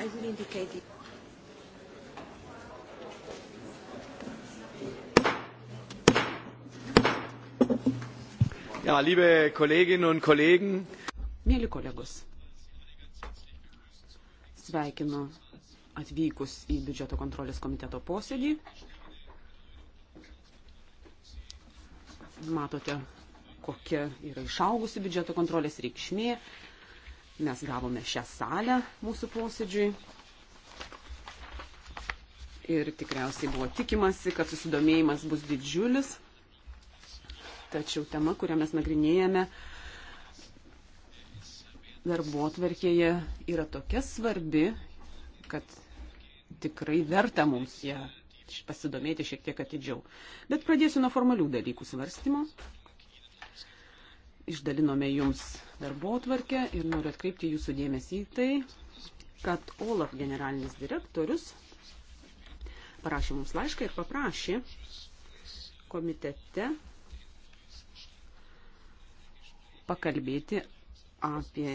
I will indicate it. Ja, liebe Kolleginnen und Kollegen, Mėly kolegos, sveikinu atvykus į biudžeto kontrolės komiteto posėdį. Matote, kokia yra išaugusi biudžeto kontrolės reikšmė Mes gavome šią salę mūsų posėdžiui. Ir tikriausiai buvo tikimasi, kad susidomėjimas bus didžiulis. Tačiau tema, kurią mes nagrinėjame darbo atverkėje, yra tokia svarbi, kad tikrai verta mums ją pasidomėti šiek tiek atidžiau. Bet pradėsiu nuo formalių dalykų svarstymo. Išdalinome jums darbo tvarkę ir noriu atkreipti jūsų dėmesį į tai, kad OLAF generalinis direktorius parašė mums laišką ir paprašė komitete pakalbėti apie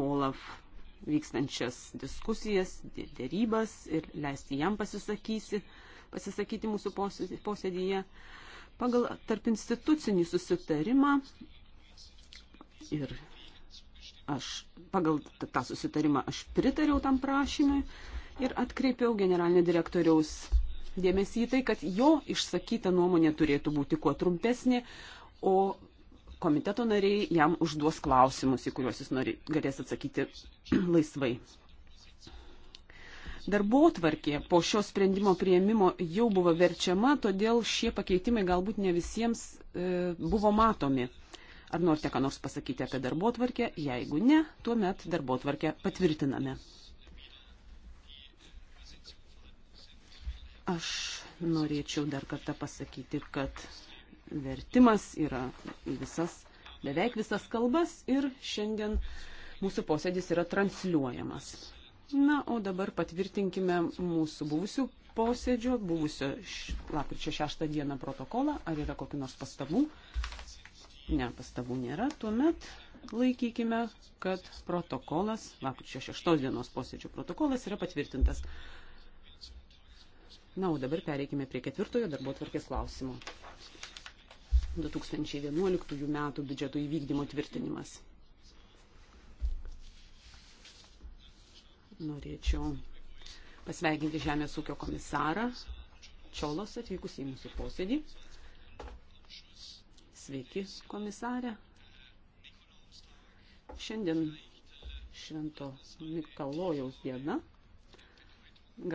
OLAF vykstančias diskusijas, dėrybas ir leisti jam pasisakysi, pasisakyti mūsų posėdėje. Pagal tarp institucinį susitarimą ir aš pagal tą susitarimą aš pritariau tam prašymui ir atkreipiau generalinio direktoriaus dėmesį į tai, kad jo išsakyta nuomonė turėtų būti kuo trumpesnė, o komiteto nariai jam užduos klausimus, į kuriuos jis nori, galės atsakyti laisvai darbo tvarkė po šio sprendimo prieimimo jau buvo verčiama, todėl šie pakeitimai galbūt ne visiems e, buvo matomi. Ar norite ką nors pasakyti apie darbo tvarkę? Jeigu ne, tuomet darbo tvarkę patvirtiname. Aš norėčiau dar kartą pasakyti, kad vertimas yra visas, beveik visas kalbas ir šiandien mūsų posėdis yra transliuojamas. Na, o dabar patvirtinkime mūsų buvusių posėdžio, buvusio lapkričio 6 dieną protokolą. Ar yra kokių nors pastabų? Ne, pastabų nėra. Tuomet laikykime, kad protokolas, lapkričio 6 dienos posėdžio protokolas yra patvirtintas. Na, o dabar pereikime prie ketvirtojo darbo tvarkės klausimo. 2011 m. biudžeto įvykdymo tvirtinimas. Norėčiau pasveikinti Žemės ūkio komisarą Čiolos atvykus į mūsų posėdį. Sveiki, komisarė. Šiandien švento Mikalojaus diena.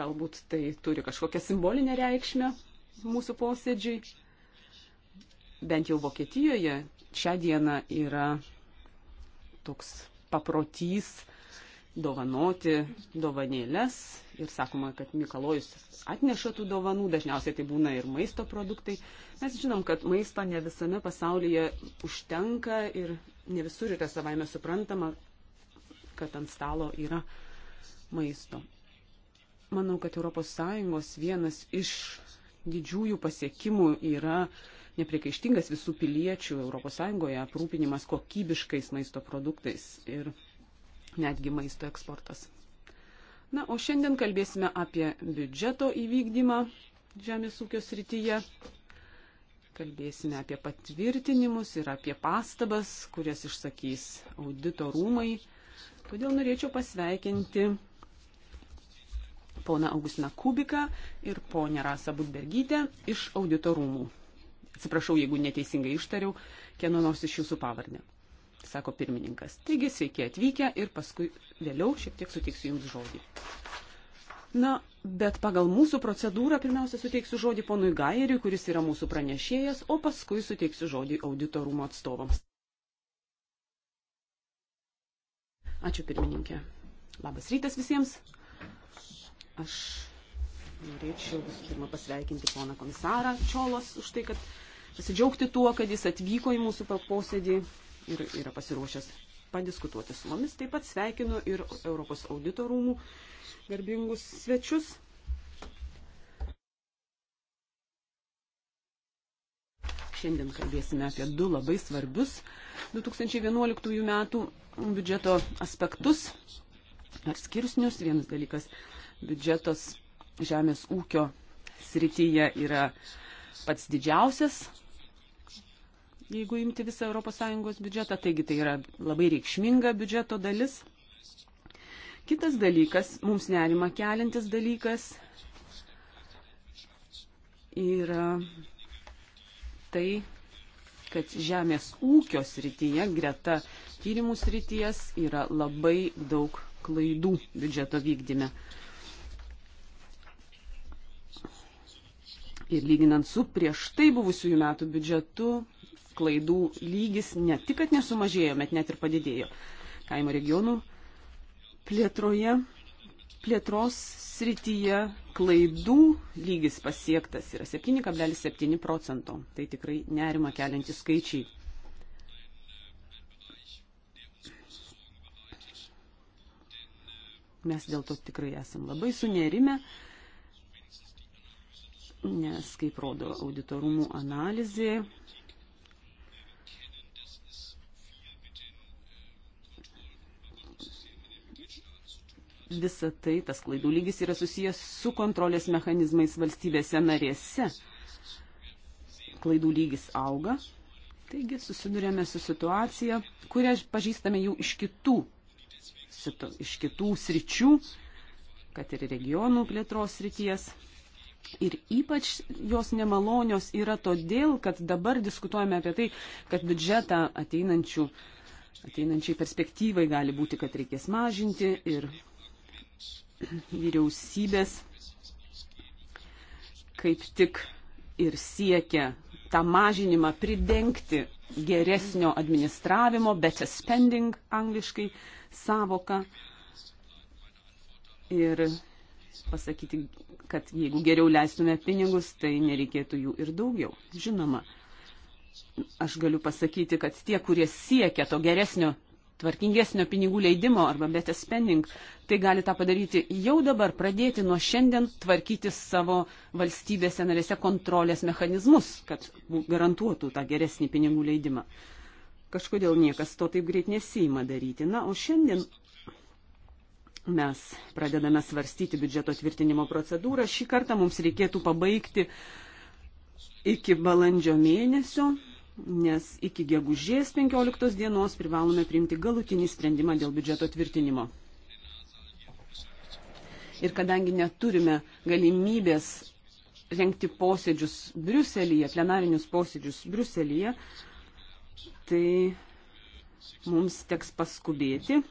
Galbūt tai turi kažkokią simbolinę reikšmę mūsų posėdžiui. Bent jau Vokietijoje šią dieną yra toks paprotys dovanoti dovanėlės ir sakoma, kad Mikalojus atneša tų dovanų, dažniausiai tai būna ir maisto produktai. Mes žinom, kad maisto ne visame pasaulyje užtenka ir ne visur yra savaime suprantama, kad ant stalo yra maisto. Manau, kad ES vienas iš didžiųjų pasiekimų yra nepriekaištingas visų piliečių ES aprūpinimas kokybiškais maisto produktais. Ir netgi maisto eksportas. Na, o šiandien kalbėsime apie biudžeto įvykdymą žemės ūkio srityje. Kalbėsime apie patvirtinimus ir apie pastabas, kurias išsakys audito rūmai. Todėl norėčiau pasveikinti poną Augustiną Kubiką ir ponę Rasą Budbergytę iš audito rūmų. Atsiprašau, jeigu neteisingai ištariau kieno nors iš jūsų pavardę sako pirmininkas. Taigi sveiki atvykę ir paskui vėliau šiek tiek suteiksiu Jums žodį. Na, bet pagal mūsų procedūrą pirmiausia suteiksiu žodį ponui Gairiui, kuris yra mūsų pranešėjas, o paskui suteiksiu žodį auditorumo atstovams. Ačiū pirmininkė. Labas rytas visiems. Aš norėčiau visų pirma pasveikinti poną komisarą Čiolos už tai, kad pasidžiaugti tuo, kad jis atvyko į mūsų posėdį ir yra pasiruošęs padiskutuoti su mumis. Taip pat sveikinu ir Europos audito rūmų garbingus svečius. Šiandien kalbėsime apie du labai svarbius 2011 metų biudžeto aspektus ar skirsnius. Vienas dalykas - biudžetas žemės ūkio srityje yra pats didžiausias jeigu imti visą ES biudžetą, taigi tai yra labai reikšminga biudžeto dalis. Kitas dalykas, mums nerima keliantis dalykas, yra tai, kad žemės ūkio srityje, greta tyrimų srities, yra labai daug klaidų biudžeto vykdyme. Ir lyginant su prieš tai buvusiųjų metų biudžetu, klaidų lygis ne tik, kad nesumažėjo, bet net ir padidėjo. Kaimo regionų plėtroje, plėtros srityje klaidų lygis pasiektas yra 7,7 procento. Tai tikrai nerima keliantys skaičiai. Mes dėl to tikrai esam labai sunerime nes, kaip rodo auditorumų analizė, visa tai, tas klaidų lygis yra susijęs su kontrolės mechanizmais valstybėse narėse. Klaidų lygis auga, taigi susidurėme su situacija, kurią pažįstame jau iš kitų, situ, iš kitų sričių, kad ir regionų plėtros srities. Ir ypač jos nemalonios yra todėl, kad dabar diskutuojame apie tai, kad biudžetą ateinančių, ateinančiai perspektyvai gali būti, kad reikės mažinti ir vyriausybės kaip tik ir siekia tą mažinimą pridengti geresnio administravimo, better spending angliškai savoka. Ir pasakyti, kad jeigu geriau leistume pinigus, tai nereikėtų jų ir daugiau. Žinoma, aš galiu pasakyti, kad tie, kurie siekia to geresnio tvarkingesnio pinigų leidimo arba better spending, tai gali tą padaryti jau dabar, pradėti nuo šiandien tvarkyti savo valstybėse narėse kontrolės mechanizmus, kad garantuotų tą geresnį pinigų leidimą. Kažkodėl niekas to taip greit nesima daryti. Na, o šiandien mes pradedame svarstyti biudžeto tvirtinimo procedūrą. Šį kartą mums reikėtų pabaigti iki balandžio mėnesio nes iki gegužės 15 dienos privalome priimti galutinį sprendimą dėl biudžeto tvirtinimo. Ir kadangi neturime galimybės rengti posėdžius Briuselyje, plenarinius posėdžius Briuselyje, tai mums teks paskubėti,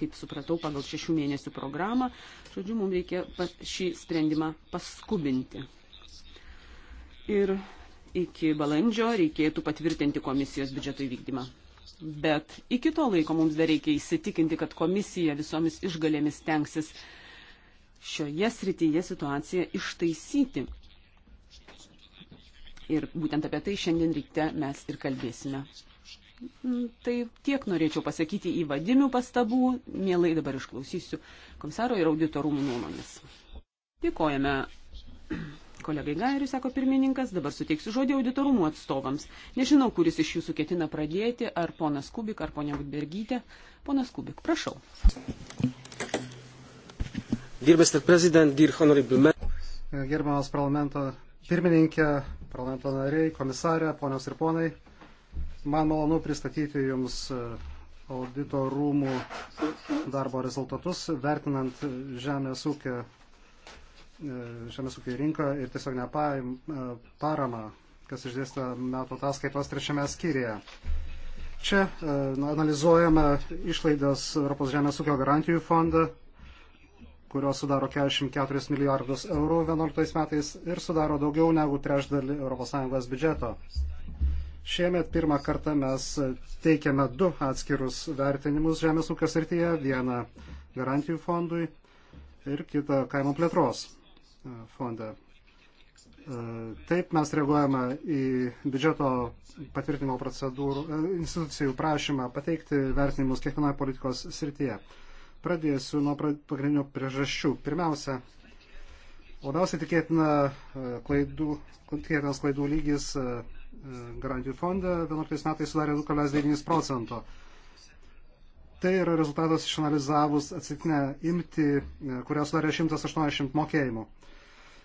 kaip supratau, pagal šešių mėnesių programą. Žodžiu, mums reikia šį sprendimą paskubinti. Ir iki balandžio reikėtų patvirtinti komisijos biudžeto įvykdymą. Bet iki to laiko mums dar reikia įsitikinti, kad komisija visomis išgalėmis tenksis šioje srityje situaciją ištaisyti. Ir būtent apie tai šiandien ryte mes ir kalbėsime. Mm, tai tiek norėčiau pasakyti įvadinių pastabų. Mielai dabar išklausysiu komisaro ir audito rūmų nuomonės. Dėkojame kolegai Gairiui, sako pirmininkas, dabar suteiksiu žodį auditorumų atstovams. Nežinau, kuris iš jūsų ketina pradėti, ar ponas Kubik, ar ponia Budbergytė. Ponas Kubik, prašau. Gerbiamas parlamento pirmininkė, parlamento nariai, komisarė, ponios ir ponai, man malonu pristatyti Jums e, audito rūmų darbo rezultatus, vertinant žemės ūkio E, žemės ūkio rinką ir tiesiog neparamą, e, kas išdėsta metų ataskaitos trečiame skyriuje. Čia e, analizuojame išlaidas Europos žemės ūkio garantijų fondą, kurios sudaro 44 milijardus eurų 11 metais ir sudaro daugiau negu trešdalį ES biudžeto. Šiemet pirmą kartą mes teikiame du atskirus vertinimus žemės ūkio srityje, vieną garantijų fondui ir kitą kaimo plėtros fondą. E, taip mes reaguojame į biudžeto patvirtinimo procedūrų e, institucijų prašymą pateikti vertinimus kiekvienoje politikos srityje. Pradėsiu nuo pagrindinių priežasčių. Pirmiausia, labiausiai tikėtina e, klaidų, tikėtinas klaidų lygis garantijų fonde 11 metais sudarė 2,9 procento. Tai yra rezultatas išanalizavus atsitinę imti, kurią sudarė 180 mokėjimų.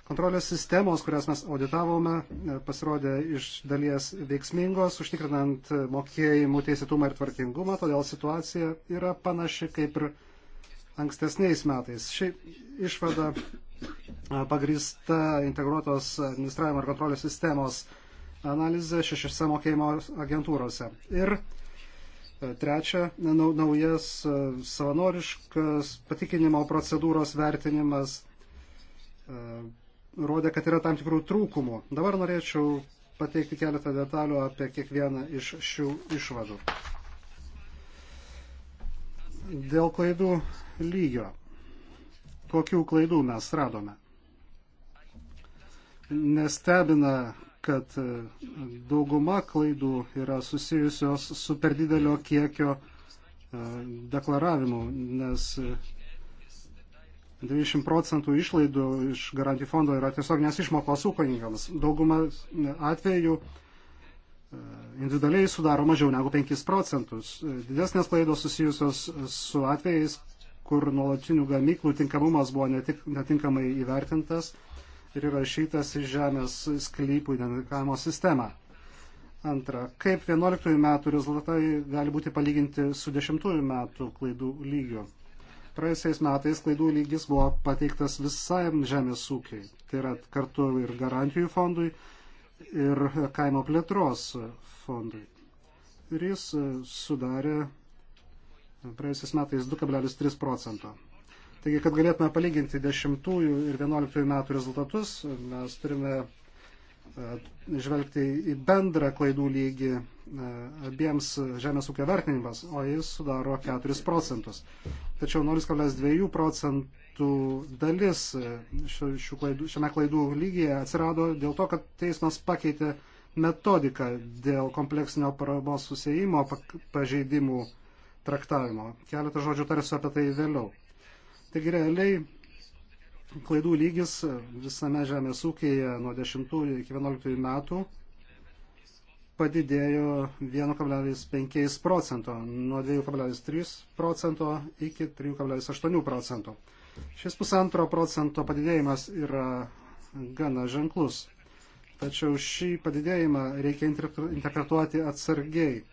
Kontrolės sistemos, kurias mes auditavome, e, pasirodė iš dalies veiksmingos, užtikrinant mokėjimų teisėtumą ir tvarkingumą, todėl situacija yra panaši kaip ir ankstesniais metais. Ši išvada e, pagrįsta integruotos administravimo ir kontrolės sistemos analizė šešiose mokėjimo agentūrose. Ir e, Trečia, naujas savanoriškas patikinimo procedūros vertinimas rodė, kad yra tam tikrų trūkumų. Dabar norėčiau pateikti keletą detalių apie kiekvieną iš šių išvadų. Dėl klaidų lygio. Kokių klaidų mes radome? Nestebina, kad dauguma klaidų yra susijusios su per didelio kiekio e, deklaravimu, nes 90 procentų išlaidų iš garantijų fondo yra tiesiog nesišmokos ūkininkams. Dauguma atvejų e, individualiai sudaro mažiau negu 5 procentus. E, didesnės klaidos susijusios su atvejais, kur nuolatinių gamyklų tinkamumas buvo netik, netinkamai įvertintas ir įrašytas į žemės sklypų identifikavimo sistemą. Antra, kaip 11 metų rezultatai gali būti palyginti su 10 metų klaidų lygiu? Praėjusiais metais klaidų lygis buvo pateiktas visam žemės ūkiai. Tai yra kartu ir garantijų fondui, ir kaimo plėtros fondui. Ir jis sudarė praėjusiais metais 2,3 procento. Taigi, kad galėtume palyginti 10 ir 11 metų rezultatus, mes turime žvelgti į bendrą klaidų lygį e, abiems žemės ūkio vertinimas, o jis sudaro 4 procentus. Tačiau 0,2 procentų dalis e, šių klaidų, šiame klaidų lygyje atsirado dėl to, kad teismas pakeitė metodiką dėl kompleksinio paramos susijimo pažeidimų traktavimo. Keletą žodžių tarsiu apie tai vėliau. Taigi realiai klaidų lygis visame žemės ūkėje nuo 10 iki 11 metų padidėjo 1,5 procento, nuo 2,3 procento iki 3,8 procento. Šis pusantro procento padidėjimas yra gana ženklus, tačiau šį padidėjimą reikia interpretuoti atsargiai.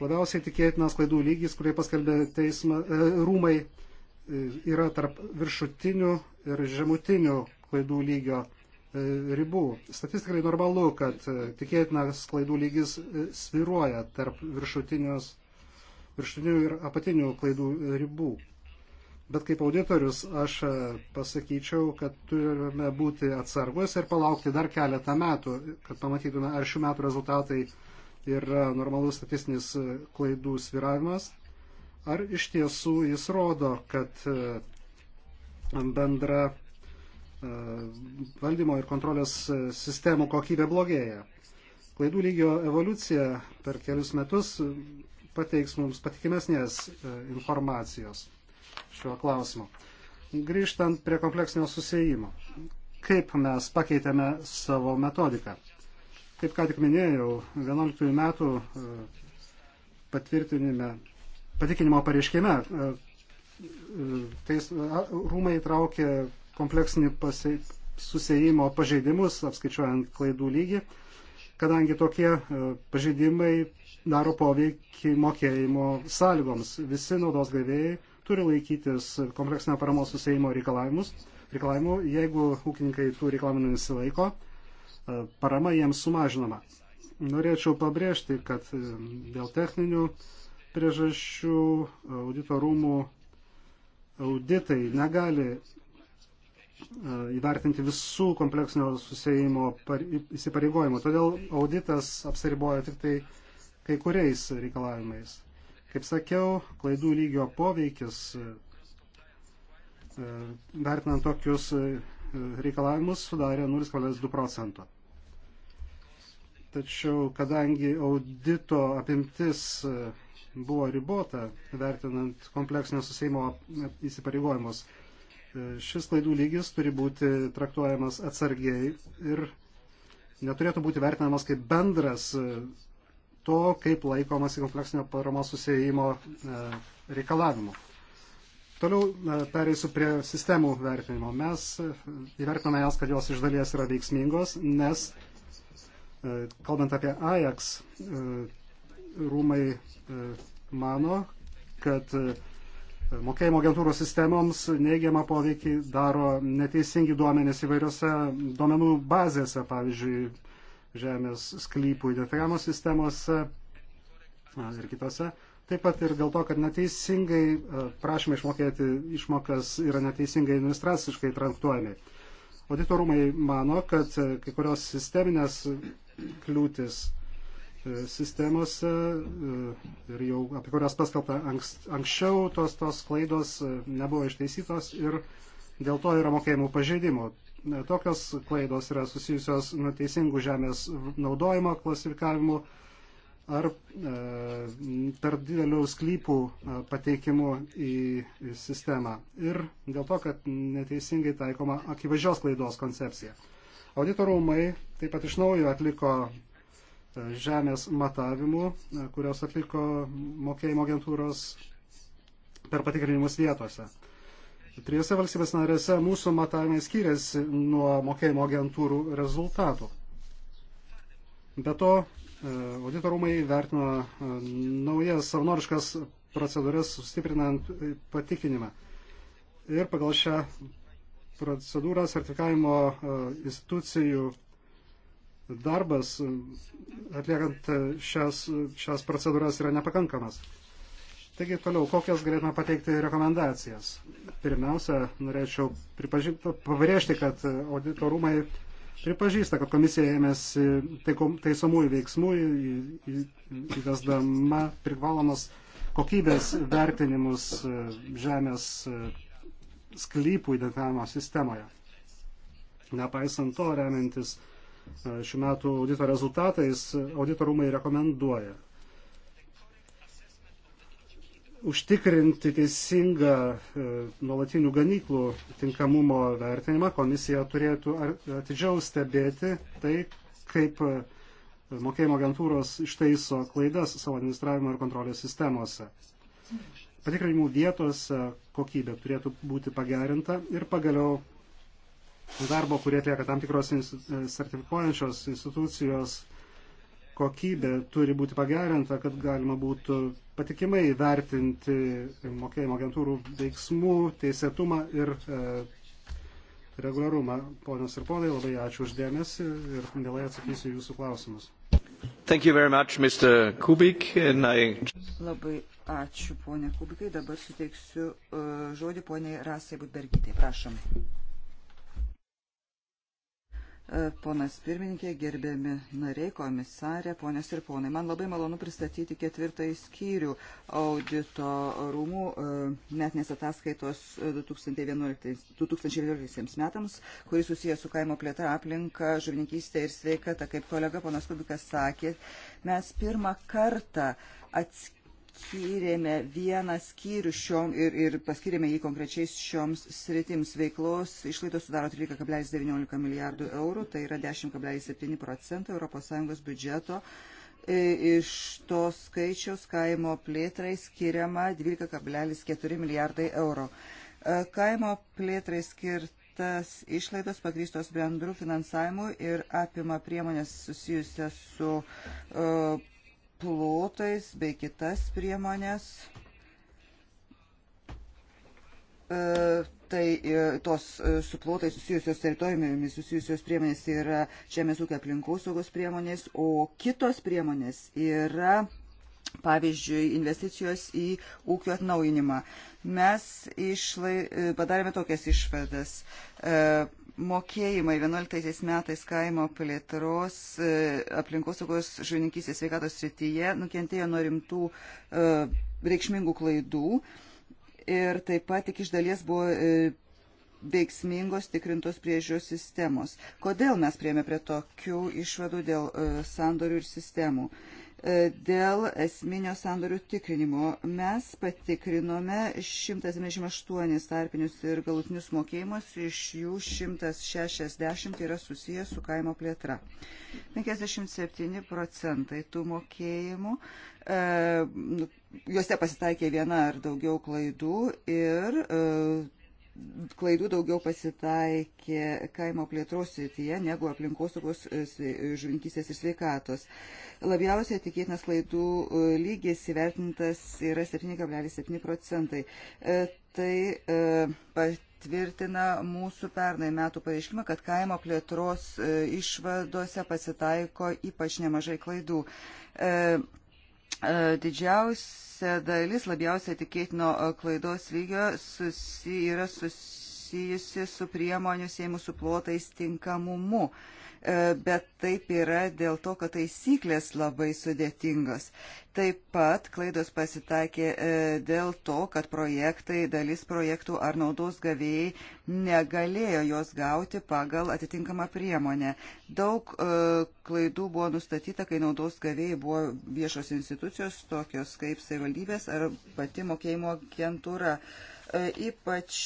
Labiausiai tikėtinas klaidų lygis, kurį paskelbė teisma, e, rūmai, e, yra tarp viršutinių ir žemutinių klaidų lygio e, ribų. Statistikai normalu, kad e, tikėtinas klaidų lygis e, sviruoja tarp viršutinių ir apatinių klaidų ribų. Bet kaip auditorius aš pasakyčiau, kad turime būti atsargus ir palaukti dar keletą metų, kad pamatytume, ar šių metų rezultatai yra normalus statistinis klaidų sviravimas, ar iš tiesų jis rodo, kad bendra e, valdymo ir kontrolės e, sistemų kokybė blogėja. Klaidų lygio evoliucija per kelius metus pateiks mums patikimesnės e, informacijos šiuo klausimu. Grįžtant prie kompleksinio susijimo, kaip mes pakeitėme savo metodiką. Kaip ką tik minėjau, 11 metų patvirtinime, patikinimo pareiškime teis, rūmai įtraukė kompleksinį pasi, susėjimo pažeidimus, apskaičiuojant klaidų lygį, kadangi tokie pažeidimai daro poveikį mokėjimo sąlygoms. Visi naudos gavėjai turi laikytis kompleksinio paramos susėjimo reikalavimus. Reikalavimų, jeigu ūkininkai tų reikalavimų nesilaiko, parama jiems sumažinama. Norėčiau pabrėžti, kad e, dėl techninių priežasčių auditorumų auditai negali e, įvertinti visų kompleksinio susėjimo įsipareigojimų. Todėl auditas apsiriboja tik tai kai kuriais reikalavimais. Kaip sakiau, klaidų lygio poveikis e, vertinant tokius e, reikalavimus sudarė 0,2 procento. Tačiau kadangi audito apimtis buvo ribota, vertinant kompleksinio susėjimo įsipareigojimus. Šis klaidų lygis turi būti traktuojamas atsargiai ir neturėtų būti vertinamas kaip bendras e, to, kaip laikomasi kompleksinio paramos susėjimo e, reikalavimu. Toliau e, pereisiu prie sistemų vertinimo. Mes įvertiname jas, kad jos iš dalies yra veiksmingos, nes kalbant apie AJAX, rūmai e, mano, kad e, mokėjimo agentūros sistemoms neigiamą poveikį daro neteisingi duomenys įvairiose duomenų bazėse, pavyzdžiui, žemės sklypų identifikavimo sistemose e, ir kitose. Taip pat ir dėl to, kad neteisingai prašymai išmokėti išmokas yra neteisingai administraciškai traktuojami. Auditorumai mano, kad kai kurios sisteminės kliūtis E, sistemose ir jau apie kurias paskelbta anksčiau, tos, tos klaidos e, nebuvo išteisytos ir dėl to yra mokėjimų pažeidimų. E, tokios klaidos yra susijusios nuteisingų žemės naudojimo klasifikavimu ar per didelių sklypų pateikimu į sistemą ir dėl to, kad neteisingai taikoma akivaizdžios klaidos koncepcija. Auditorumai taip pat iš naujo atliko žemės matavimų, kurios atliko mokėjimo agentūros per patikrinimus vietose. Trijose valstybės narėse mūsų matavimai skiriasi nuo mokėjimo agentūrų rezultatų. Be to, e, auditorumai vertino e, naujas savanoriškas procedūras sustiprinant patikinimą. Ir pagal šią procedūrą sertifikavimo e, institucijų darbas atliekant šias, šias procedūras yra nepakankamas. Taigi toliau, kokias galėtume pateikti rekomendacijas? Pirmiausia, norėčiau pabrėžti, kad auditorumai pripažįsta, kad komisija ėmėsi taisomųjų veiksmų įvesdama privalomas kokybės vertinimus žemės sklypų identifikavimo sistemoje. Nepaisant to, remiantis šių metų audito rezultatais auditorumai rekomenduoja užtikrinti teisingą e, nuolatinių ganyklų tinkamumo vertinimą, komisija turėtų atidžiau stebėti tai, kaip e, mokėjimo agentūros ištaiso klaidas savo administravimo ir kontrolės sistemose. Patikrinimų vietos e, kokybė turėtų būti pagerinta ir pagaliau darbo, kurie atlieka tam tikros e, sertifikuojančios institucijos kokybė turi būti pagerinta, kad galima būtų patikimai vertinti mokėjimo agentūrų veiksmų, teisėtumą ir e, reguliarumą. Ponios ir ponai, labai ačiū uždėmesi ir mielai atsakysiu jūsų klausimus. Much, Kubik, I... Labai ačiū, ponė Kubikai. Dabar suteiksiu uh, žodį poniai Rasai Budbergytė. Prašom. E, ponas pirmininkė, gerbiami nariai, komisarė, ponės ir ponai, man labai malonu pristatyti ketvirtąjį skyrių audito rūmų e, metinės ataskaitos 2011, e, 2011 metams, kuris susijęs su kaimo plėtra aplinka, žuvininkystė ir sveikata. Kaip kolega ponas Kubikas sakė, mes pirmą kartą atskirti skyrėme vieną skyrių šiom ir, ir paskyrėme jį konkrečiai šioms sritims veiklos. Išlaidos sudaro 13,19 milijardų eurų, tai yra 10,7 procentų ES biudžeto. E, iš to skaičiaus kaimo plėtrai skiriama 12,4 milijardai eurų. E, kaimo plėtrai skirtas išlaidos pagrįstos bendrų finansavimu ir apima priemonės susijusias su uh, plotais bei kitas priemonės. E, tai e, tos e, su plotai susijusios teritorijomis susijusios priemonės yra žemės ūkio aplinkosaugos priemonės, o kitos priemonės yra pavyzdžiui, investicijos į ūkio atnaujinimą. Mes išlai, padarėme tokias išvadas mokėjimai 11 metais kaimo plėtros e, aplinkosaugos žuvininkystės sveikatos srityje nukentėjo nuo rimtų e, reikšmingų klaidų ir taip pat tik iš dalies buvo e, veiksmingos tikrintos priežiūros sistemos. Kodėl mes prieme prie tokių išvadų dėl sandorių ir sistemų? E, dėl esminio sandorių tikrinimo. Mes patikrinome 178 tarpinius ir galutinius mokėjimus, iš jų 160 yra susijęs su kaimo plėtra. 57 procentai tų mokėjimų, e, nu, juose pasitaikė viena ar daugiau klaidų ir e, klaidų daugiau pasitaikė kaimo plėtros srityje negu aplinkosaugos e, žuvinkystės ir sveikatos. Labiausiai tikėtinas klaidų e, lygis įvertintas yra 7,7 procentai. E, tai patvirtina mūsų pernai metų pareiškimą, kad kaimo plėtros išvadose pasitaiko ypač nemažai klaidų. E, didžiausia dalis labiausiai tikėtino e, klaidos lygio susi, yra susijusi su priemonių siejimų su plotais tinkamumu. Uh, E, bet taip yra dėl to, kad taisyklės labai sudėtingos. Taip pat klaidos pasitakė e, dėl to, kad projektai, dalis projektų ar naudos gavėjai negalėjo jos gauti pagal atitinkamą priemonę. Daug e, klaidų buvo nustatyta, kai naudos gavėjai buvo viešos institucijos, tokios kaip savivaldybės ar pati mokėjimo agentūra ypač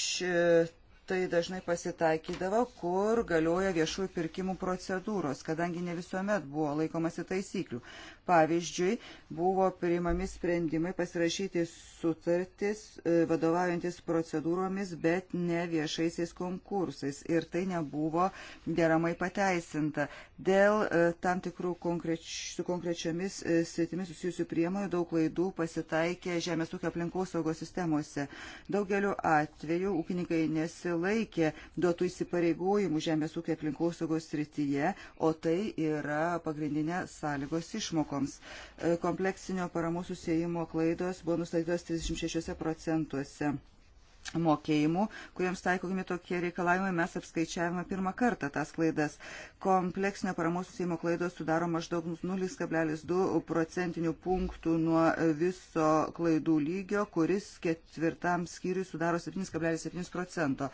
tai dažnai pasitaikydavo, kur galioja viešųjų pirkimų procedūros, kadangi ne visuomet buvo laikomasi taisyklių. Pavyzdžiui, buvo priimami sprendimai pasirašyti sutartis e, vadovaujantis procedūromis, bet ne viešaisiais konkursais. Ir tai nebuvo deramai pateisinta. Dėl e, tam tikrų konkreč, su konkrečiomis e, sritimis susijusių priemonių daug klaidų pasitaikė žemės ūkio aplinkos saugos sistemose. Daugeliu atveju ūkininkai nesilaikė duotų įsipareigojimų žemės ūkio aplinkos saugos srityje, o tai yra pagrindinė sąlygos išmoko rizikoms. E, kompleksinio paramos susijimo klaidos buvo nustatytos 36 procentuose mokėjimų, kuriems taikomi tokie reikalavimai, mes apskaičiavome pirmą kartą tas klaidas. Kompleksinio paramos susijimo klaidos sudaro maždaug 0,2 procentinių punktų nuo viso klaidų lygio, kuris ketvirtam skyriui sudaro 7,7 procento.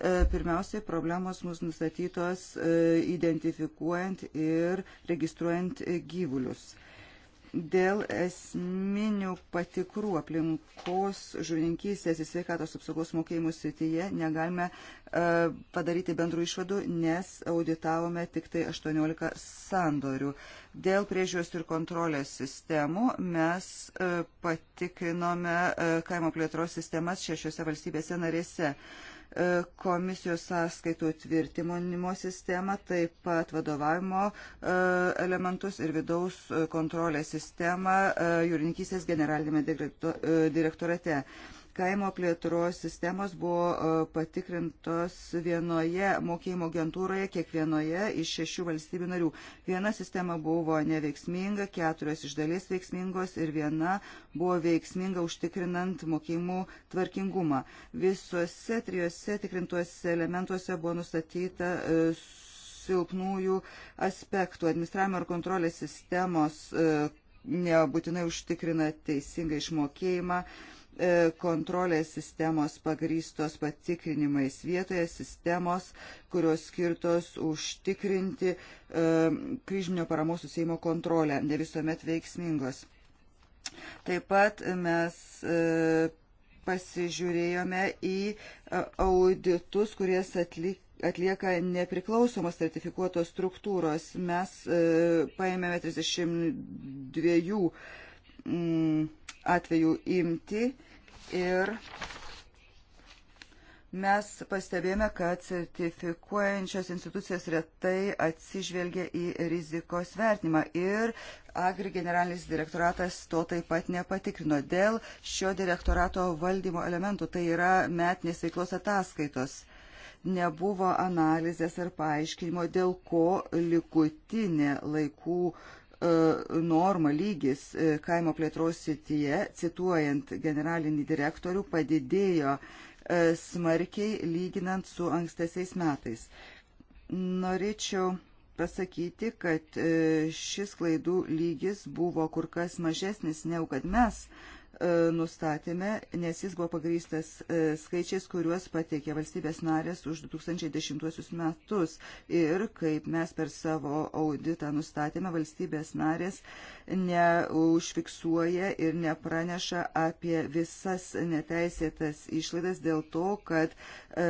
E, pirmiausiai problemos mus nustatytos e, identifikuojant ir registruojant gyvulius dėl esminių patikrų aplinkos žuvininkystės ir sveikatos apsaugos mokėjimų srityje negalime e, padaryti bendrų išvadų, nes auditavome tik tai 18 sandorių. Dėl priežiūros ir kontrolės sistemų mes e, patikrinome e, kaimo plėtros sistemas šešiose valstybėse narėse. E, E, komisijos sąskaitų tvirtimonimo sistemą, taip pat vadovavimo e, elementus ir vidaus e, kontrolės sistemą jūrininkysės generalinėme direktorate kaimo plėtros sistemos buvo e, patikrintos vienoje mokėjimo agentūroje, kiekvienoje iš šešių valstybių narių. Viena sistema buvo neveiksminga, keturios iš dalies veiksmingos ir viena buvo veiksminga užtikrinant mokėjimų tvarkingumą. Visose trijose tikrintuose elementuose buvo nustatyta e, silpnųjų aspektų administravimo ir kontrolės sistemos e, nebūtinai užtikrina teisingą išmokėjimą, E, kontrolės sistemos pagrystos patikrinimais vietoje, sistemos, kurios skirtos užtikrinti e, kryžminio paramos susėjimo kontrolę, ne visuomet veiksmingos. Taip pat mes e, pasižiūrėjome į e, auditus, kurias atlikti atlieka nepriklausomos sertifikuotos struktūros. Mes e, paėmėme 32 Mm, atvejų imti ir mes pastebėjome, kad sertifikuojančios institucijos retai atsižvelgia į rizikos vertinimą ir Agri generalinis direktoratas to taip pat nepatikrino dėl šio direktorato valdymo elementų, tai yra metinės veiklos ataskaitos. Nebuvo analizės ar paaiškinimo, dėl ko likutinė laikų E, norma lygis e, kaimo plėtros sityje, cituojant generalinį direktorių, padidėjo e, smarkiai lyginant su ankstesiais metais. Norėčiau pasakyti, kad šis klaidų lygis buvo kur kas mažesnis, negu kad mes E, nustatėme, nes jis buvo pagrystas e, skaičiais, kuriuos pateikė valstybės narės už 2010 metus. Ir kaip mes per savo auditą nustatėme, valstybės narės neužfiksuoja ir nepraneša apie visas neteisėtas išlaidas dėl to, kad e,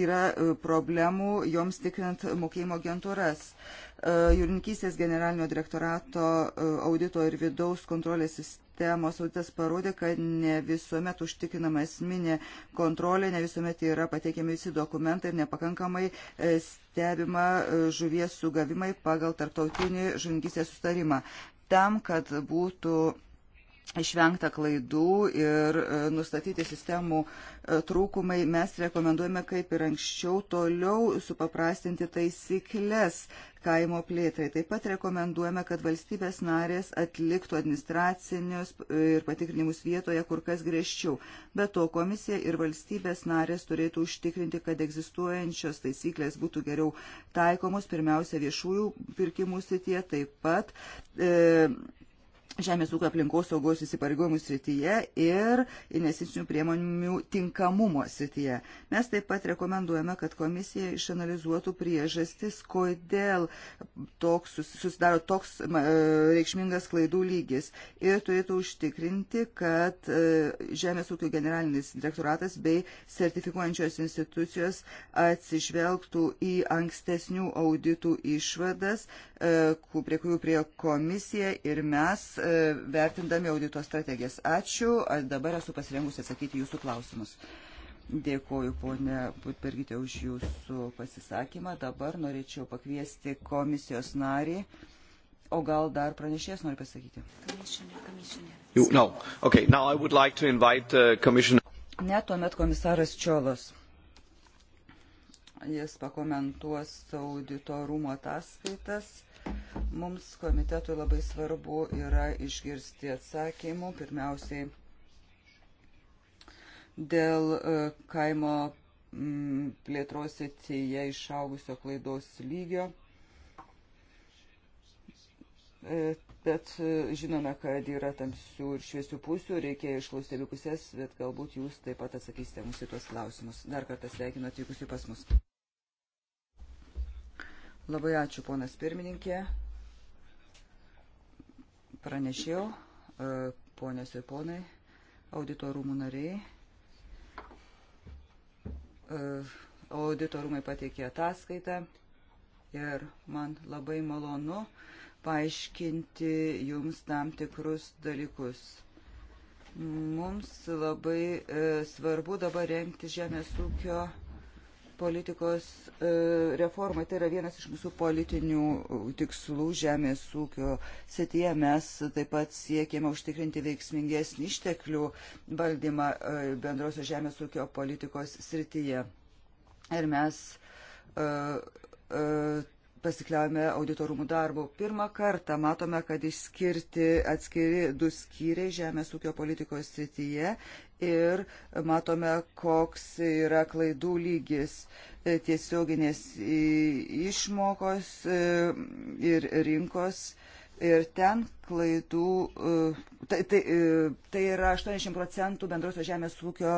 yra problemų joms tikrint mokėjimo agentūras. E, Jūrininkystės generalinio direktorato e, audito ir vidaus kontrolės sistemos temos auditas parodė, kad ne visuomet užtikrinama esminė kontrolė, ne visuomet yra pateikiami visi dokumentai ir nepakankamai e, stebima e, žuvies sugavimai pagal tarptautinį žungysės sustarimą. Tam, kad būtų išvengta klaidų ir e, nustatyti sistemų e, trūkumai, mes rekomenduojame kaip ir anksčiau toliau supaprastinti taisyklės kaimo plėtrai. Taip pat rekomenduojame, kad valstybės narės atliktų administracinius e, ir patikrinimus vietoje kur kas griežčiau. Be to, komisija ir valstybės narės turėtų užtikrinti, kad egzistuojančios taisyklės būtų geriau taikomos, pirmiausia, viešųjų pirkimų sitie, taip pat e, žemės ūkio aplinkos saugos įsipareigojimų srityje ir investicinių priemonių tinkamumo srityje. Mes taip pat rekomenduojame, kad komisija išanalizuotų priežastis, kodėl toks, susidaro toks e, reikšmingas klaidų lygis ir turėtų užtikrinti, kad e, žemės ūkio generalinis direktoratas bei sertifikuojančios institucijos atsižvelgtų į ankstesnių auditų išvadas E, prie kurių prie komisija ir mes e, vertindami audito strategijas. Ačiū, dabar esu pasirengusi atsakyti jūsų klausimus. Dėkuoju, ponė Putbergite, už jūsų pasisakymą. Dabar norėčiau pakviesti komisijos narį. O gal dar pranešėjas nori pasakyti? Komisionė, komisionė. You, no. okay, like invite, uh, commission... Ne, tuomet komisaras Čiolas jis pakomentuos audito rūmo ataskaitas Mums komitetui labai svarbu yra išgirsti atsakymų. Pirmiausiai dėl e, kaimo mm, plėtros atėje išaugusio klaidos lygio. E, bet e, žinome, kad yra tamsių ir šviesių pusių, reikia išklausyti abi pusės, bet galbūt jūs taip pat atsakysite mūsų į tuos klausimus. Dar kartą sveikinu atvykusi pas mus. Labai ačiū, ponas pirmininkė. Pranešiau, e, ponės ir ponai, auditorumų nariai. E, Auditorumai pateikė ataskaitą ir man labai malonu paaiškinti jums tam tikrus dalykus. Mums labai e, svarbu dabar renkti žemės ūkio politikos e, reformai. Tai yra vienas iš mūsų politinių e, tikslų žemės ūkio sityje. Mes taip pat siekėme užtikrinti veiksmingesnį išteklių valdymą e, bendrosios žemės ūkio politikos srityje. Ir mes pasikliaujame auditorumų darbu. Pirmą kartą matome, kad išskirti atskiri du skyriai žemės ūkio politikos srityje ir matome, koks yra klaidų lygis e, tiesioginės išmokos e, ir rinkos. Ir ten klaidų, e, tai, tai, tai yra 80 procentų bendrosios žemės ūkio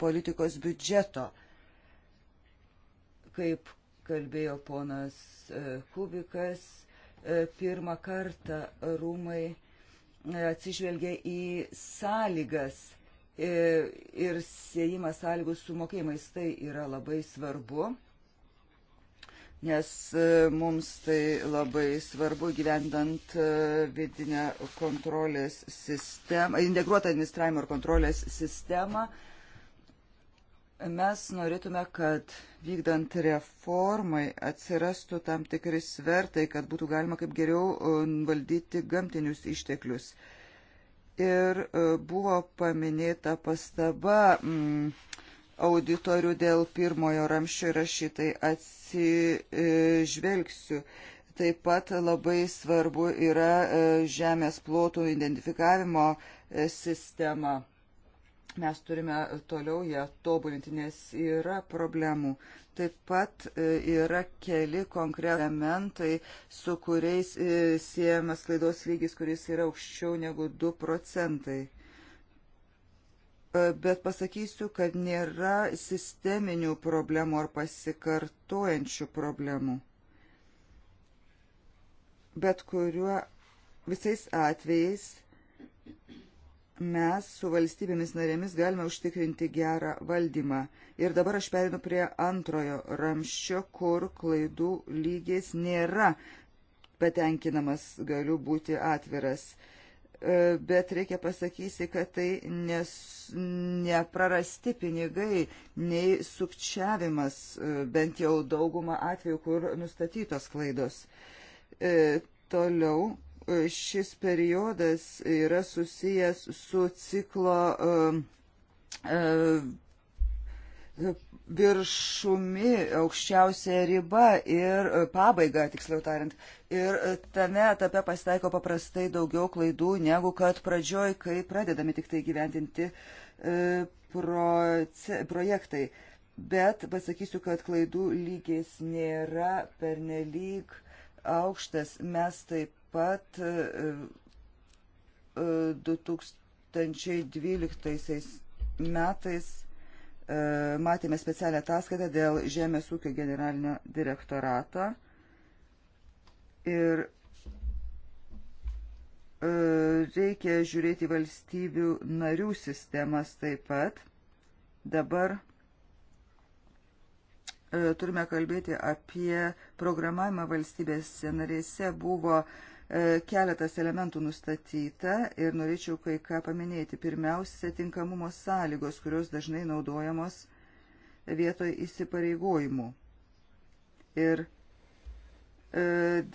politikos biudžeto kaip kalbėjo ponas Kubikas, e, e, pirmą kartą rūmai e, atsižvelgia į sąlygas ir siejimą sąlygų su mokėjimais. Tai yra labai svarbu, nes mums tai labai svarbu gyvendant vidinę kontrolės sistemą, integruotą administravimo ir kontrolės sistemą. Uh, Mes norėtume, kad vykdant reformai atsirastų tam tikri svertai, kad būtų galima kaip geriau e, valdyti gamtinius išteklius. Ir e, buvo paminėta pastaba mm, auditorių dėl pirmojo ramščio ir aš šitai atsižvelgsiu. Taip pat labai svarbu yra e, žemės plotų identifikavimo sistema mes turime toliau ją tobulinti, nes yra problemų. Taip pat e, yra keli konkretų elementai, su kuriais e, siejamas klaidos lygis, kuris yra aukščiau negu 2 procentai. E, bet pasakysiu, kad nėra sisteminių problemų ar pasikartojančių problemų. Bet kuriuo visais atvejais mes su valstybėmis narėmis galime užtikrinti gerą valdymą. Ir dabar aš perinu prie antrojo ramščio, kur klaidų lygis nėra patenkinamas, galiu būti atviras. E, bet reikia pasakyti, kad tai nes, neprarasti pinigai, nei sukčiavimas, e, bent jau daugumą atvejų, kur nustatytos klaidos. E, toliau šis periodas yra susijęs su ciklo um, uh, viršumi aukščiausia riba ir uh, pabaiga, tiksliau tariant. Ir uh, tame etape pasitaiko paprastai daugiau klaidų, negu kad pradžioj, kai pradedami tik tai gyventinti proce, projektai. Bet pasakysiu, kad klaidų lygis nėra pernelyg aukštas. Mes taip pat 2012 e, e, metais e, matėme specialią ataskaitą dėl Žemės ūkio generalinio direktorato ir reikia žiūrėti valstybių narių sistemas taip pat. Dabar turime kalbėti apie programavimą valstybės narėse. Buvo uh, E, keletas elementų nustatyta ir norėčiau kai ką paminėti. Pirmiausia, tinkamumo sąlygos, kurios dažnai naudojamos vietoj įsipareigojimų. Ir e,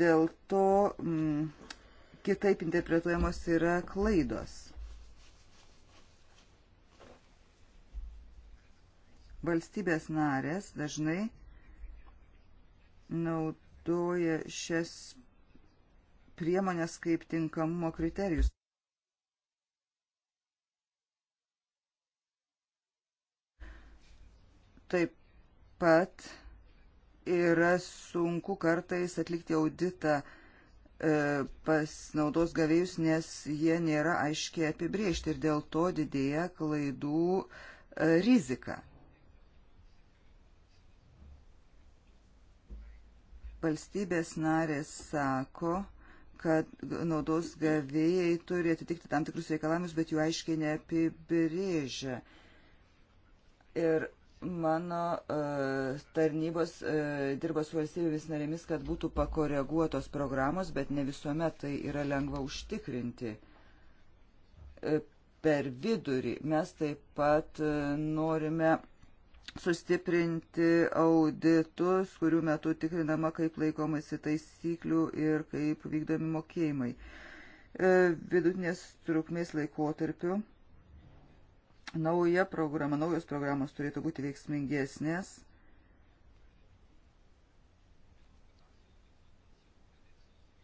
dėl to mm, kitaip interpretuojamos yra klaidos. Valstybės narės dažnai naudoja šias priemonės kaip tinkamumo kriterijus. Taip pat yra sunku kartais atlikti auditą e, pas naudos gavėjus, nes jie nėra aiškiai apibriežti ir dėl to didėja klaidų e, rizika. Valstybės narės sako, kad naudos gavėjai turi atitikti tam tikrus reikalavimus, bet jų aiškiai neapibrėžia. Ir mano uh, tarnybos uh, dirba su valstybėmis narėmis, kad būtų pakoreguotos programos, bet ne visuomet tai yra lengva užtikrinti. Uh, per vidurį mes taip pat uh, norime sustiprinti auditus, kurių metu tikrinama, kaip laikomasi taisyklių ir kaip vykdomi mokėjimai. E, vidutinės trukmės laikotarpiu nauja programa, naujos programos turėtų būti veiksmingesnės.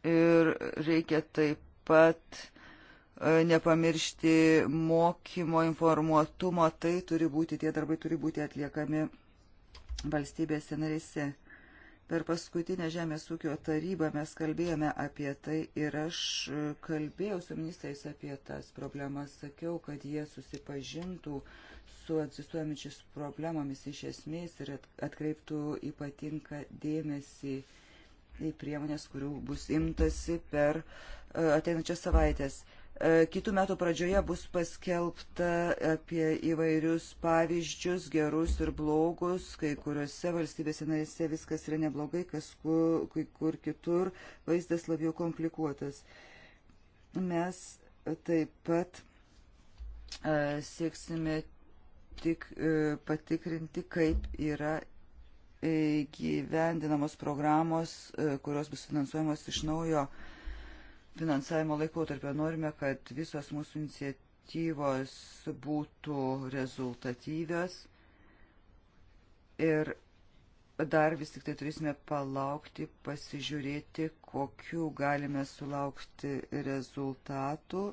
Ir reikia taip pat E, nepamiršti mokymo, informuotumo, tai turi būti, tie darbai turi būti atliekami valstybėse narėse. Per paskutinę Žemės ūkio tarybą mes kalbėjome apie tai ir aš e, kalbėjau su ministrais apie tas problemas, sakiau, kad jie susipažintų su egzistuojančiais problemomis iš esmės ir atkreiptų ypatinką dėmesį į priemonės, kurių bus imtasi per e, ateinančias savaitės. E, kitų metų pradžioje bus paskelbta apie įvairius pavyzdžius, gerus ir blogus, kai kuriuose valstybėse narėse viskas yra neblogai, kas kur, kai kur kitur vaizdas labiau komplikuotas. Mes taip pat a, e, sieksime tik a, e, patikrinti, kaip yra gyvendinamos programos, a, kurios bus finansuojamos iš naujo. A, finansavimo laikotarpio. Norime, kad visos mūsų iniciatyvos būtų rezultatyvios ir dar vis tik tai turėsime palaukti, pasižiūrėti, kokiu galime sulaukti rezultatų.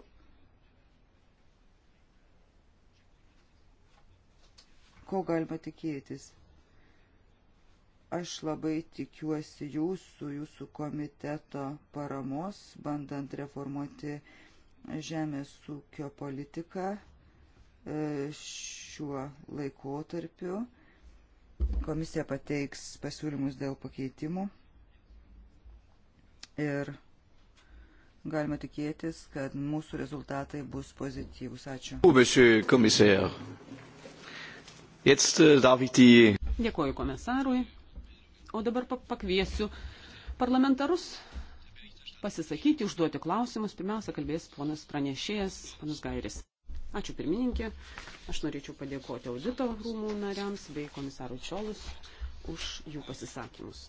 Ko galima tikėtis? Aš labai tikiuosi jūsų, jūsų komiteto paramos, bandant reformuoti žemės ūkio politiką e, šiuo laikotarpiu. Komisija pateiks pasiūlymus dėl pakeitimų ir galima tikėtis, kad mūsų rezultatai bus pozityvus. Ačiū. Äh, Dėkuoju komisarui. O dabar pakviesiu parlamentarus pasisakyti, užduoti klausimus. Pirmiausia, kalbės ponas pranešėjas, ponas Gairis. Ačiū pirmininkė. Aš norėčiau padėkoti audito rūmų nariams bei komisarų Čiolus už jų pasisakymus.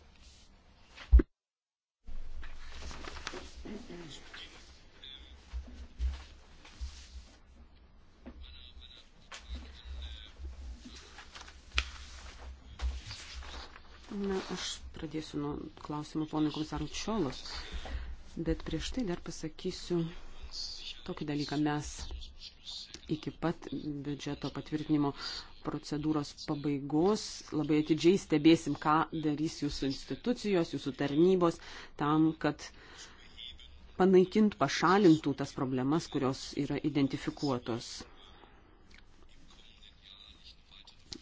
Na, aš pradėsiu nuo klausimų ponui komisarui Čiolos, bet prieš tai dar pasakysiu tokį dalyką. Mes iki pat biudžeto patvirtinimo procedūros pabaigos labai atidžiai stebėsim, ką darys jūsų institucijos, jūsų tarnybos, tam, kad panaikint, pašalintų tas problemas, kurios yra identifikuotos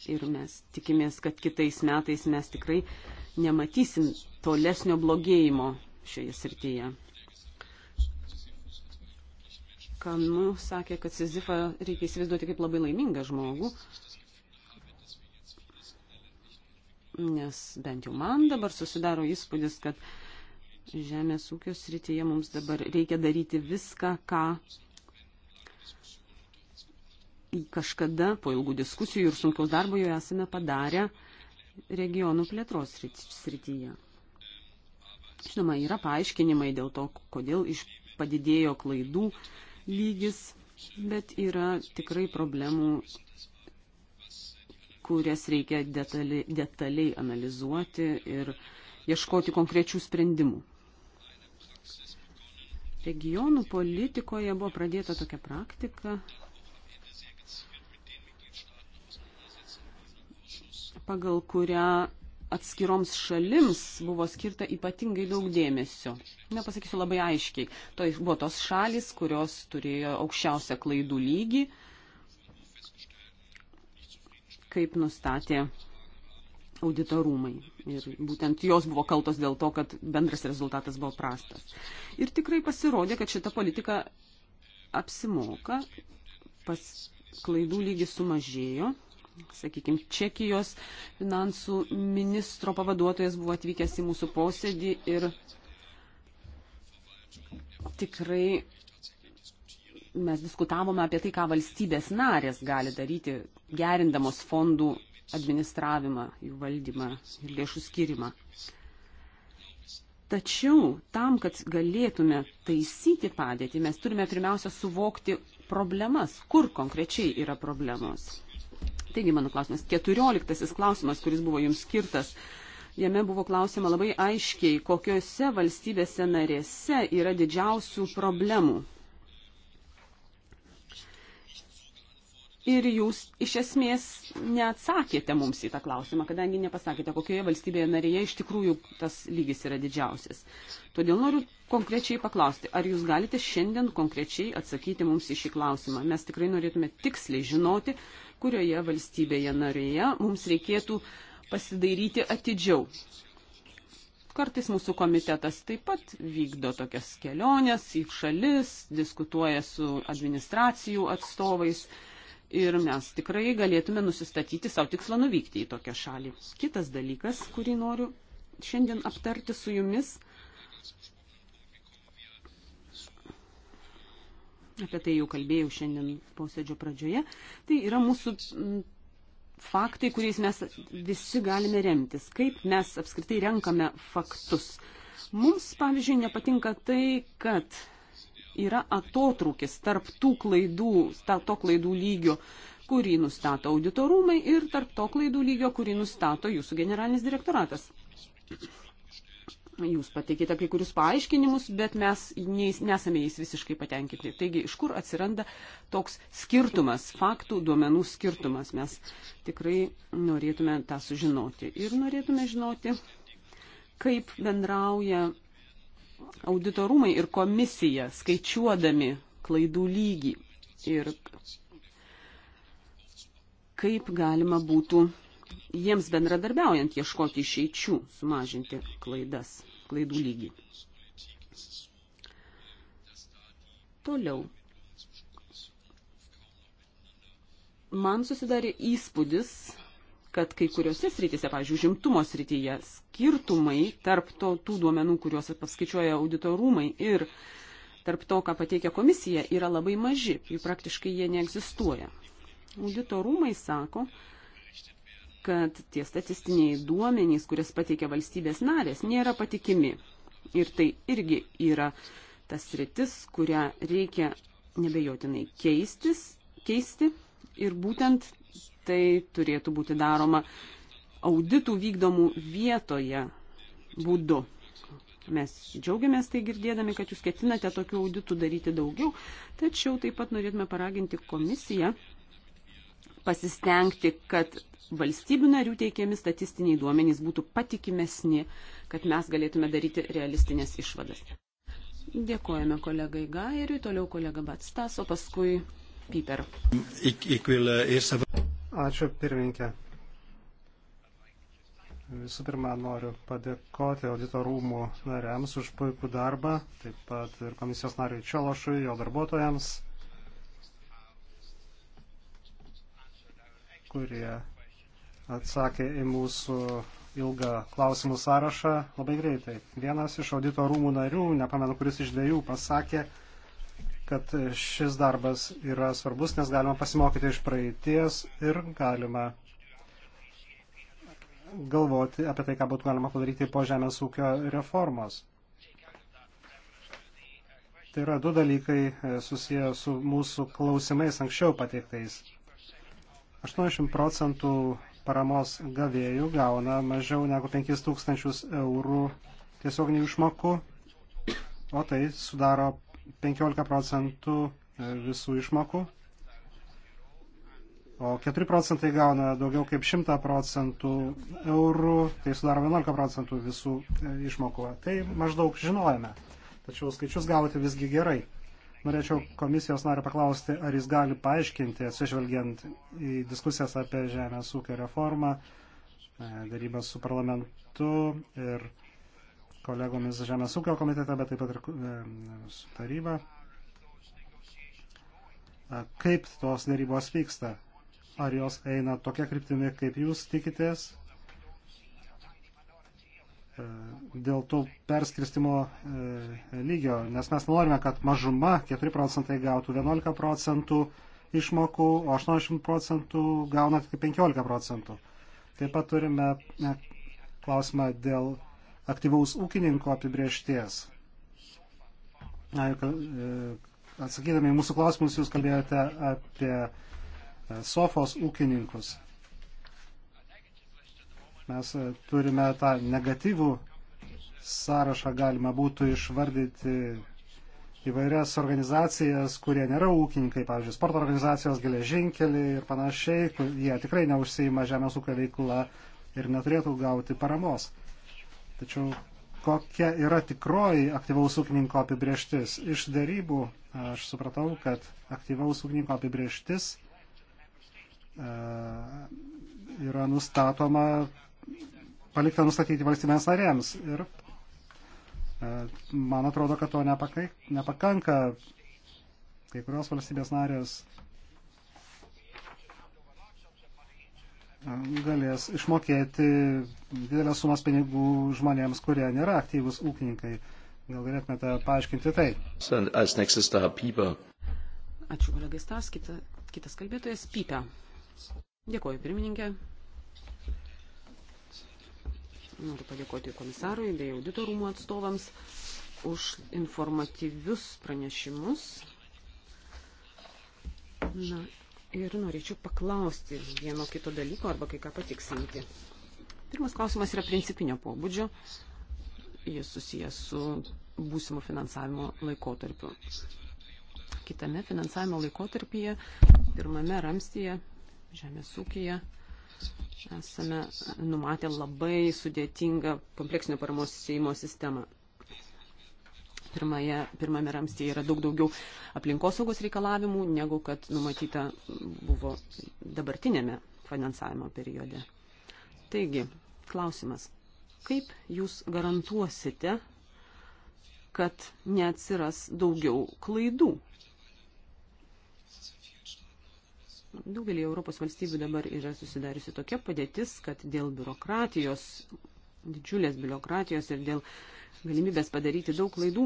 ir mes tikimės, kad kitais metais mes tikrai nematysim tolesnio blogėjimo šioje srityje. Kanu sakė, kad Sizifą reikia įsivaizduoti kaip labai laimingą žmogų, nes bent jau man dabar susidaro įspūdis, kad žemės ūkio srityje mums dabar reikia daryti viską, ką kažkada po ilgų diskusijų ir sunkiaus darbo jau esame padarę regionų plėtros srityje. Žinoma, yra paaiškinimai dėl to, kodėl iš padidėjo klaidų lygis, bet yra tikrai problemų, kurias reikia detaliai, detaliai analizuoti ir ieškoti konkrečių sprendimų. Regionų politikoje buvo pradėta tokia praktika, pagal kurią atskiroms šalims buvo skirta ypatingai daug dėmesio. Nepasakysiu labai aiškiai. To buvo tos šalis, kurios turėjo aukščiausią klaidų lygį, kaip nustatė auditorumai. Ir būtent jos buvo kaltos dėl to, kad bendras rezultatas buvo prastas. Ir tikrai pasirodė, kad šita politika apsimoka, pas klaidų lygis sumažėjo sakykime, Čekijos finansų ministro pavaduotojas buvo atvykęs į mūsų posėdį ir tikrai mes diskutavome apie tai, ką valstybės narės gali daryti, gerindamos fondų administravimą, jų valdymą ir lėšų skirimą. Tačiau tam, kad galėtume taisyti padėtį, mes turime pirmiausia suvokti problemas, kur konkrečiai yra problemos. Taigi mano klausimas, keturioliktasis klausimas, kuris buvo jums skirtas. Jame buvo klausima labai aiškiai, kokiuose valstybėse narėse yra didžiausių problemų. Ir jūs iš esmės neatsakėte mums į tą klausimą, kadangi nepasakėte, kokioje valstybėje narėje iš tikrųjų tas lygis yra didžiausias. Todėl noriu konkrečiai paklausti, ar jūs galite šiandien konkrečiai atsakyti mums į šį klausimą. Mes tikrai norėtume tiksliai žinoti, kurioje valstybėje narėje mums reikėtų pasidairyti atidžiau. Kartais mūsų komitetas taip pat vykdo tokias keliones į šalis, diskutuoja su administracijų atstovais ir mes tikrai galėtume nusistatyti savo tikslą nuvykti į tokią šalį. Kitas dalykas, kurį noriu šiandien aptarti su jumis, apie tai jau kalbėjau šiandien posėdžio pradžioje, tai yra mūsų faktai, kuriais mes visi galime remtis, kaip mes apskritai renkame faktus. Mums, pavyzdžiui, nepatinka tai, kad yra atotrūkis tarp tų klaidų, to klaidų lygio, kurį nustato auditorumai ir tarp to klaidų lygio, kurį nustato jūsų generalinis direktoratas. Jūs pateikite kai kurius paaiškinimus, bet mes nesame jais visiškai patenkinti. Taigi, iš kur atsiranda toks skirtumas, faktų, duomenų skirtumas? Mes tikrai norėtume tą sužinoti. Ir norėtume žinoti, kaip bendrauja auditorumai ir komisija skaičiuodami klaidų lygį ir kaip galima būtų jiems bendradarbiaujant ieškoti išeičių, sumažinti klaidas, klaidų lygį. Toliau. Man susidarė įspūdis, kad kai kuriuose srityse, pavyzdžiui, žimtumo srityje, skirtumai tarp to, tų duomenų, kuriuos paskaičiuoja auditorumai ir tarp to, ką pateikia komisija, yra labai maži, jų praktiškai jie neegzistuoja. Auditorumai sako, kad tie statistiniai duomenys, kurias pateikia valstybės narės, nėra patikimi. Ir tai irgi yra tas rytis, kurią reikia nebejotinai keistis, keisti. Ir būtent tai turėtų būti daroma auditų vykdomų vietoje būdu. Mes džiaugiamės tai girdėdami, kad jūs ketinate tokių auditų daryti daugiau, tačiau taip pat norėtume paraginti komisiją pasistengti, kad valstybių narių teikiami statistiniai duomenys būtų patikimesni, kad mes galėtume daryti realistinės išvadas. Dėkojame kolegai Gairiui, toliau kolega Batstas, o paskui Piper. Ačiū pirmininkė. Visų pirma, noriu padėkoti auditorumų nariams už puikų darbą, taip pat ir komisijos nariui Čiološui, jo darbuotojams kurie atsakė į mūsų ilgą klausimų sąrašą labai greitai. Vienas iš audito rūmų narių, nepamenu, kuris iš dviejų, pasakė, kad šis darbas yra svarbus, nes galima pasimokyti iš praeities ir galima galvoti apie tai, ką būtų galima padaryti po žemės ūkio reformos. Tai yra du dalykai e, susiję su mūsų klausimais anksčiau pateiktais. 80 procentų paramos gavėjų gauna mažiau negu 5000 eurų tiesioginių išmokų, o tai sudaro 15 procentų visų išmokų. O 4 procentai gauna daugiau kaip 100 procentų eurų, tai sudaro 11 procentų visų e, išmokų. Tai maždaug žinojame, tačiau skaičius gavote visgi gerai. Norėčiau komisijos nario paklausti, ar jis gali paaiškinti, atsižvelgiant į diskusijas apie žemės ūkio reformą, e, darybas su parlamentu ir kolegomis žemės ūkio komitete, bet taip pat ir e, su taryba, e, kaip tos darybos vyksta. Ar jos eina tokia kryptimi, kaip jūs tikitės, E, dėl tų perskirstimo e, lygio, nes mes norime, kad mažuma 4 procentai gautų 11 procentų išmokų, o 80 procentų gauna tik 15 procentų. Taip pat turime e, klausimą dėl aktyvaus ūkininko apibriešties. Atsakydami į mūsų klausimus, jūs kalbėjote apie sofos ūkininkus. Mes e, turime tą negatyvų sąrašą, galima būtų išvardyti įvairias organizacijas, kurie nėra ūkininkai, pavyzdžiui, sporto organizacijos, geležinkeliai ir panašiai, jie tikrai neužsieima žemės ūkio veikla ir neturėtų gauti paramos. Tačiau kokia yra tikroji aktyvaus ūkininko apibrieštis? Iš darybų aš supratau, kad aktyvaus ūkininko apibrieštis e, yra nustatoma palikta nustatyti valstybėms narėms. Ir e, man atrodo, kad to nepakai, nepakanka. Kai kurios valstybės narės e, galės išmokėti didelės sumas pinigų žmonėms, kurie nėra aktyvus ūkininkai. Gal galėtumėte paaiškinti tai? Ačiū, kolegai Stars, kita, kitas kalbėtojas Pypia. Dėkuoju, pirmininkė. Noriu padėkoti komisarui bei auditorumų atstovams už informatyvius pranešimus. Na, ir norėčiau paklausti vieno kito dalyko arba kai ką patiksinti. Pirmas klausimas yra principinio pobūdžio. Jis susijęs su būsimo finansavimo laikotarpiu. Kitame finansavimo laikotarpyje, pirmame ramstyje, žemės ūkija, esame numatę labai sudėtingą kompleksinio paramos įsėjimo sistemą. Pirmaje, pirmame ramstyje yra daug daugiau aplinkosaugos reikalavimų, negu kad numatyta buvo dabartinėme finansavimo periode. Taigi, klausimas, kaip jūs garantuosite, kad neatsiras daugiau klaidų Daugelį Europos valstybių dabar yra susidariusi tokia padėtis, kad dėl biurokratijos, didžiulės biurokratijos ir dėl galimybės padaryti daug klaidų,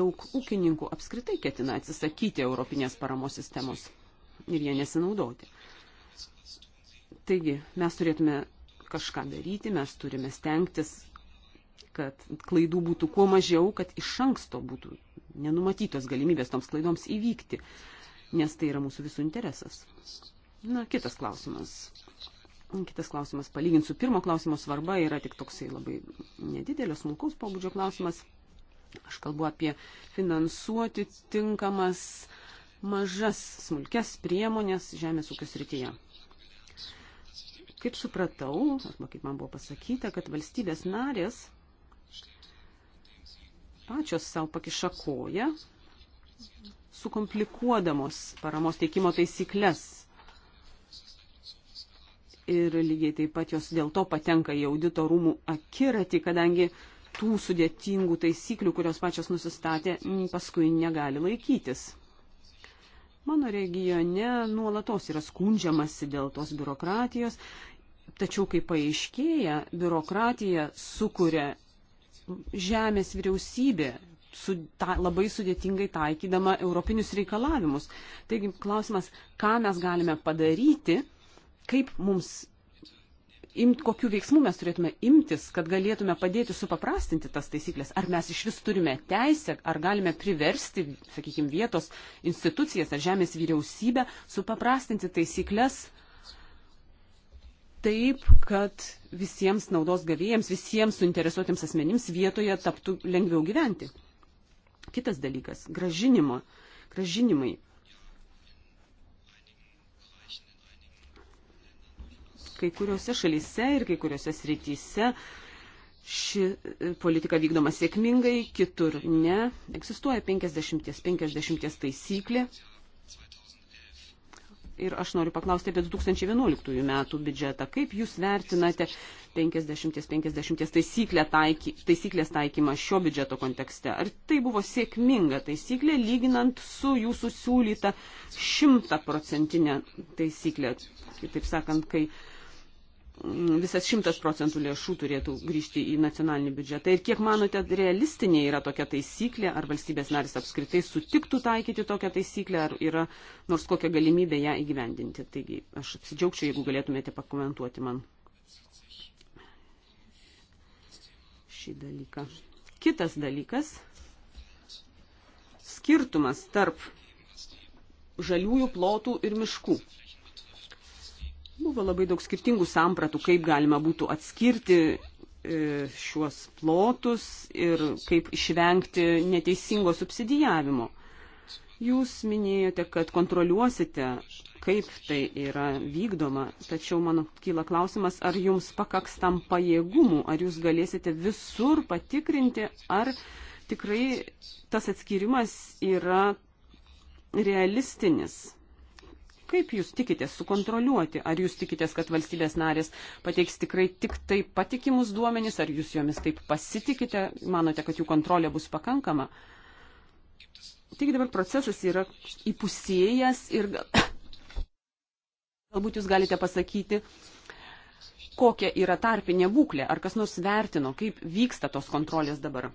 daug ūkininkų apskritai ketina atsisakyti Europinės paramos sistemos ir jie nesinaudoti. Taigi, mes turėtume kažką daryti, mes turime stengtis, kad klaidų būtų kuo mažiau, kad iš anksto būtų nenumatytos galimybės toms klaidoms įvykti nes tai yra mūsų visų interesas. Na, kitas klausimas. Kitas klausimas, palyginti su pirmo klausimo svarba, yra tik toksai labai nedidelės, smulkaus pobūdžio klausimas. Aš kalbu apie finansuoti tinkamas mažas smulkes priemonės žemės ūkio srityje. Kaip supratau, arba kaip man buvo pasakyta, kad valstybės narės pačios savo pakišakoja sukomplikuodamos paramos teikimo taisyklės. Ir lygiai taip pat jos dėl to patenka į audito rūmų akiratį, kadangi tų sudėtingų taisyklių, kurios pačios nusistatė, paskui negali laikytis. Mano regione nuolatos yra skundžiamasi dėl tos biurokratijos, tačiau kaip paaiškėja, biurokratija sukuria žemės vyriausybė, su, ta, labai sudėtingai taikydama europinius reikalavimus. Taigi klausimas, ką mes galime padaryti, kaip mums, imt, kokiu veiksmu mes turėtume imtis, kad galėtume padėti supaprastinti tas taisyklės. Ar mes iš vis turime teisę, ar galime priversti, sakykime, vietos institucijas ar žemės vyriausybę supaprastinti taisyklės taip, kad visiems naudos gavėjams, visiems suinteresuotiems asmenims vietoje taptų lengviau gyventi. Kitas dalykas - gražinimo, gražinimai. Kai kuriuose šalyse ir kai kuriuose srityse ši e, politika vykdoma sėkmingai, kitur ne. Egzistuoja 50-50 taisyklė ir aš noriu paklausti apie 2011 metų biudžetą. Kaip Jūs vertinate 50-50 taisyklė taiky, taisyklės taikymą šio biudžeto kontekste? Ar tai buvo sėkminga taisyklė, lyginant su Jūsų siūlyta 100 procentinė taisyklė? Kitaip sakant, kai visas šimtas procentų lėšų turėtų grįžti į nacionalinį biudžetą. Ir kiek manote, realistinė yra tokia taisyklė, ar valstybės narys apskritai sutiktų taikyti tokią taisyklę, ar yra nors kokia galimybė ją įgyvendinti. Taigi aš apsidžiaugčiau, jeigu galėtumėte pakomentuoti man šį dalyką. Kitas dalykas - skirtumas tarp žaliųjų plotų ir miškų. Buvo labai daug skirtingų sampratų, kaip galima būtų atskirti e, šiuos plotus ir kaip išvengti neteisingo subsidijavimo. Jūs minėjote, kad kontroliuosite, kaip tai yra vykdoma, tačiau mano kyla klausimas, ar jums pakaks tam pajėgumų, ar jūs galėsite visur patikrinti, ar tikrai tas atskirimas yra realistinis Kaip jūs tikitės sukontroliuoti? Ar jūs tikitės, kad valstybės narės pateiks tikrai tik tai patikimus duomenys, ar jūs jomis taip pasitikite, manote, kad jų kontrolė bus pakankama? Taigi dabar procesas yra įpusėjęs ir galbūt jūs galite pasakyti, kokia yra tarpinė būklė, ar kas nors vertino, kaip vyksta tos kontrolės dabar.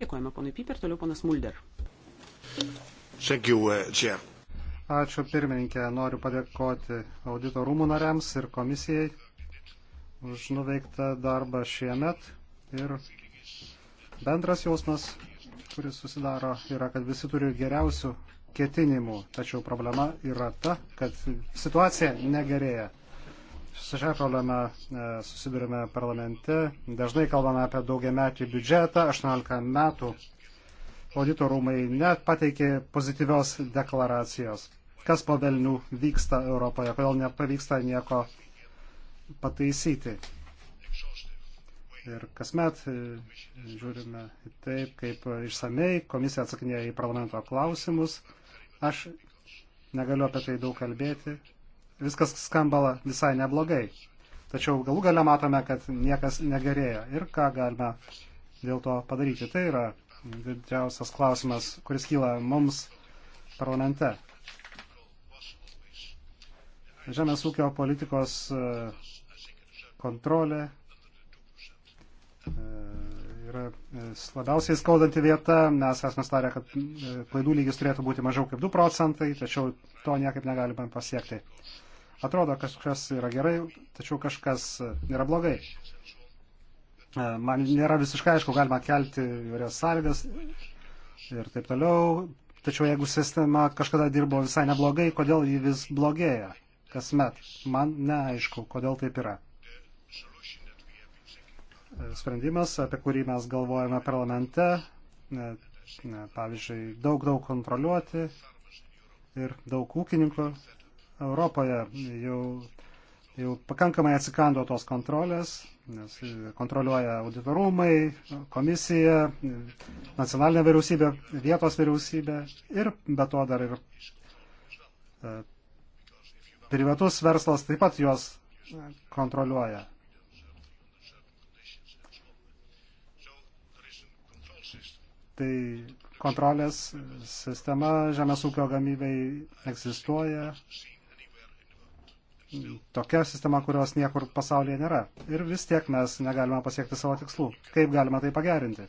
Dėkojame ponui Piper, toliau ponas Mulder. Thank you, uh, Chair. Ačiū pirmininkė, noriu padėkoti audito rūmų nariams ir komisijai už nuveiktą darbą šiemet. Ir bendras jausmas, kuris susidaro, yra, kad visi turi geriausių ketinimų. Tačiau problema yra ta, kad situacija negerėja. Su šią problemą e, susidurime parlamente. Dažnai kalbame apie daugiametį biudžetą, 18 metų audito rūmai net pateikė pozityvios deklaracijos kas po velnių vyksta Europoje, kodėl nepavyksta nieko pataisyti. Ir kasmet e, žiūrime taip, kaip išsamei komisija atsakinėja į parlamento klausimus. Aš negaliu apie tai daug kalbėti. Viskas skamba visai neblogai. Tačiau galų gale matome, kad niekas negerėja. Ir ką galime dėl to padaryti. Tai yra didžiausias klausimas, kuris kyla mums parlamente žemės ūkio politikos e, kontrolė e, yra e, labiausiai skaudanti vieta. Mes esame starę, kad klaidų lygis turėtų būti mažiau kaip 2 procentai, tačiau to niekaip negalime pasiekti. Atrodo, kažkas yra gerai, tačiau kažkas yra blogai. Man nėra visiškai aišku, galima kelti įvairias sąlygas ir taip toliau. Tačiau jeigu sistema kažkada dirbo visai neblogai, kodėl ji vis blogėja? kasmet. Man neaišku, kodėl taip yra. Sprendimas, apie kurį mes galvojame parlamente, ne, ne, pavyzdžiui, daug daug kontroliuoti ir daug ūkininkų Europoje jau, jau pakankamai atsikando tos kontrolės, nes kontroliuoja auditorumai, komisija, nacionalinė vyriausybė, vietos vyriausybė ir be to dar ir e, privatus verslas taip pat juos e, kontroliuoja. Tai kontrolės sistema žemės ūkio gamybai egzistuoja. Tokia sistema, kurios niekur pasaulyje nėra. Ir vis tiek mes negalime pasiekti savo tikslų. Kaip galima tai pagerinti?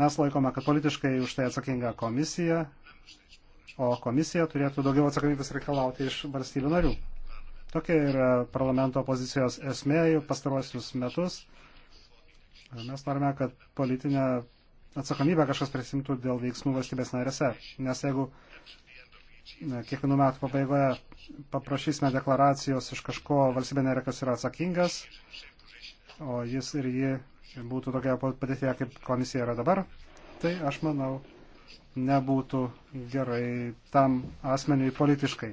Mes laikome, kad politiškai už tai atsakinga komisija, o komisija turėtų daugiau atsakomybės reikalauti iš valstybių narių. Tokia yra parlamento pozicijos esmė jau pastaruosius metus. Mes norime, kad politinę atsakomybę kažkas prisimtų dėl veiksmų valstybės narėse. Nes jeigu kiekvienų metų pabaigoje paprašysime deklaracijos iš kažko valstybė narė, kas yra atsakingas, o jis ir ji būtų tokia padėtėje, kaip komisija yra dabar, tai aš manau, nebūtų gerai tam asmeniui politiškai.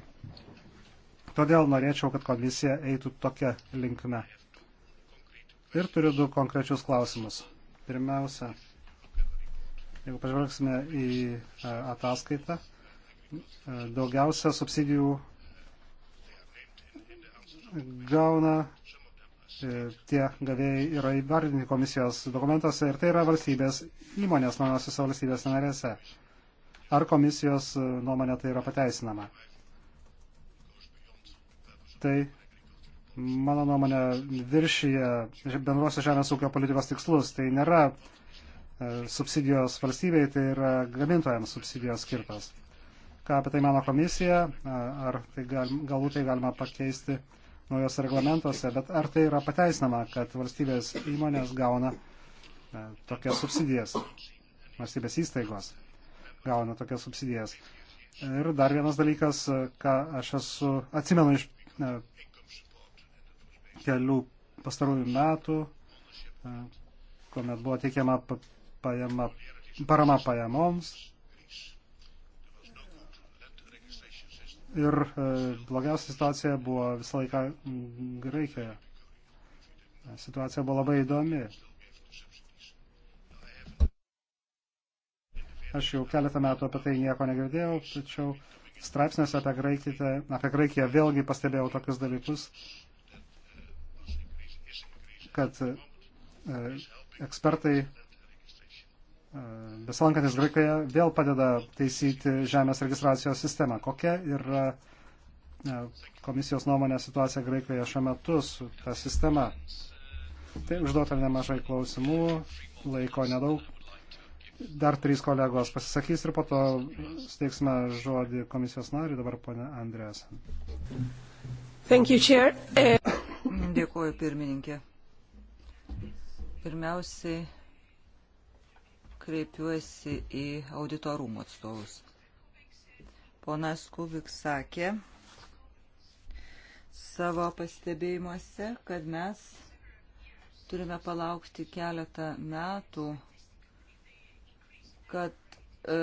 Todėl norėčiau, kad komisija eitų tokia linkme. Ir turiu du konkrečius klausimus. Pirmiausia, jeigu pažvelgsime į e, ataskaitą, e, daugiausia subsidijų gauna tie gavėjai yra įvardinti komisijos dokumentuose ir tai yra valstybės įmonės naujosios valstybės narėse. Ar komisijos nuomonė tai yra pateisinama? Tai, mano nuomonė, viršyje bendrosios žemės ūkio politikos tikslus. Tai nėra e, subsidijos valstybei, tai yra gamintojams subsidijos skirtos. Ką apie tai mano komisija, ar tai gal, galbūt tai galima pakeisti naujos reglamentuose, bet ar tai yra pateisinama, kad valstybės įmonės gauna e, tokias subsidijas, valstybės įstaigos gauna tokias subsidijas. Ir dar vienas dalykas, e, ką aš esu, atsimenu iš e, kelių pastarųjų metų, kuomet buvo teikiama pajama, parama pajamoms, Ir e, blogiausia situacija buvo visą laiką Graikijoje. Situacija buvo labai įdomi. Aš jau keletą metų apie tai nieko negirdėjau, tačiau straipsniuose apie Graikiją, apie Graikiją vėlgi pastebėjau tokius dalykus, kad e, ekspertai E, besilankantis Graikijoje vėl padeda taisyti žemės registracijos sistemą. Kokia yra e, komisijos nuomonė situacija Graikijoje šiuo metu su ta sistema? Tai užduota nemažai klausimų, laiko nedaug. Dar trys kolegos pasisakys ir po to steiksime žodį komisijos nariui, dabar ponė Andrės. Dėkuoju pirmininkė. Pirmiausiai kreipiuosi į auditorumų atstovus. Ponas Kubik sakė savo pastebėjimuose, kad mes turime palaukti keletą metų, kad e,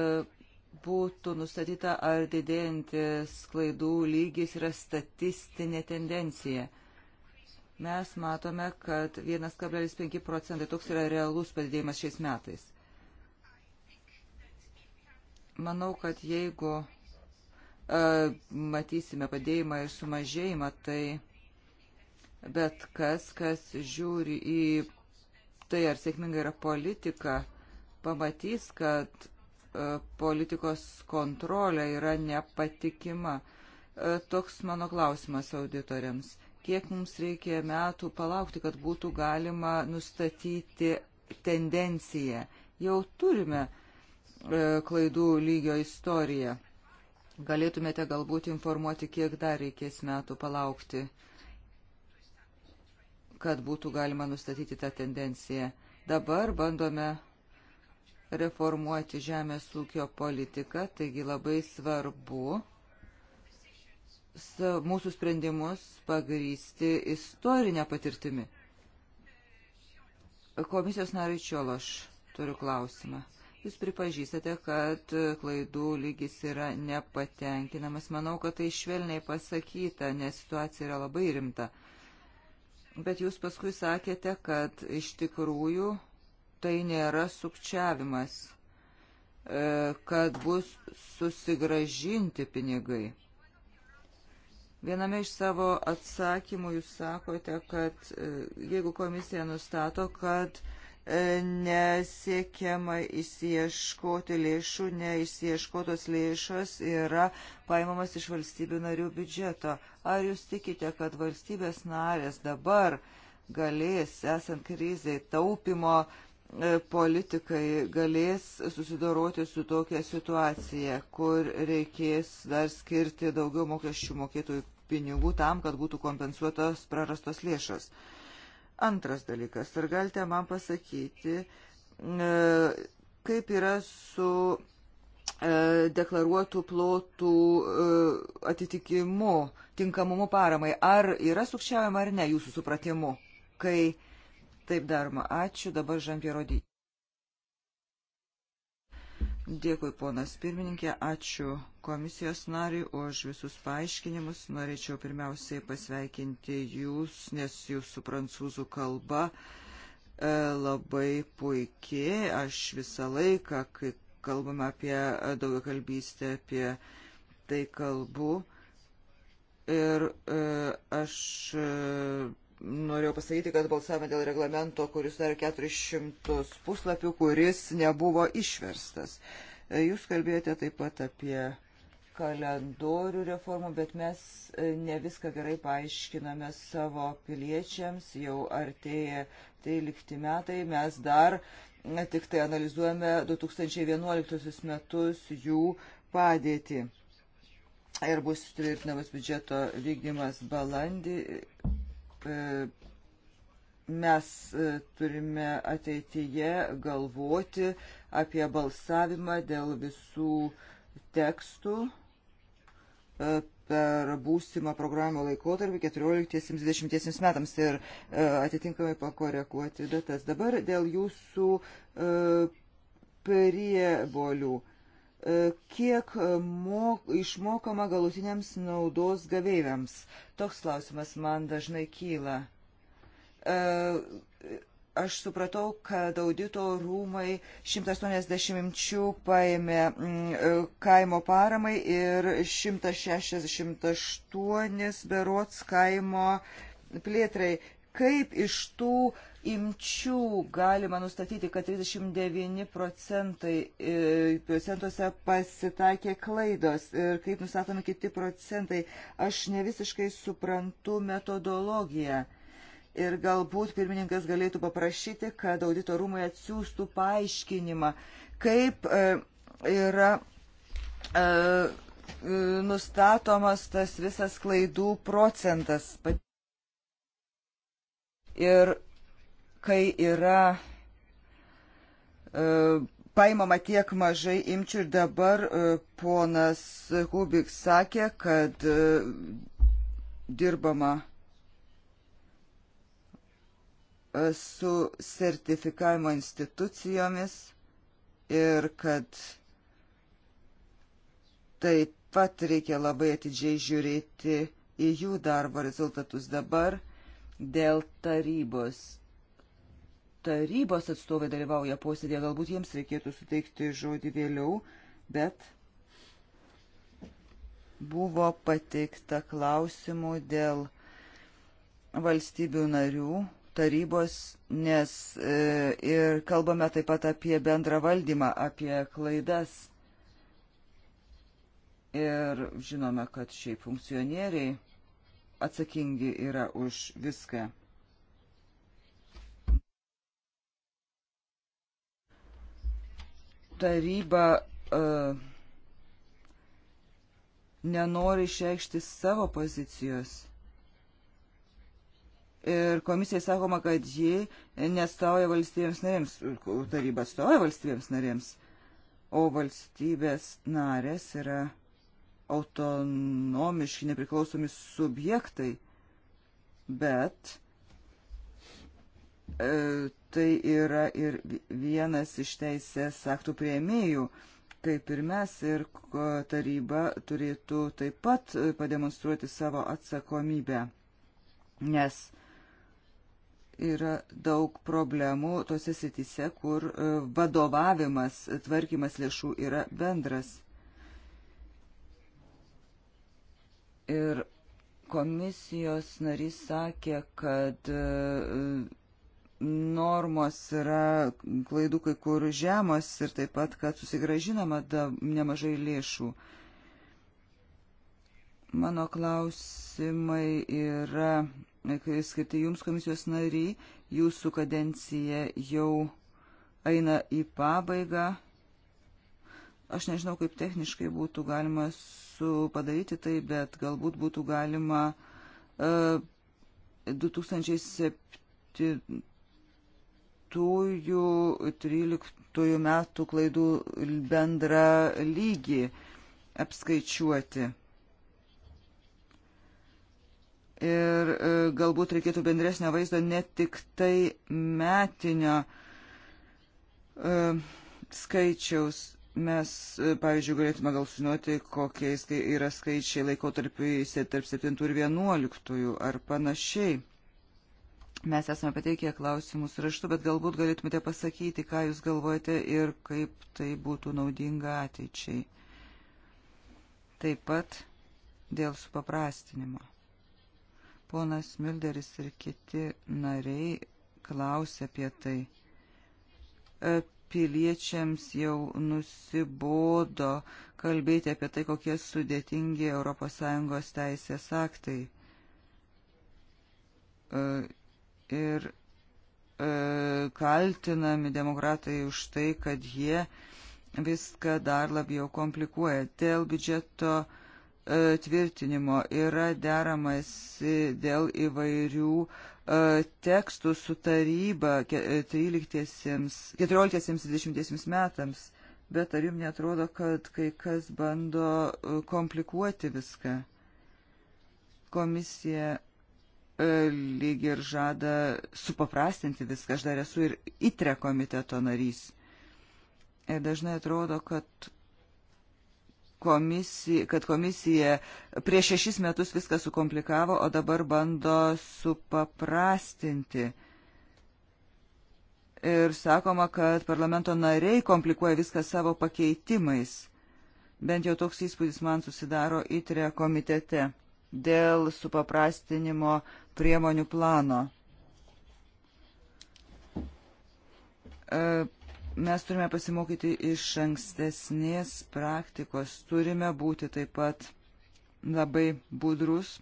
būtų nustatyta, ar didėjantis klaidų lygis yra statistinė tendencija. Mes matome, kad 1,5 procentai toks yra realus padidėjimas šiais metais. Manau, kad jeigu uh, matysime padėjimą ir sumažėjimą, tai bet kas, kas žiūri į tai, ar sėkminga yra politika, pamatys, kad uh, politikos kontrolė yra nepatikima. Uh, toks mano klausimas auditoriams kiek mums reikia metų palaukti, kad būtų galima nustatyti tendenciją. Jau turime uh, E, klaidų lygio istoriją. Galėtumėte galbūt informuoti, kiek dar reikės metų palaukti, kad būtų galima nustatyti tą tendenciją. Dabar bandome reformuoti žemės ūkio politiką, taigi labai svarbu mūsų sprendimus pagrysti istorinę patirtimį. Komisijos nariai Čiološ turiu klausimą. Jūs pripažįstate, kad klaidų lygis yra nepatenkinamas. Manau, kad tai švelniai pasakyta, nes situacija yra labai rimta. Bet jūs paskui sakėte, kad iš tikrųjų tai nėra sukčiavimas, e, kad bus susigražinti pinigai. Viename iš savo atsakymų jūs sakote, kad e, jeigu komisija nustato, kad nesiekiama įsieškoti lėšų, neišsieškotos lėšos yra paimamas iš valstybių narių biudžeto. Ar jūs tikite, kad valstybės narės dabar galės, esant krizai, taupimo e, politikai galės susidoroti su tokia situacija, kur reikės dar skirti daugiau mokesčių mokėtojų pinigų tam, kad būtų kompensuotos prarastos lėšos? Uh, Antras dalykas, ar galite man pasakyti, e, kaip yra su e, deklaruotų plotų e, atitikimu, tinkamumu paramai. Ar yra sukčiaujama ar ne jūsų supratimu, kai taip daroma? Ačiū, dabar Žampierodį. Dėkui, ponas pirmininkė, ačiū komisijos nariui už visus paaiškinimus. Norėčiau pirmiausiai pasveikinti jūs, nes jūsų prancūzų kalba e, labai puikiai. Aš visą laiką, kai kalbame apie daugia kalbystę, apie tai kalbu. Ir e, aš. E, norėjau pasakyti, kad balsavome dėl reglamento, kuris dar 400 puslapių, kuris nebuvo išverstas. E, jūs kalbėjote taip pat apie kalendorių reformų, bet mes e, ne viską gerai paaiškiname savo piliečiams, jau artėja 13 metai, mes dar e, tik tai analizuojame 2011 metus jų padėtį. Ir bus tvirtinamas biudžeto vykdymas balandį E, mes e, turime ateityje galvoti apie balsavimą dėl visų tekstų e, per būsimą programą laikotarpį 14-20 metams ir atitinkamai pakoreguoti datas. Dabar dėl jūsų priebolių. E, kiek e, mok, išmokama galutiniams naudos gavėjams. Toks klausimas man dažnai kyla. E, aš supratau, kad audito rūmai 180 imčių paėmė mm, e, kaimo paramai ir 168 berots kaimo plėtrai. Kaip iš tų uh, imčių galima nustatyti, kad 39 procentai e, procentuose pasitaikė klaidos ir kaip nustatomi kiti procentai, aš ne visiškai suprantu metodologiją. Ir galbūt pirmininkas galėtų paprašyti, kad auditorumai atsiųstų paaiškinimą, kaip e, yra e, e nustatomas tas visas klaidų procentas. Ir kai yra e, paimama tiek mažai imčių ir dabar e, ponas Hubik sakė, kad e, dirbama e, su sertifikavimo institucijomis ir kad taip pat reikia labai atidžiai žiūrėti į jų darbo rezultatus dabar dėl tarybos tarybos atstovai dalyvauja posėdėje, galbūt jiems reikėtų suteikti žodį vėliau, bet buvo pateikta klausimų dėl valstybių narių tarybos, nes e, ir kalbame taip pat apie bendrą valdymą, apie klaidas. Ir žinome, kad šiaip funkcionieriai atsakingi yra už viską. taryba uh, nenori išreikšti savo pozicijos. Ir komisijai sakoma, kad ji nestauja valstybėms narėms, taryba atstovauja valstybėms narėms, o valstybės narės yra autonomiški, nepriklausomi subjektai, bet e, tai yra ir vienas iš teisės aktų prieimėjų, kaip ir mes, ir taryba turėtų taip pat pademonstruoti savo atsakomybę, nes yra daug problemų tose sitise, kur e, vadovavimas, tvarkymas lėšų yra bendras. Ir komisijos narys sakė, kad e, normos yra klaidų kai kur žemos ir taip pat, kad susigražinama da, nemažai lėšų. Mano klausimai yra skirti Jums komisijos nariai, Jūsų kadencija jau eina į pabaigą. Aš nežinau, kaip techniškai būtų galima su padaryti tai, bet galbūt būtų galima e, uh, 2007 10-13 metų klaidų bendrą lygį apskaičiuoti. Ir e, galbūt reikėtų bendresnio vaizdo ne tik tai metinio e, skaičiaus. Mes, e, pavyzdžiui, galėtume gal žinoti, kokiais tai yra skaičiai laikotarpiai tarp 7 ir 11 ar panašiai. Mes esame pateikę klausimus raštu, bet galbūt galėtumėte pasakyti, ką jūs galvojate ir kaip tai būtų naudinga ateičiai. Taip pat dėl supaprastinimo. Ponas Milderis ir kiti nariai klausė apie tai. E, piliečiams jau nusibodo kalbėti apie tai, kokie sudėtingi ES teisės aktai e, ir e, kaltinami demokratai už tai, kad jie viską dar labiau komplikuoja. Dėl biudžeto e, tvirtinimo yra deramasi dėl įvairių e, tekstų su taryba 14-20 e, metams. Bet ar jums netrodo, kad kai kas bando e, komplikuoti viską? Komisija E, lyg ir žada supaprastinti viską, aš dar esu ir itre komiteto narys. Ir dažnai atrodo, kad komisija, kad komisija prieš šešis metus viską sukomplikavo, o dabar bando supaprastinti. Ir sakoma, kad parlamento nariai komplikuoja viską savo pakeitimais. Bent jau toks įspūdis man susidaro įtrė komitete dėl supaprastinimo priemonių plano. E, mes turime pasimokyti iš ankstesnės praktikos, turime būti taip pat labai budrus,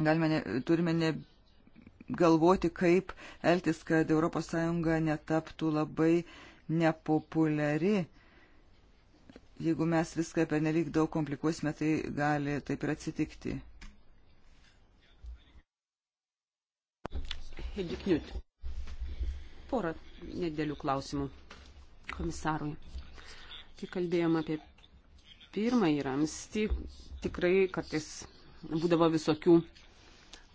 Galime ne, turime ne galvoti, kaip elgtis, kad ES netaptų labai nepopuliari Jeigu mes viską per nelik daug komplikuosime, tai gali taip ir atsitikti. Hedikniut. Porą nedėlių klausimų komisarui. Kai kalbėjom apie pirmąjį ramstį, tikrai kartais būdavo visokių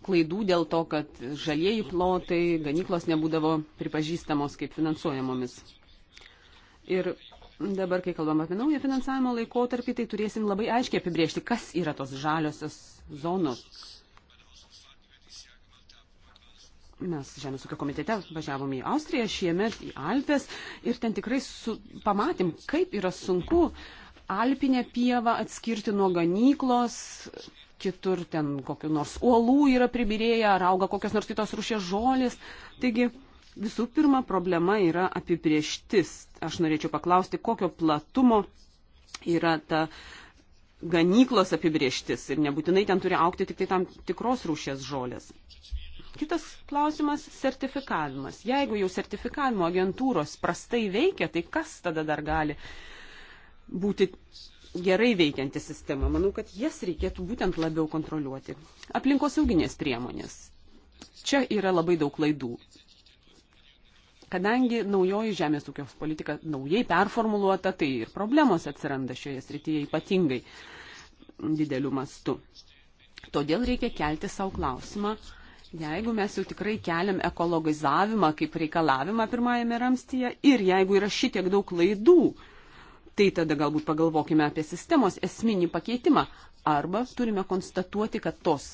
klaidų dėl to, kad žalieji plotai, ganyklos nebūdavo pripažįstamos kaip finansuojamomis. Ir dabar, kai kalbam apie naują finansavimo laikotarpį, tai turėsim labai aiškiai apibriežti, kas yra tos žaliosios zonos. Mes Žemės ūkio komitete važiavom į Austriją šiemet, į Alpes ir ten tikrai su, pamatėm, kaip yra sunku Alpinę pievą atskirti nuo ganyklos, kitur ten kokiu nors uolų yra pribirėję, ar auga kokios nors kitos rušės žolės. Taigi, Visų pirma, problema yra apibrieštis. Aš norėčiau paklausti, kokio platumo yra ta ganyklos apibrieštis ir nebūtinai ten turi aukti tik tai tam tikros rūšės žolės. Kitas klausimas - sertifikavimas. Jeigu jau sertifikavimo agentūros prastai veikia, tai kas tada dar gali būti gerai veikianti sistema? Manau, kad jas reikėtų būtent labiau kontroliuoti. Aplinkosauginės priemonės. Čia yra labai daug klaidų. Kadangi naujoji žemės ūkio politika naujai performuluota, tai ir problemos atsiranda šioje srityje ypatingai dideliu mastu. Todėl reikia kelti savo klausimą, jeigu mes jau tikrai keliam ekologizavimą kaip reikalavimą pirmajame ramstyje ir jeigu yra šitiek daug klaidų, tai tada galbūt pagalvokime apie sistemos esminį pakeitimą. Arba turime konstatuoti, kad tos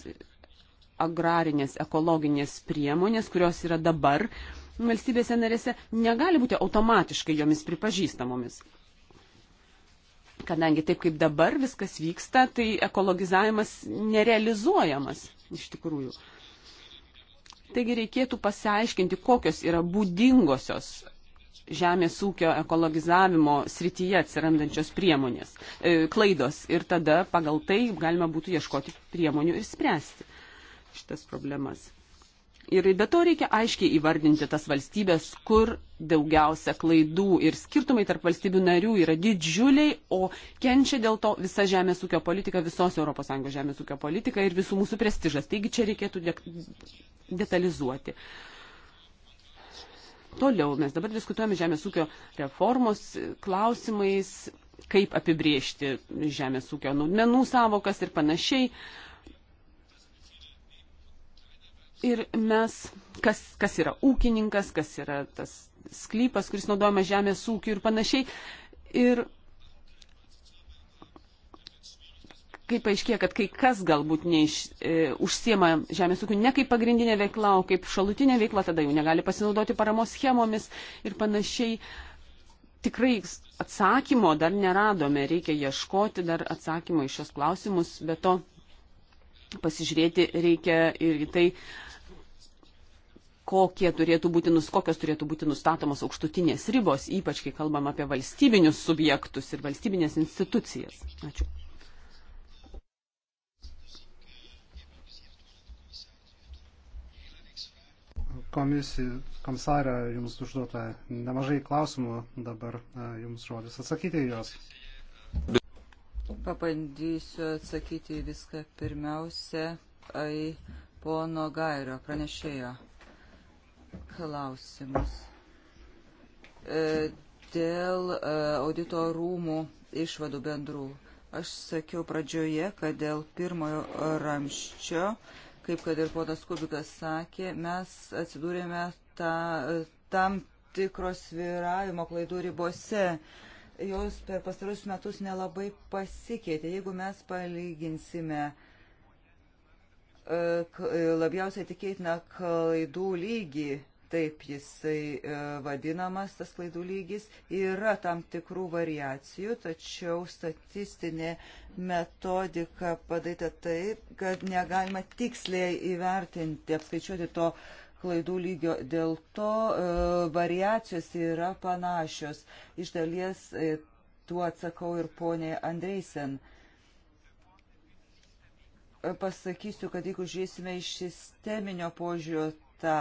agrarinės ekologinės priemonės, kurios yra dabar valstybėse narėse negali būti automatiškai jomis pripažįstamomis. Kadangi taip kaip dabar viskas vyksta, tai ekologizavimas nerealizuojamas iš tikrųjų. Taigi reikėtų pasiaiškinti, kokios yra būdingosios žemės ūkio ekologizavimo srityje atsirandančios priemonės, e, klaidos ir tada pagal tai galima būtų ieškoti priemonių ir spręsti šitas problemas. Ir be to reikia aiškiai įvardinti tas valstybės, kur daugiausia klaidų ir skirtumai tarp valstybių narių yra didžiuliai, o kenčia dėl to visa žemės ūkio politika, visos ES žemės ūkio politika ir visų mūsų prestižas. Taigi čia reikėtų de detalizuoti. Toliau mes dabar diskutuojame žemės ūkio reformos klausimais, kaip apibriežti žemės ūkio naudmenų savokas ir panašiai. Uh, Ir mes, kas, kas yra ūkininkas, kas yra tas sklypas, kuris naudojamas žemės ūkiu ir panašiai. Ir kaip aiškėja, kad kai kas galbūt neiš, e, užsiema žemės ūkiu ne kaip pagrindinė veikla, o kaip šalutinė veikla, tada jau negali pasinaudoti paramos schemomis ir panašiai. Tikrai atsakymo dar neradome, reikia ieškoti dar atsakymo į šios klausimus, bet to pasižiūrėti reikia ir į tai, e, kokie turėtų būti, kokios turėtų būti nustatomos aukštutinės ribos, ypač kai kalbam apie valstybinius subjektus ir valstybinės institucijas. Ačiū. Komisija, komisarė, jums užduota nemažai klausimų, dabar e, jums žodis atsakyti į juos. Pabandysiu atsakyti viską pirmiausia į pono Gairio pranešėjo klausimus. E, dėl e, audito rūmų išvadų bendrų. Aš sakiau pradžioje, kad dėl pirmojo ramščio, kaip kad ir ponas Kubikas sakė, mes atsidūrėme ta, tam tikros viravimo klaidų ribose. Jos per pastarus metus nelabai pasikeitė. Jeigu mes palyginsime uh, E, e, labiausiai tikėtina klaidų lygį, taip jisai e, vadinamas tas klaidų lygis, yra tam tikrų variacijų, tačiau statistinė metodika padaryta taip, kad negalima tiksliai įvertinti, apskaičiuoti to klaidų lygio. Dėl to e, variacijos yra panašios. Iš dalies e, tuo atsakau ir ponė Andreisen. E, pasakysiu, kad jeigu žiūrėsime iš sisteminio požiūrio ta,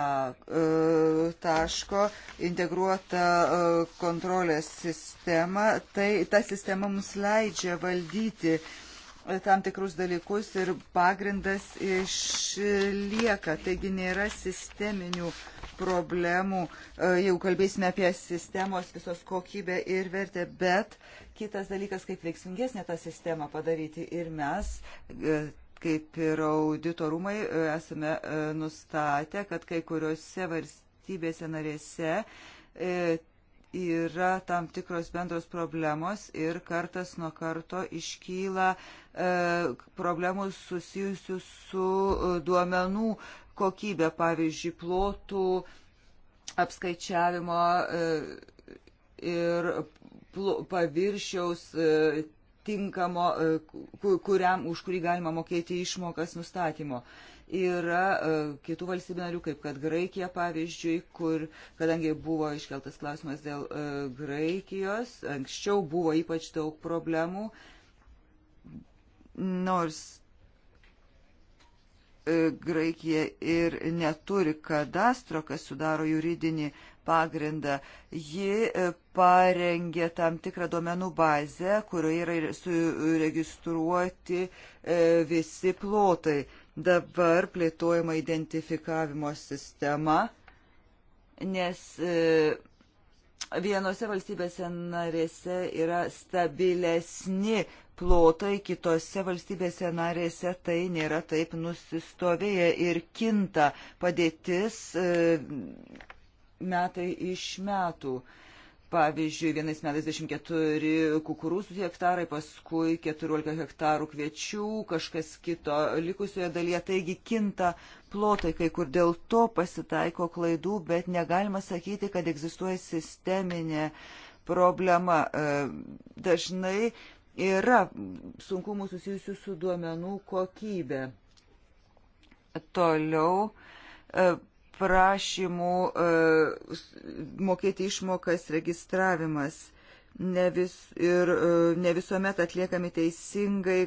e, taško integruotą e, kontrolės sistemą, tai ta sistema mums leidžia valdyti e, tam tikrus dalykus ir pagrindas išlieka, taigi nėra sisteminių problemų, jau kalbėsime apie sistemos visos kokybę ir vertę, bet kitas dalykas, kaip veiksmingesnė tą sistemą padaryti ir mes kaip ir auditorumai, e, esame e, nustatę, kad kai kuriuose valstybėse narėse e, yra tam tikros bendros problemos ir kartas nuo karto iškyla problemų susijusių su duomenų kokybė, pavyzdžiui, plotų apskaičiavimo ir paviršiaus tinkamo, e, kuriam, už kurį galima mokėti išmokas nustatymo. Yra e, kitų valstybių narių, kaip kad Graikija, pavyzdžiui, kur, kadangi buvo iškeltas klausimas dėl e, Graikijos, anksčiau buvo ypač daug problemų, nors Graikija ir neturi kadastro, kas sudaro juridinį pagrindą, ji parengė tam tikrą duomenų bazę, kurioje yra suregistruoti e, visi plotai. Dabar plėtojama identifikavimo sistema, nes e, vienose valstybėse narėse yra stabilesni plotai, kitose valstybėse narėse tai nėra taip nusistovėję ir kinta padėtis e, metai iš metų. E, Pavyzdžiui, vienais metais 24 kukurūzų hektarai, paskui 14 hektarų kviečių, kažkas kito likusioje dalyje. Taigi kinta plotai, kai kur dėl to pasitaiko klaidų, bet negalima sakyti, kad egzistuoja sisteminė problema. E, dažnai yra sunkumų susijusių su duomenų kokybė. Toliau e, prašymų e, mokėti išmokas registravimas ne vis, ir e, ne visuomet atliekami teisingai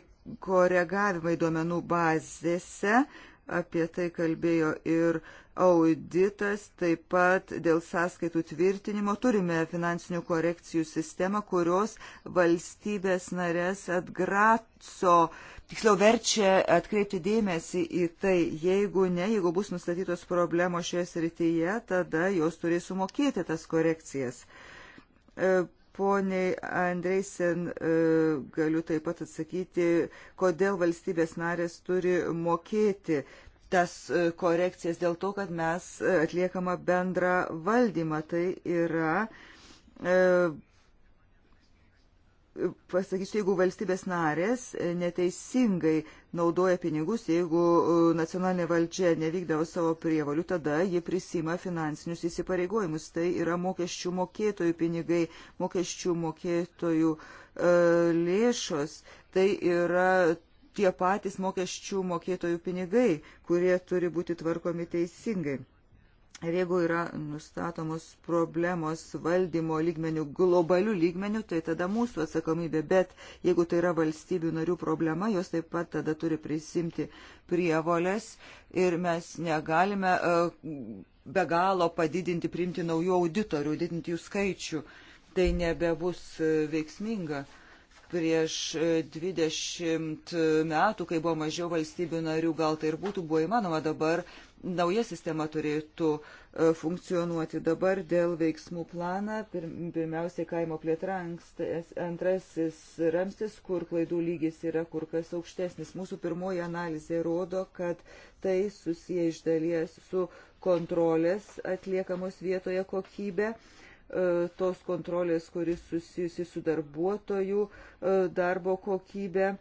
koregavimai duomenų bazėse, apie tai kalbėjo ir auditas, taip pat dėl sąskaitų tvirtinimo turime finansinių korekcijų sistemą, kurios valstybės narės atgraco, tiksliau verčia atkreipti dėmesį į tai, jeigu ne, jeigu bus nustatytos problemos šioje srityje, tada jos turės sumokėti tas korekcijas e, Poniai Andreisen e, galiu taip pat atsakyti, kodėl valstybės narės turi mokėti tas e, korekcijas dėl to, kad mes e, atliekama bendrą valdymą. Tai yra pasakyčiau, jeigu valstybės narės e, neteisingai naudoja pinigus, jeigu e, nacionalinė valdžia nevykdavo savo prievalių, tada ji prisima finansinius įsipareigojimus. Tai yra mokesčių mokėtojų pinigai, mokesčių mokėtojų e, lėšos. Tai yra tie patys mokesčių mokėtojų pinigai, kurie turi būti tvarkomi teisingai. Ir jeigu yra nustatomos problemos valdymo lygmenių, globalių lygmenių, tai tada mūsų atsakomybė. Bet jeigu tai yra valstybių narių problema, jos taip pat tada turi prisimti prievolės ir mes negalime e, be galo padidinti, priimti naujų auditorių, didinti jų skaičių. Tai nebebus e, veiksminga prieš 20 e, metų, kai buvo mažiau valstybių narių, gal tai ir būtų buvo įmanoma, dabar nauja sistema turėtų e, funkcionuoti dabar dėl veiksmų planą. Pirmiausiai kaimo plėtra antrasis ramstis, kur klaidų lygis yra kur kas aukštesnis. Mūsų pirmoji analizė rodo, kad tai susiję iš dalies su kontrolės atliekamos vietoje kokybė e, tos kontrolės, kuris susijusi su darbuotojų e, darbo kokybė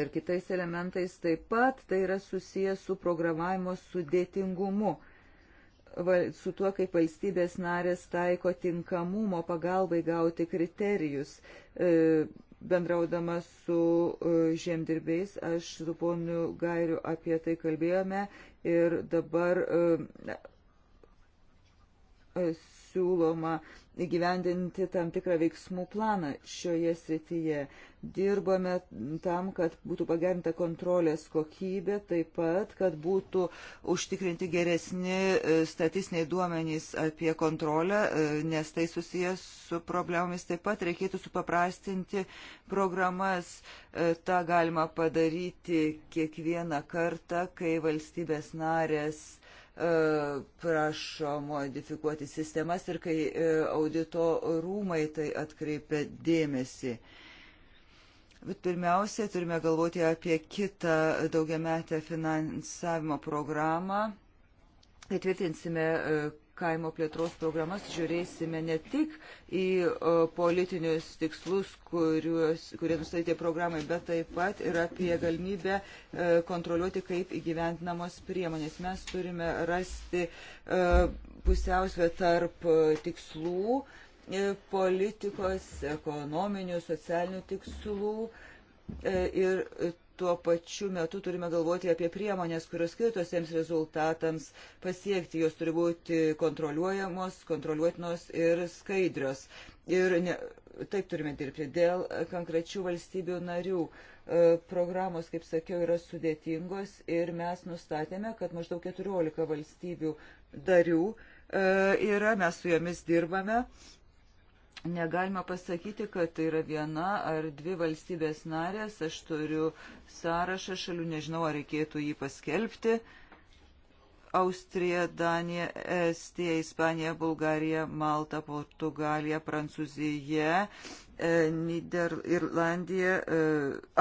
ir kitais elementais taip pat tai yra susijęs su programavimo sudėtingumu, su tuo, kaip valstybės narės taiko tinkamumo pagalbai gauti kriterijus. E, bendraudama su e, žemdirbiais, aš su ponu Gairiu apie tai kalbėjome ir dabar e, siūloma įgyvendinti tam tikrą veiksmų planą šioje srityje. Dirbame tam, kad būtų pagerinta kontrolės kokybė, taip pat, kad būtų užtikrinti geresni e, statistiniai duomenys apie kontrolę, e, nes tai susijęs su problemomis. Taip pat reikėtų supaprastinti programas. E, Ta galima padaryti kiekvieną kartą, kai valstybės narės E, prašo modifikuoti sistemas ir kai e, audito rūmai tai atkreipia dėmesį. Bet pirmiausia, turime galvoti apie kitą daugiametę finansavimo programą. Įtvirtinsime e, kaimo plėtros programas žiūrėsime ne tik į politinius tikslus, kuriuos, kurie nustatyti programai, bet taip pat ir apie galimybę e, kontroliuoti, kaip įgyventinamos priemonės. Mes turime rasti e, pusiausvę tarp tikslų, e, politikos, ekonominių, socialinių tikslų ir tuo pačiu metu turime galvoti apie priemonės, kurios skirtos jiems rezultatams pasiekti. Jos turi būti kontroliuojamos, kontroliuotinos ir skaidrios. Ir ne, taip turime dirbti. Dėl konkrečių valstybių narių e, programos, kaip sakiau, yra sudėtingos ir mes nustatėme, kad maždaug 14 valstybių darių e, yra, mes su jomis dirbame Negalima pasakyti, kad tai yra viena ar dvi valstybės narės. Aš turiu sąrašą šalių, nežinau, ar reikėtų jį paskelbti. Austrija, Danija, Estija, Ispanija, Bulgarija, Malta, Portugalija, Prancūzija, e, Nider, Irlandija, e,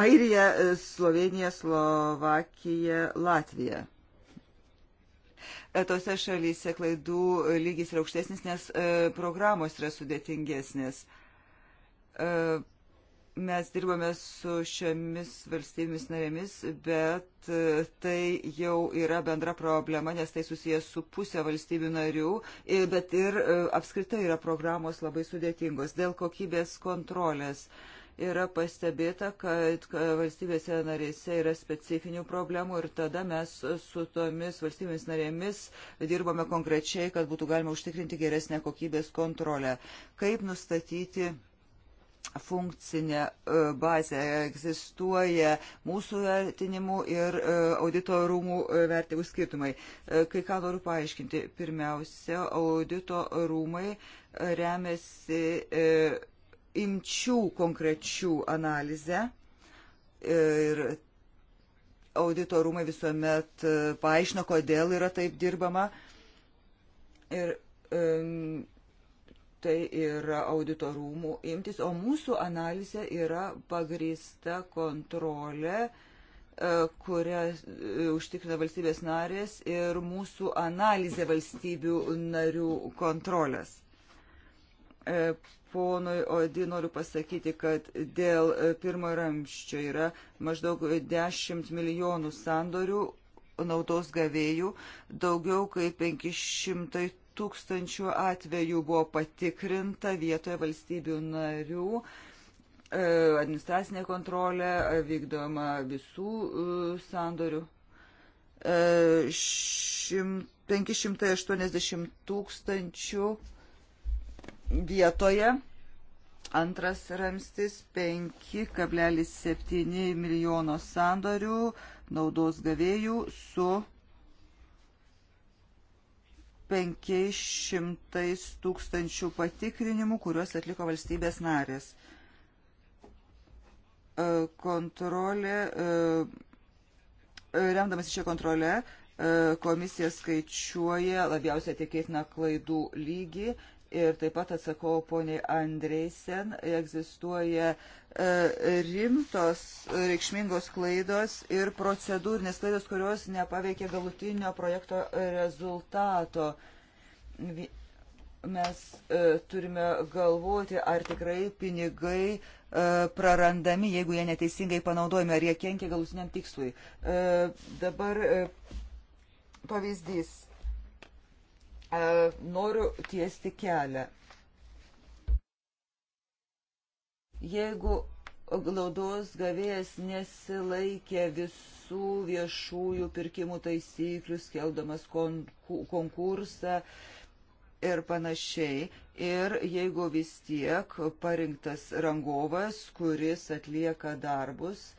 Airija, e, Slovenija, Slovakija, Latvija. Tose šalyse klaidų lygis yra aukštesnis, nes e, programos yra sudėtingesnės. E, mes dirbame su šiomis valstybėmis narėmis, bet e, tai jau yra bendra problema, nes tai susijęs su pusė valstybių narių, bet ir apskritai yra programos labai sudėtingos dėl kokybės kontrolės. Uh, yra pastebėta, kad valstybėse narėse yra specifinių problemų ir tada mes su tomis valstybėmis narėmis dirbame konkrečiai, kad būtų galima užtikrinti geresnę kokybės kontrolę. Kaip nustatyti funkcinė e, bazė egzistuoja mūsų vertinimų ir e, audito rūmų e, vertimų skirtumai. Kai ką noriu paaiškinti, pirmiausia, audito rūmai remiasi imčių konkrečių analizę ir audito rūmai visuomet e, paaiškino, kodėl yra taip dirbama. Ir um, tai yra audito rūmų imtis, o mūsų analizė yra pagrįsta kontrolė, e, kurią užtikrina valstybės narės ir mūsų analizė valstybių narių kontrolės ponui Odi noriu pasakyti, kad dėl e, pirmojo ramščio yra maždaug 10 milijonų sandorių naudos gavėjų, daugiau kaip 500 tūkstančių atvejų buvo patikrinta vietoje valstybių narių, e, administracinė kontrolė e, vykdoma visų sandorių. 580 tūkstančių 000 vietoje. Antras ramstis 5,7 milijono sandorių naudos gavėjų su 500 tūkstančių patikrinimų, kuriuos atliko valstybės narės. E, kontrolė, e, remdamas šią kontrolę, e, komisija skaičiuoja labiausiai tikėtiną klaidų lygį ir taip pat atsakau poniai Andreisen, egzistuoja e, rimtos reikšmingos klaidos ir procedūrinės klaidos, kurios nepaveikia galutinio projekto rezultato. Mes e, turime galvoti, ar tikrai pinigai e, prarandami, jeigu jie neteisingai panaudojami, ar jie kenkia galutiniam tikslui. Dabar pavyzdys E, noriu tiesti kelią. Jeigu naudos gavėjas nesilaikė visų viešųjų pirkimų taisyklių, skeldamas konkursą ir panašiai. Ir jeigu vis tiek parinktas rangovas, kuris atlieka darbus, e,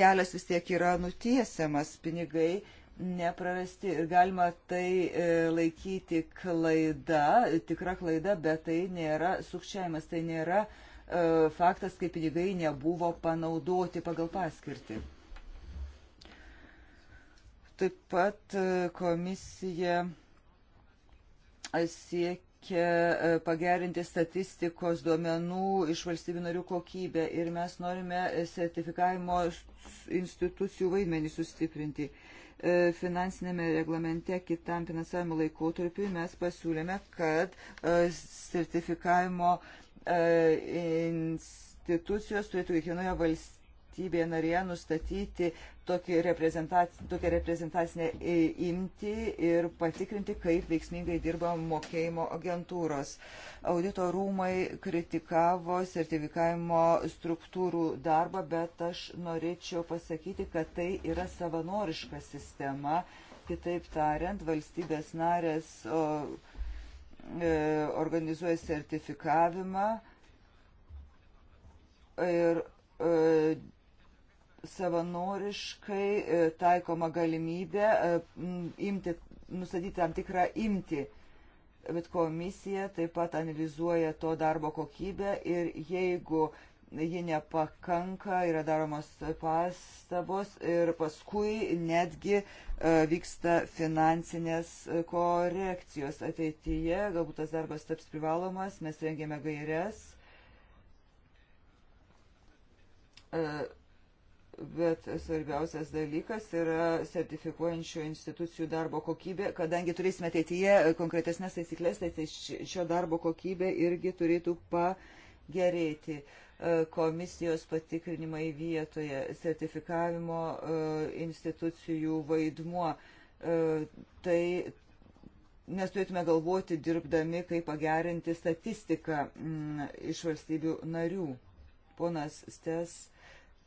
kelias vis tiek yra nutiesiamas, pinigai neprarasti ir galima tai e, laikyti klaida, tikra klaida, bet tai nėra sukčiavimas, tai nėra e, faktas, kai pinigai nebuvo panaudoti pagal paskirtį. Taip pat e, komisija siekia pagerinti statistikos duomenų iš valstybių narių kokybę ir mes norime sertifikavimo institucijų vaidmenį sustiprinti. E, finansinėme reglamente kitam finansavimo laikotarpiu mes pasiūlėme, kad e, sertifikavimo e, institucijos turėtų kiekvienoje valstybėje narėje nustatyti tokį reprezentac, tokią reprezentacinę imti ir patikrinti, kaip veiksmingai dirba mokėjimo agentūros. Audito rūmai kritikavo sertifikavimo struktūrų darbą, bet aš norėčiau pasakyti, kad tai yra savanoriška sistema. Kitaip tariant, valstybės narės o, e, organizuoja sertifikavimą ir e, savanoriškai e, taikoma galimybė e, imti, nustatyti tam tikrą imti. Bet komisija taip pat analizuoja to darbo kokybę ir jeigu ji nepakanka, yra daromos pastabos ir paskui netgi e, vyksta finansinės korekcijos ateityje. Galbūt tas darbas taps privalomas, mes rengėme gairias bet svarbiausias dalykas yra sertifikuojančių institucijų darbo kokybė, kadangi turėsime ateityje konkretesnės taisyklės, tai, tai šio darbo kokybė irgi turėtų pagerėti e, komisijos patikrinimai vietoje, sertifikavimo e, institucijų vaidmuo. E, tai mes turėtume galvoti dirbdami, kaip pagerinti statistiką mm, iš valstybių narių. Ponas Stes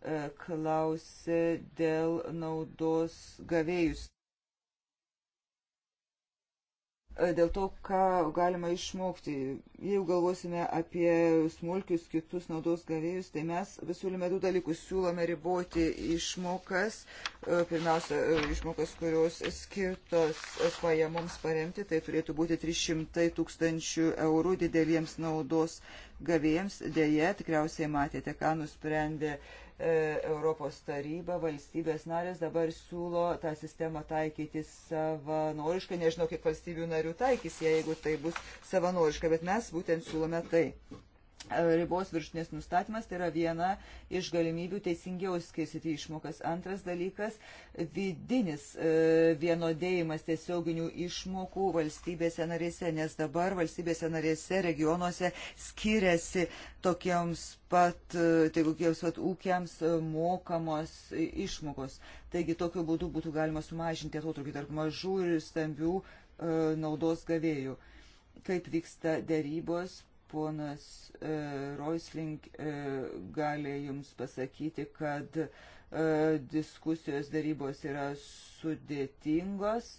E, klausė dėl naudos gavėjus. E, dėl to, ką galima išmokti, jeigu galvosime apie smulkius kitus naudos gavėjus, tai mes siūlome du dalykus. Siūlome riboti išmokas, e, pirmiausia, išmokas, kurios skirtos pajamoms paremti, tai turėtų būti 300 tūkstančių eurų dideliems naudos gavėjams. Deja, tikriausiai matėte, ką nusprendė uh, E, Europos taryba, valstybės narės dabar siūlo tą sistemą taikyti savanoriškai. Nežinau, kiek valstybių narių taikys, jeigu tai bus savanoriška, bet mes būtent siūlome tai ribos viršutinės nustatymas tai yra viena iš galimybių teisingiau skirstyti išmokas. Antras dalykas - vidinis e, vienodėjimas tiesioginių išmokų valstybėse narėse, nes dabar valstybėse narėse, regionuose skiriasi tokiems pat, e, tai kokiems pat ūkiams e, mokamos išmokos. Taigi tokiu būdu būtų galima sumažinti atotrukį tarp mažų ir stambių e, naudos gavėjų. Kaip vyksta dėrybos ponas e, Roisling e, gali jums pasakyti, kad e, diskusijos darybos yra sudėtingos.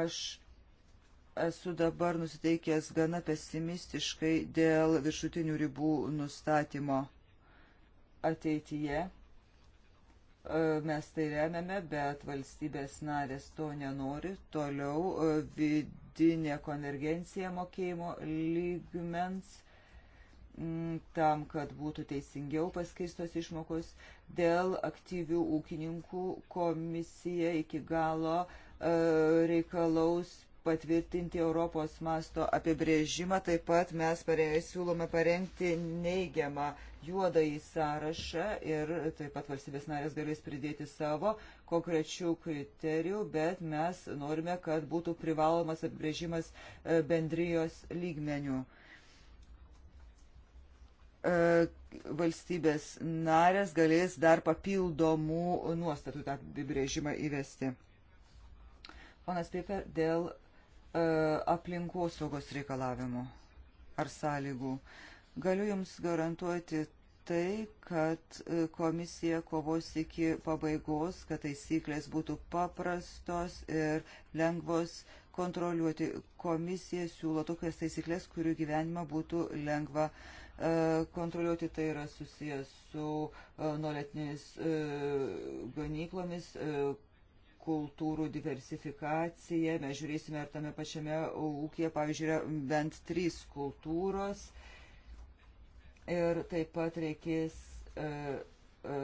Aš esu dabar nusiteikęs gana pesimistiškai dėl viršutinių ribų nustatymo ateityje. Mes tai remiame, bet valstybės narės to nenori. Toliau vid nuolatinė konvergencija mokėjimo lygmens mm, tam, kad būtų teisingiau paskirstos išmokos. Dėl aktyvių ūkininkų komisija iki galo e, reikalaus patvirtinti Europos masto apibrėžimą. Taip pat mes parei, siūlome parengti neigiamą juodąjį sąrašą ir taip pat valstybės narės galės pridėti savo konkrečių kriterijų, bet mes norime, kad būtų privalomas apibrėžimas e, bendrijos lygmenių. E, valstybės narės galės dar papildomų nuostatų tą apibrėžimą įvesti. Ponas Piper, dėl e, aplinkosaugos reikalavimų ar sąlygų. Galiu Jums garantuoti tai, kad e, komisija kovos iki pabaigos, kad taisyklės būtų paprastos ir lengvos kontroliuoti. Komisija siūlo tokias taisyklės, kurių gyvenimą būtų lengva e, kontroliuoti. Tai yra susijęs su e, nuolatinis ganyklomis, kultūrų diversifikacija. Mes žiūrėsime, ar tame pačiame ūkėje, pavyzdžiui, yra bent trys kultūros. Uh, ir taip pat reikės e, e,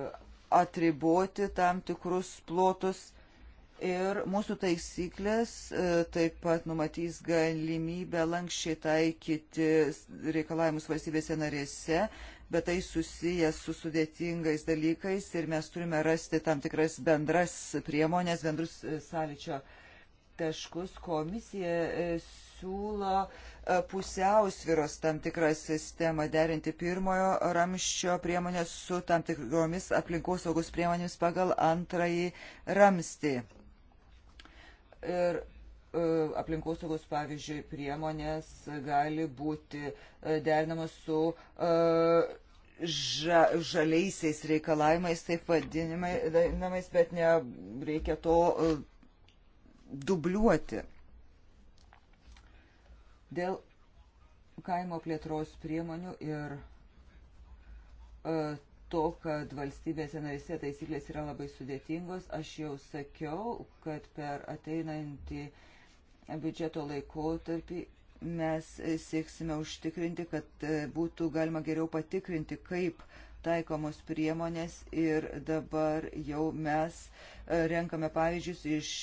atriboti tam tikrus plotus. Ir mūsų taisyklės e, taip pat numatys galimybę lankščiai taikyti reikalavimus valstybėse narėse, bet tai susijęs su sudėtingais dalykais ir mes turime rasti tam tikras bendras priemonės, bendrus sąlyčio taškus. Komisija siūlo e, pusiausviros tam tikrą sistemą derinti pirmojo ramščio priemonės su tam tikromis aplinkos saugus priemonėmis pagal antrąjį ramstį. Ir e, aplinkosaugos, pavyzdžiui, priemonės gali būti e, derinamas su ža, žaliaisiais reikalavimais, taip vadinamais, bet nereikia to dubliuoti. Dėl kaimo plėtros priemonių ir e, to, kad valstybėse narise taisyklės yra labai sudėtingos, aš jau sakiau, kad per ateinantį biudžeto laikotarpį mes sieksime užtikrinti, kad e, būtų galima geriau patikrinti, kaip taikomos priemonės ir dabar jau mes e, renkame pavyzdžius iš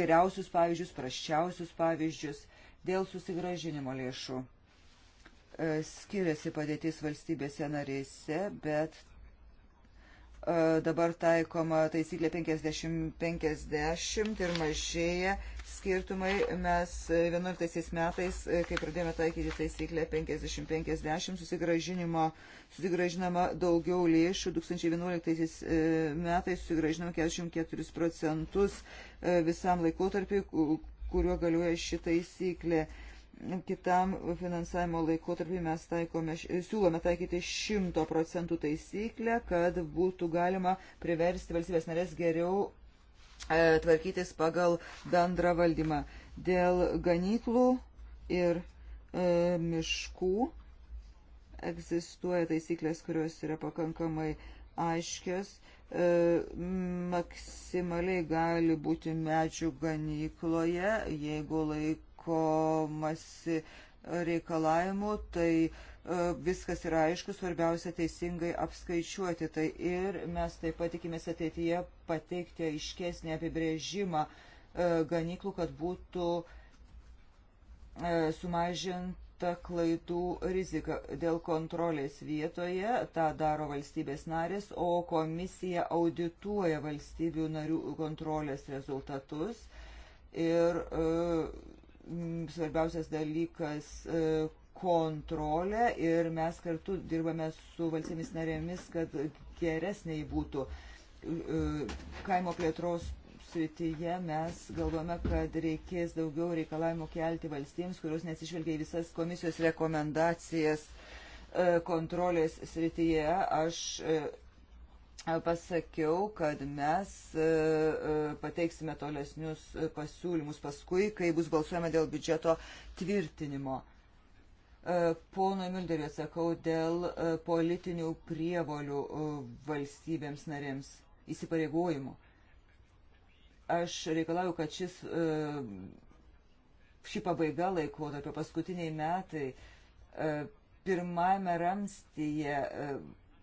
geriausius pavyzdžius, praščiausius pavyzdžius. Dėl susigražinimo lėšų e, skiriasi padėtis valstybėse narėse, bet e, dabar taikoma taisyklė 50-50 ir mažėja skirtumai. Mes 11 e, metais, kai pradėjome taikyti taisyklę 50-50, susigražinama daugiau lėšų. 2011 metais susigražinama 44 procentus visam laikotarpiu, kuriuo galioja ši taisyklė. Kitam finansavimo laikotarpiu mes taikome, siūlome taikyti 100 procentų taisyklę, kad būtų galima priversti valstybės narės geriau e, tvarkytis pagal bendrą valdymą. Dėl ganyklų ir e, miškų egzistuoja taisyklės, kurios yra pakankamai aiškios. E, E, maksimaliai gali būti medžių ganykloje, jeigu laikomasi reikalavimų, tai e, viskas yra aišku, svarbiausia teisingai apskaičiuoti tai ir mes taip pat tikimės ateityje pateikti aiškesnį apibrėžimą e, ganyklų, kad būtų sumažinti ta klaidų rizika dėl kontrolės vietoje, tą daro valstybės narės, o komisija audituoja valstybių narių kontrolės rezultatus. Ir e, svarbiausias dalykas e, kontrolė ir mes kartu dirbame su valstybės narėmis, kad geresnė būtų e, kaimo plėtros srityje mes galvome, kad reikės daugiau reikalavimų kelti valstybėms, kurios nesižvelgia į visas komisijos rekomendacijas e, kontrolės srityje. Aš e, pasakiau, kad mes e, pateiksime tolesnius pasiūlymus paskui, kai bus balsuojama dėl biudžeto tvirtinimo. Pono Milderiu atsakau dėl politinių prievolių valstybėms narėms įsipareigojimų. Aš reikalauju, kad šis, e, ši pabaiga laikotarpio paskutiniai metai e, pirmame ramstyje. E,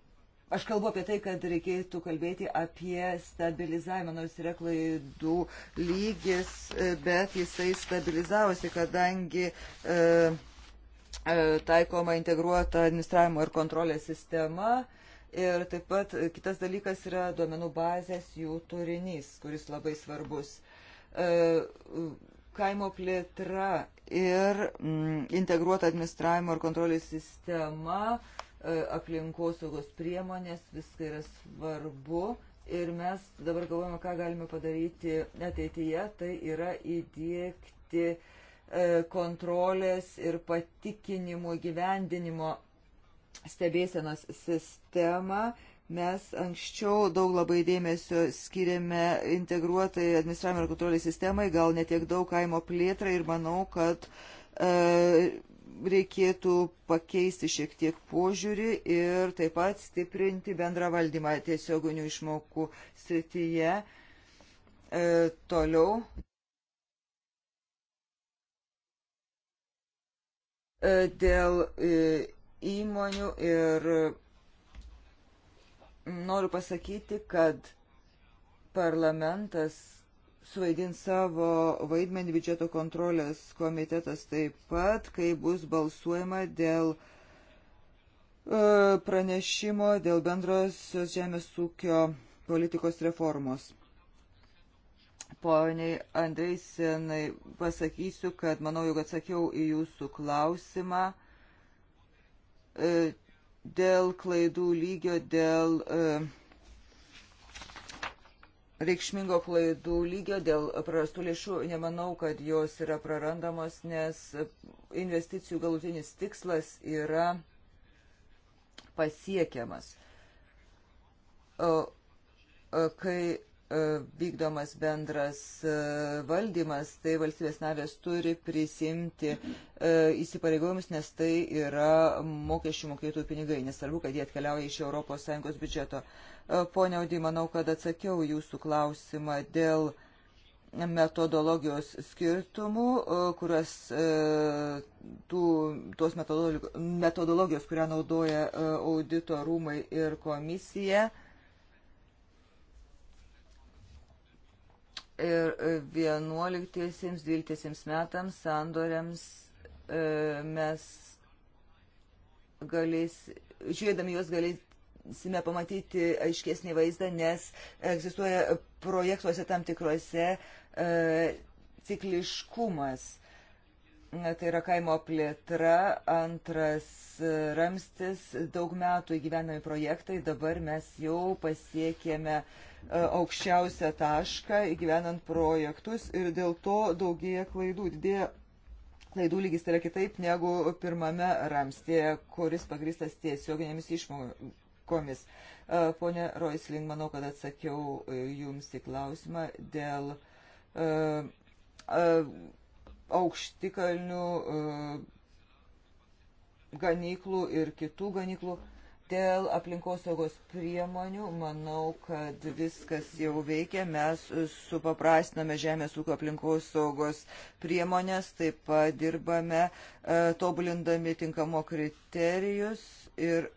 aš kalbu apie tai, kad reikėtų kalbėti apie stabilizavimą, nors yra klaidų lygis, bet jisai stabilizavosi, kadangi e, taikoma integruota administravimo ir kontrolės sistema. E, Ir taip pat kitas dalykas yra duomenų bazės jų turinys, kuris labai svarbus. E, kaimo plėtra ir mm, integruota administravimo ir kontrolės sistema, e, aplinkosaugos priemonės, viskai yra svarbu. Ir mes dabar galvojame, ką galime padaryti ateityje, tai yra įdėkti e, kontrolės ir patikinimo gyvendinimo stebėsenos sistemą. Mes anksčiau daug labai dėmesio skiriame integruotai administravimo ir kontrolės sistemai, gal netiek daug kaimo plėtrai ir manau, kad e, reikėtų pakeisti šiek tiek požiūrį ir taip pat stiprinti bendrą valdymą tiesioginių išmokų srityje. E, toliau. E, dėl e, įmonių ir noriu pasakyti, kad parlamentas suvaidins savo vaidmenį biudžeto kontrolės komitetas taip pat, kai bus balsuojama dėl e, pranešimo dėl bendrosios žemės ūkio politikos reformos. Poniai Andrei Senai, pasakysiu, kad manau, jog atsakiau į jūsų klausimą. E, dėl klaidų lygio, dėl e, reikšmingo klaidų lygio, dėl prarastų lėšų. Nemanau, kad jos yra prarandamos, nes investicijų galutinis tikslas yra pasiekiamas. Kai E, vykdomas bendras e, valdymas, tai valstybės narės turi prisimti e, įsipareigojimus, nes tai yra mokesčių mokėtų pinigai, nesvarbu, kad jie atkeliauja iš ES biudžeto. Pone Audy, manau, kad atsakiau jūsų klausimą dėl metodologijos skirtumų, kurios tų, tos metodologijos, kurią naudoja audito rūmai ir komisija. ir 11-12 metams sandoriams e, mes galės, žiūrėdami juos galėsime pamatyti aiškesnį vaizdą, nes egzistuoja projektuose tam tikrose e, cikliškumas tai yra kaimo plėtra, antras ramstis, daug metų įgyvenami projektai, dabar mes jau pasiekėme e, aukščiausią tašką įgyvenant projektus ir dėl to daugėja klaidų, didėja klaidų lygis tai yra kitaip negu pirmame ramstėje, kuris pagristas tiesioginėmis išmokomis. E, pone Roisling, manau, kad atsakiau e, jums į klausimą dėl uh, uh, aukštikalnių e, ganyklų ir kitų ganyklų. Dėl aplinkosaugos priemonių manau, kad viskas jau veikia. Mes supaprastiname žemės ūkio aplinkosaugos priemonės, taip pat dirbame e, tobulindami tinkamo kriterijus ir e,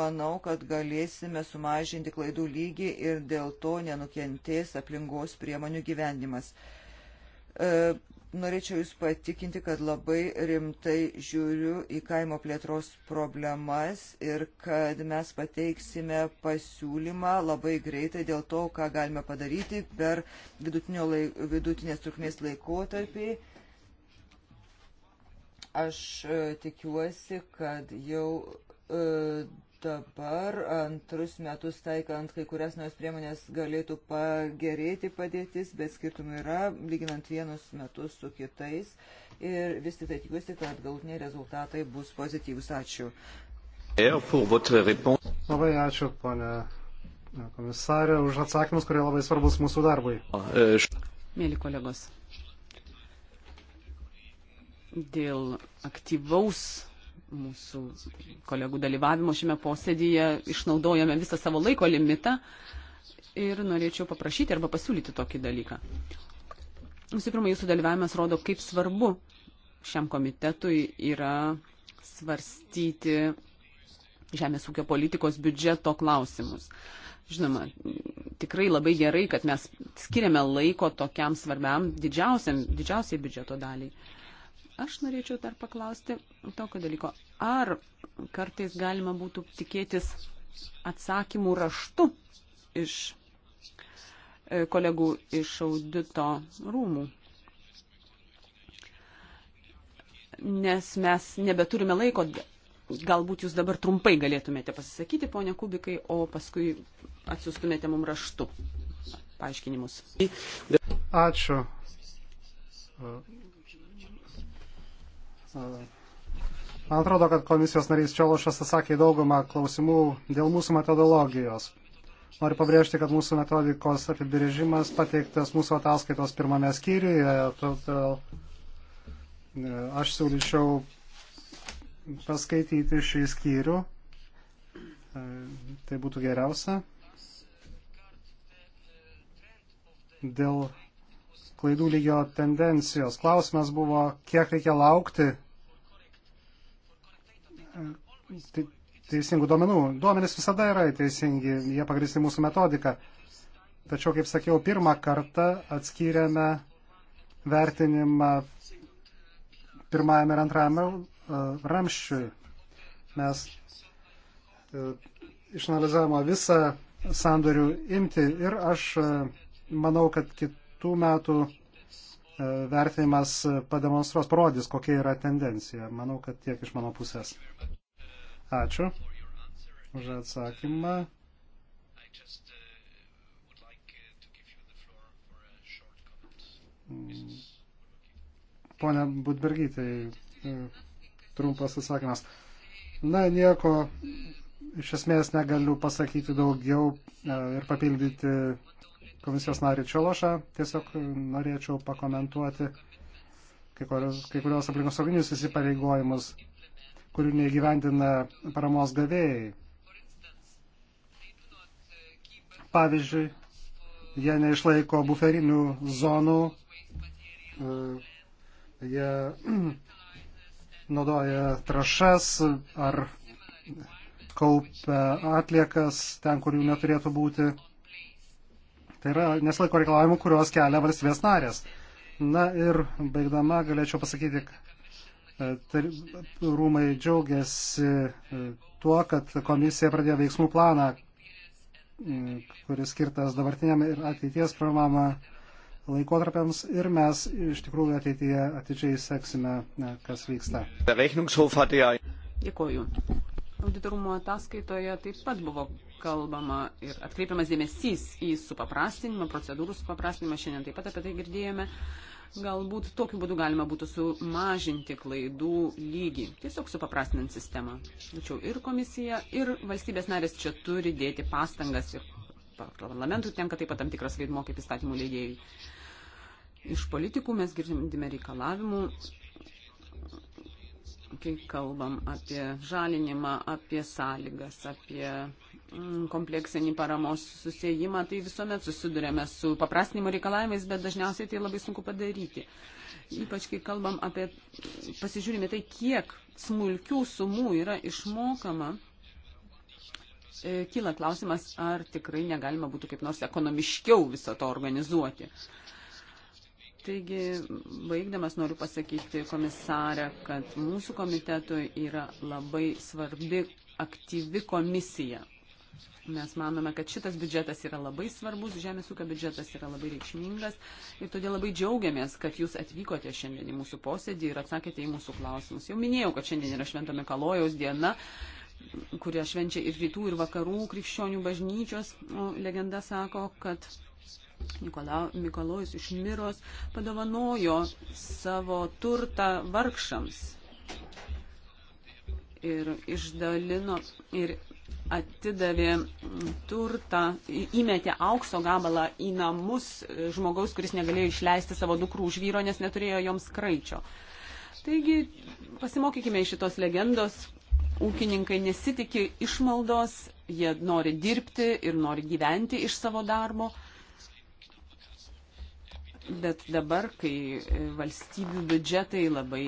manau, kad galėsime sumažinti klaidų lygį ir dėl to nenukentės aplinkos priemonių gyvendimas. E, E, norėčiau Jūs patikinti, kad labai rimtai žiūriu į kaimo plėtros problemas ir kad mes pateiksime pasiūlymą labai greitai dėl to, ką galime padaryti per laik, vidutinės trukmės laikotarpį aš e, tikiuosi, kad jau e, dabar antrus metus taikant kai kurias nors priemonės galėtų pagerėti padėtis, bet skirtumai yra, lyginant vienus metus su kitais. Ir vis tik tai tikiuosi, kad galutiniai rezultatai bus pozityvus. Ačiū. Labai ačiū, ponė komisarė, už atsakymus, kurie labai svarbus mūsų darbui. E, Mėly kolegos, dėl aktyvaus mūsų kolegų dalyvavimo šiame posėdyje išnaudojame visą savo laiko limitą ir norėčiau paprašyti arba pasiūlyti tokį dalyką. Visų pirma, jūsų dalyvavimas rodo, kaip svarbu šiam komitetui yra svarstyti žemės ūkio politikos biudžeto klausimus. Žinoma, tikrai labai gerai, kad mes skiriame laiko tokiam svarbiam didžiausiai biudžeto daliai. Aš norėčiau dar paklausti tokio dalyko. Ar kartais galima būtų tikėtis atsakymų raštu iš e, kolegų iš audito rūmų? Nes mes nebeturime laiko galbūt jūs dabar trumpai galėtumėte pasisakyti, ponia Kubikai, o paskui atsiustumėte mum raštu paaiškinimus. Ačiū. Man atrodo, kad komisijos narys Čiološas atsakė į daugumą klausimų dėl mūsų metodologijos. Noriu pabrėžti, kad mūsų metodikos apibrėžimas pateiktas mūsų ataskaitos pirmame skyriuje. Todėl e, aš siūlyčiau paskaityti šį skyrių. E, tai būtų geriausia. Dėl klaidų lygio tendencijos. Klausimas buvo, kiek reikia laukti e, teisingų duomenų. Duomenys visada yra teisingi, jie pagristi mūsų metodiką. Tačiau, kaip sakiau, pirmą kartą atskyrėme vertinimą pirmajame ir antrajame e, ramščiui. Mes e, išanalizavome visą sandorių imti ir aš manau, kad kit, kitų metų e, vertinimas pademonstruos, parodys, kokia yra tendencija. Manau, kad tiek iš mano pusės. Ačiū už atsakymą. Pone Budbergytai, e, trumpas atsakymas. Na, nieko iš esmės negaliu pasakyti daugiau e, ir papildyti komisijos narį Čiološą. Tiesiog norėčiau pakomentuoti kai kurios, kai kurios aplinkosauginius įsipareigojimus, kurių neįgyvendina paramos gavėjai. Pavyzdžiui, jie neišlaiko buferinių zonų, e, jie naudoja trašas ar kaupia atliekas ten, kur jų neturėtų būti. Tai yra nesilaiko reikalavimų, kuriuos kelia valstybės narės. Na ir baigdama galėčiau pasakyti, e, tai rūmai džiaugiasi e, tuo, kad komisija pradėjo veiksmų planą, kuris skirtas dabartiniam ir ateities programą laikotarpiams ir mes iš tikrųjų ateityje atidžiai seksime, e, kas vyksta. Dėkuoju auditorumo ataskaitoje taip pat buvo kalbama ir atkreipiamas dėmesys į supaprastinimą, procedūrų supaprastinimą, šiandien taip pat apie tai girdėjome. Galbūt tokiu būdu galima būtų sumažinti klaidų lygį, tiesiog supaprastinant sistemą. Tačiau ir komisija, ir valstybės narės čia turi dėti pastangas ir parlamentui tenka taip pat tam tikras vaidmo kaip įstatymų leidėjai. Iš politikų mes girdime reikalavimų kai kalbam apie žalinimą, apie sąlygas, apie mm, kompleksinį paramos susijimą, tai visuomet susidurėme su paprastinimo reikalavimais, bet dažniausiai tai labai sunku padaryti. Ypač kai kalbam apie, pasižiūrime tai, kiek smulkių sumų yra išmokama, e, kyla klausimas, ar tikrai negalima būtų kaip nors ekonomiškiau viso to organizuoti. Uh, Taigi, baigdamas noriu pasakyti komisarę, kad mūsų komitetui yra labai svarbi aktyvi komisija. Mes manome, kad šitas biudžetas yra labai svarbus, žemės ūkio biudžetas yra labai reikšmingas ir todėl labai džiaugiamės, kad jūs atvykote šiandien į mūsų posėdį ir atsakėte į mūsų klausimus. Jau minėjau, kad šiandien yra Švento Mikalojaus diena kurie švenčia ir rytų, ir vakarų krikščionių bažnyčios. O legenda sako, kad Mikolojus iš Miros padovanojo savo turtą vargšams ir išdalino ir atidavė turtą, įmetė aukso gabalą į namus žmogaus, kuris negalėjo išleisti savo dukrų už vyro, nes neturėjo joms kraičio. Taigi pasimokykime iš šitos legendos. Ūkininkai nesitikė išmaldos, jie nori dirbti ir nori gyventi iš savo darbo. Bet dabar, kai valstybių biudžetai labai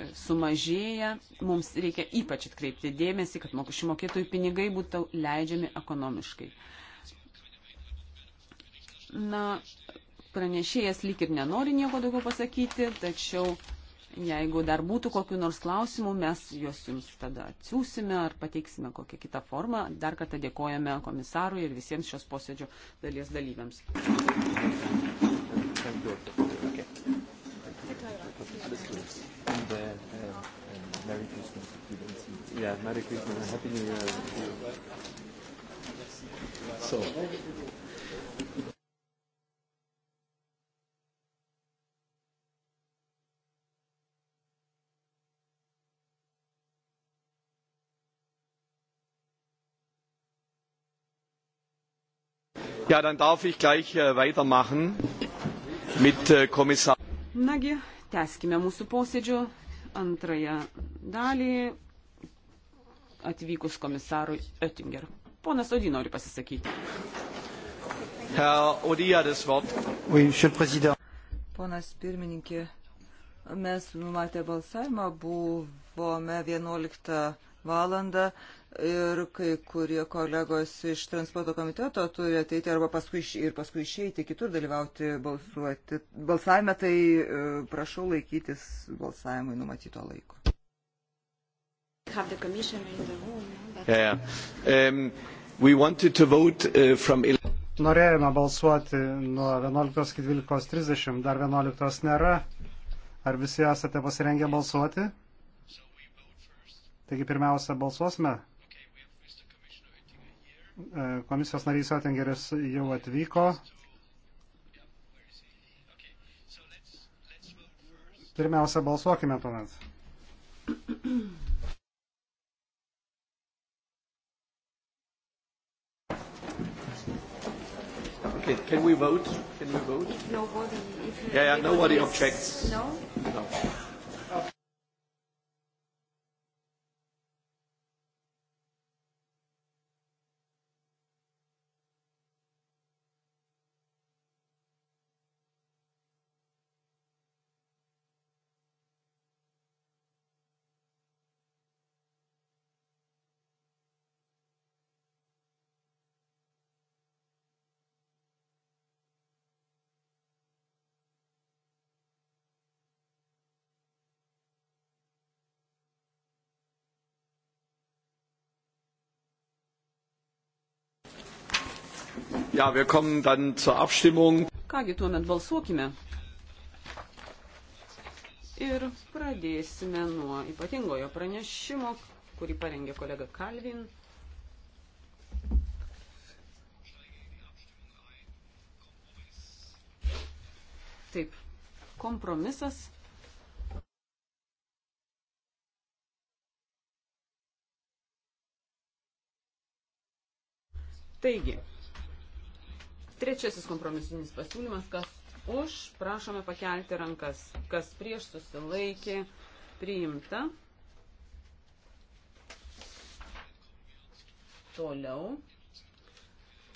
e, sumažėja, mums reikia ypač atkreipti dėmesį, kad mokesčių mokėtojų pinigai būtų leidžiami ekonomiškai. Na, pranešėjas lyg ir nenori nieko daugiau pasakyti, tačiau jeigu dar būtų kokiu nors klausimu, mes juos jums tada atsiūsime ar pateiksime kokią kitą formą. Dar kartą dėkojame komisarui ir visiems šios posėdžio dalies dalyviams. Good. Okay. Alles gut. And, uh, uh, and Merry Christmas if you don't see. Yeah, Merry Christmas and Happy New Year to you. So. Ja, dann darf ich gleich äh, weitermachen. Mit äh, komisar. Nagi, teskime mūsų posėdžio antrąją dalį atvykus komisarui Oettinger. Ponas Odį nori pasisakyti. Ponas pirmininkė, mes numatę balsavimą buvome 11 valandą ir kai kurie kolegos iš transporto komiteto turi ateiti arba paskui ir paskui išeiti kitur dalyvauti balsuoti. Balsavime tai e, prašau laikytis balsavimui numatyto laiko. Yeah, yeah. Um, we wanted to vote uh, from norėjome balsuoti nuo 11 iki 12.30, dar 11 nėra. Ar visi esate pasirengę balsuoti? Taigi pirmiausia, balsuosime. E, komisijos narys Otingeris jau atvyko. Pirmiausia, balsuokime tuomet. Okay, can we vote? Can we vote? Nobody. Yeah, yeah, nobody objects. No? No. Ja, wir kommen dann zur Abstimmung. Kągi, tuomet balsuokime. Ir pradėsime nuo ypatingojo pranešimo, kurį parengė kolega Kalvin. Taip, kompromisas Taigi, Trečiasis kompromisinis pasiūlymas, kas už, prašome pakelti rankas, kas prieš susilaikė, priimta. Toliau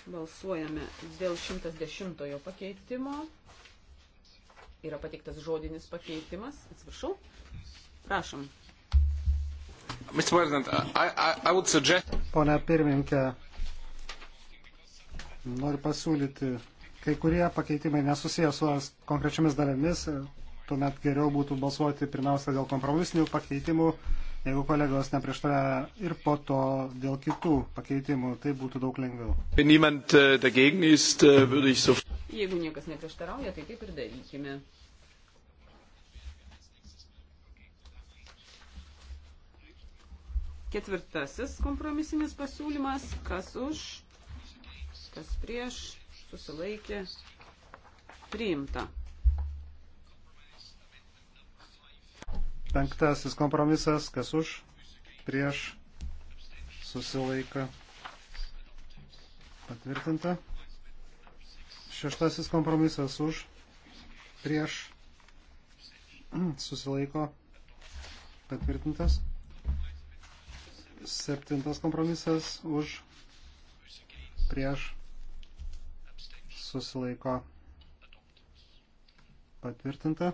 balsuojame dėl 110 pakeitimo. Yra pateiktas žodinis pakeitimas. Atsiprašau. Prašom. Mr. President, I, I, I would suggest... Pone pirmininkė, Noriu pasiūlyti, kai kurie pakeitimai nesusijęs su konkrečiomis dalėmis, tuomet geriau būtų balsuoti pirmiausia dėl kompromisinių pakeitimų, jeigu kolegos neprieštaria ir po to dėl kitų pakeitimų, tai būtų daug lengviau. Äh, äh, jeigu niekas neprieštarauja, tai taip ir darykime. Ketvirtasis kompromisinis pasiūlymas, kas už kas prieš, susilaikė, priimta. Penktasis kompromisas, kas už, prieš, susilaiko, patvirtinta. Šeštasis kompromisas už, prieš, susilaiko, patvirtintas. Septintas kompromisas už, prieš, susilaiko patvirtinta.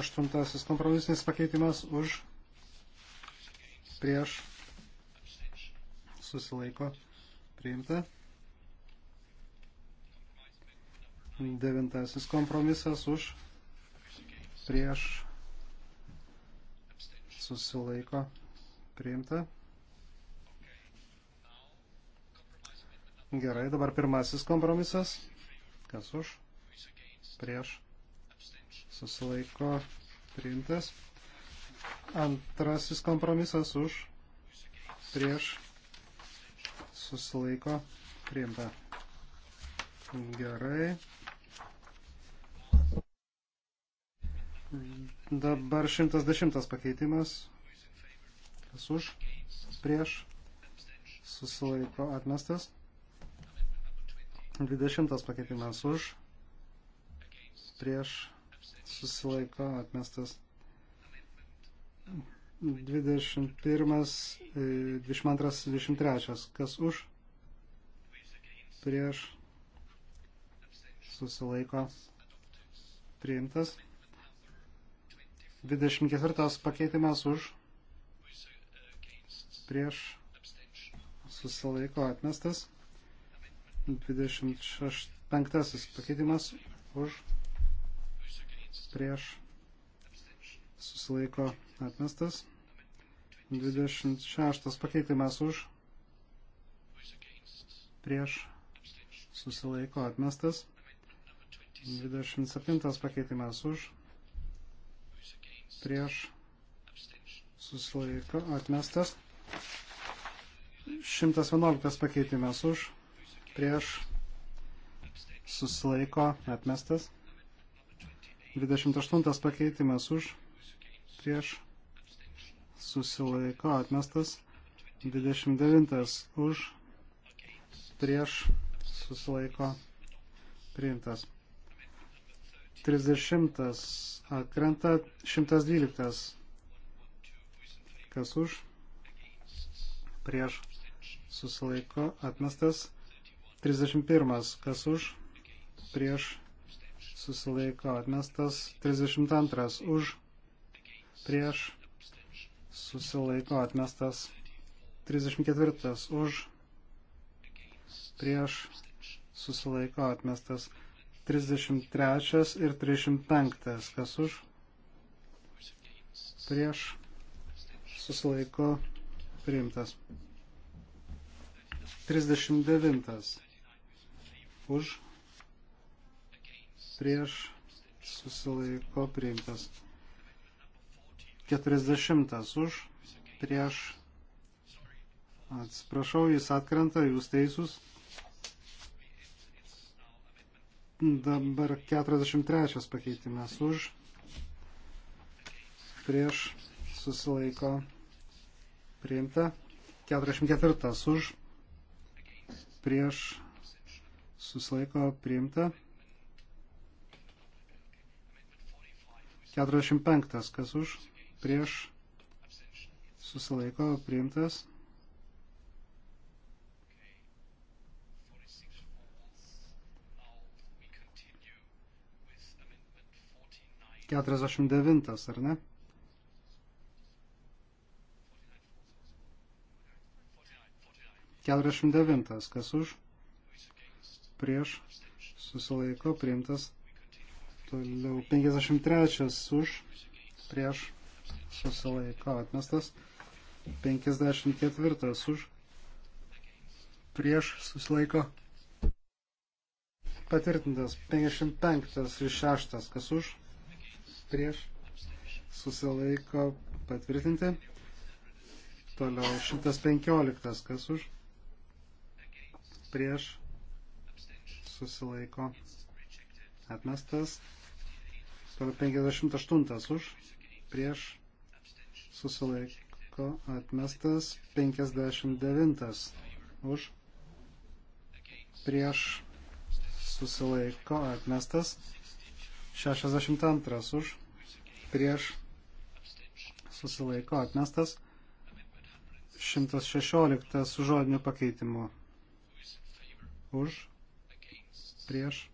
Aštuntasis kompromisinis pakeitimas už prieš susilaiko priimta. Devintasis kompromisas už prieš susilaiko priimta. Gerai, dabar pirmasis kompromisas. Kas už? Prieš. Susilaiko priimtas. Antrasis kompromisas už. Prieš. Susilaiko priimta. Gerai. Dabar 110 pakeitimas. Kas už? Prieš. Susilaiko atmestas. 20 pakeitimas už, prieš susilaiko atmestas. 21, 22, 23. Kas už, prieš susilaiko priimtas. 24 pakeitimas už, prieš susilaiko atmestas. 26 pakeitimas už prieš susilaiko atmestas. 26 pakeitimas už prieš susilaiko atmestas. 27 pakeitimas už prieš susilaiko atmestas. 111 pakeitimas už prieš susilaiko atmestas. 28 pakeitimas už prieš susilaiko atmestas. 29 už prieš susilaiko priimtas. 30 atkrenta 112 kas už prieš susilaiko atmestas. 31. Kas už? Prieš susilaiko atmestas. 32. Už? Prieš susilaiko atmestas. 34. Už? Prieš susilaiko atmestas. 33 ir 35. Kas už? Prieš susilaiko priimtas. 39 už, prieš, susilaiko priimtas. 40 už, prieš, atsiprašau, jis atkrenta, jūs teisūs. Dabar 43 pakeitimas už, prieš, susilaiko priimta. 44 už, prieš, susilaiko priimta. 45. Kas už? Prieš susilaiko priimtas. 49, ar ne? Keturiasdešimt devintas, kas už? prieš susilaiko priimtas. Toliau 53 už prieš susilaiko atmestas. 54 už prieš susilaiko patvirtintas. 55 ir 6 kas už prieš susilaiko patvirtinti. Toliau 115 kas už prieš susilaiko atmestas. Toliau 58 už, prieš susilaiko atmestas. 59 už, prieš susilaiko atmestas. 62 už, prieš susilaiko atmestas. 116 su žodiniu pakeitimu. Už prieš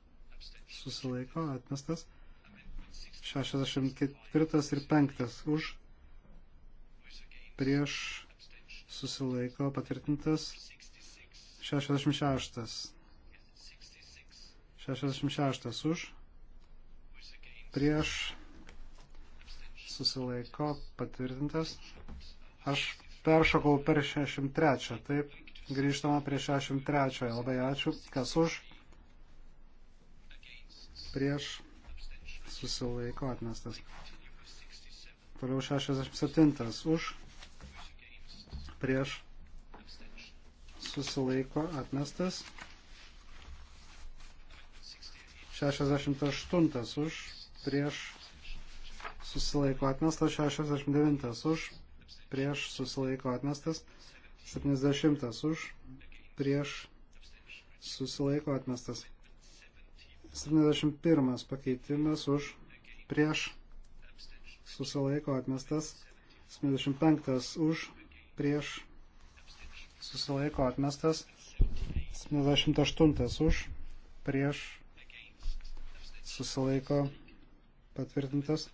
susilaiko atmestas. 64 ir 5 už prieš susilaiko patvirtintas. 66. 66 už prieš susilaiko patvirtintas. Aš peršokau per 63, taip grįžtama prie 63. Labai ačiū. Kas už? prieš susilaiko atmestas. Toliau 67 už prieš susilaiko atmestas. 68 už prieš susilaiko atmestas. 69 už prieš susilaiko atmestas. 70 už prieš susilaiko atmestas. 71 pakeitimas už prieš susilaiko atmestas. 75 už prieš susilaiko atmestas. 78 už prieš susilaiko patvirtintas.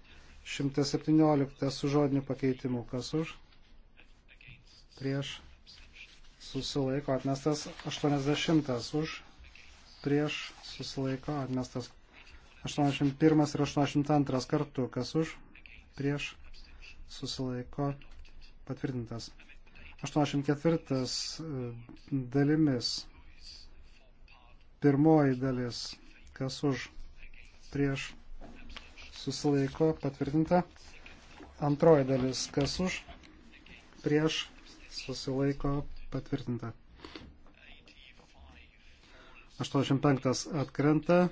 117 su žodiniu pakeitimu. Kas už? Prieš susilaiko atmestas. 80 už prieš, susilaiko, atmestas 81 ir 82 kartu, kas už, prieš, susilaiko, patvirtintas. 84 e, dalimis, pirmoji dalis, kas už, prieš, susilaiko, patvirtinta. Antroji dalis, kas už, prieš, susilaiko, patvirtinta. 85 atkrenta,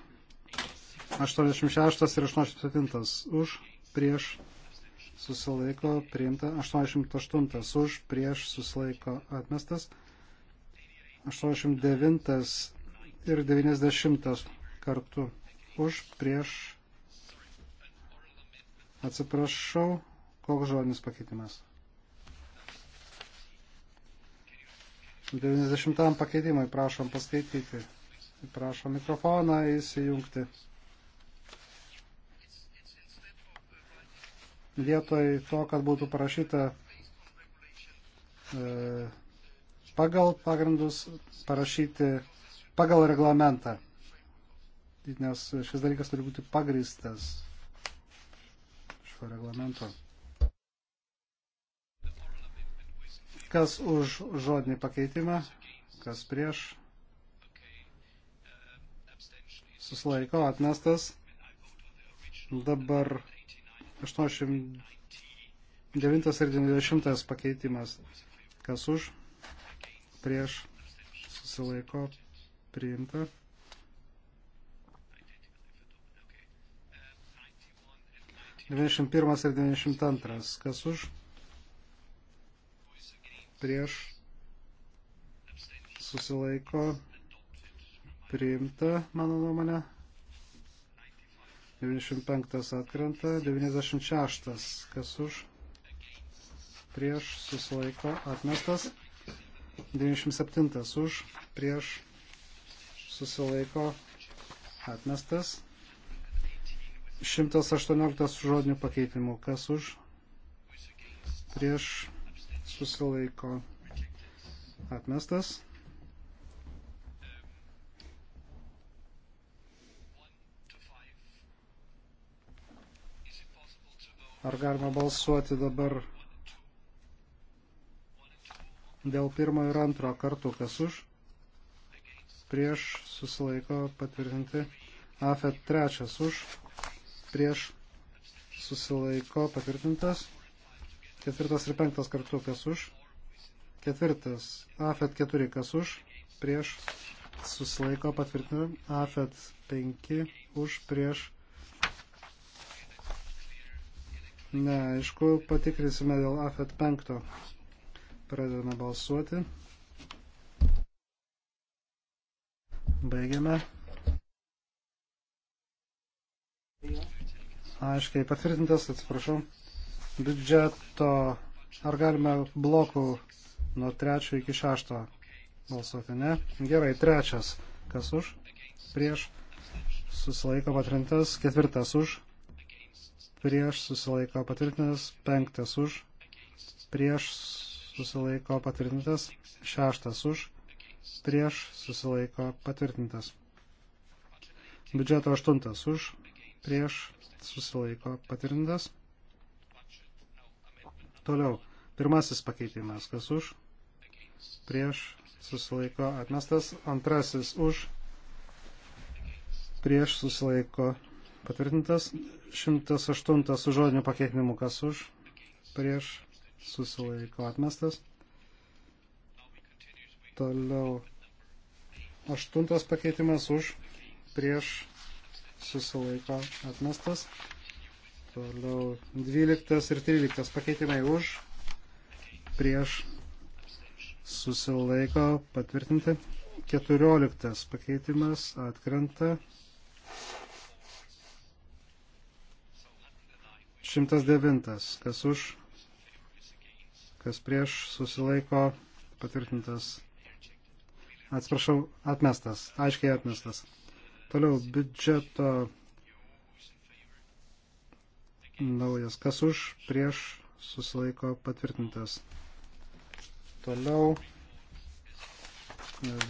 86 ir 87 už, prieš susilaiko priimta, 88 už, prieš susilaiko atmestas, 89 ir 90 kartu už, prieš atsiprašau, koks žodinis pakeitimas. 90 pakeitimai prašom paskaityti. Prašo mikrofoną įsijungti. Vietoj to, kad būtų parašyta e, pagal pagrindus, parašyti pagal reglamentą. Nes šis dalykas turi būti pagristas šio reglamento. Kas už žodinį pakeitimą, kas prieš susilaiko atmestas. Dabar 89 ir 90 pakeitimas. Kas už, prieš, susilaiko, priimta. 91 ir 92. Kas už? Prieš. Susilaiko priimta, mano nuomonė. 95 atkrenta, 96 kas už, prieš susilaiko atmestas, 97 už, prieš susilaiko atmestas, 118 žodinių pakeitimų kas už, prieš susilaiko atmestas. Ar galima balsuoti dabar dėl pirmo ir antro kartų, kas už? Prieš susilaiko patvirtinti. AFET trečias už. Prieš susilaiko patvirtintas. Ketvirtas ir penktas kartu, kas už? Ketvirtas. AFET keturi, kas už? Prieš susilaiko patvirtinti. AFET penki už prieš susilaiko patvirtinti Neaišku, patikrinsime dėl AFET 5. Pradedame balsuoti. Baigiame. Aiškiai patvirtintas, atsiprašau. Biudžeto. Ar galime blokų nuo trečio iki šešto balsuoti? Ne. Gerai, trečias. Kas už? Prieš. Susilaiko patrintas. Ketvirtas už prieš susilaiko patvirtintas, penktas už, prieš susilaiko patvirtintas, šeštas už, prieš susilaiko patvirtintas. Biudžeto aštuntas už, prieš susilaiko patvirtintas. Toliau, pirmasis pakeitimas, kas už, prieš susilaiko atmestas, antrasis už, prieš susilaiko atmestas Patvirtintas 108 su žodiniu pakeitimu, kas už, prieš, susilaiko atmestas. Toliau 8 pakeitimas už, prieš, susilaiko atmestas. Toliau 12 ir 13 pakeitimai už, prieš, susilaiko patvirtinti. 14 pakeitimas atkrenta. 109. Kas už, kas prieš susilaiko patvirtintas. Atsiprašau, atmestas. Aiškiai atmestas. Toliau biudžeto naujas. Kas už, prieš susilaiko patvirtintas. Toliau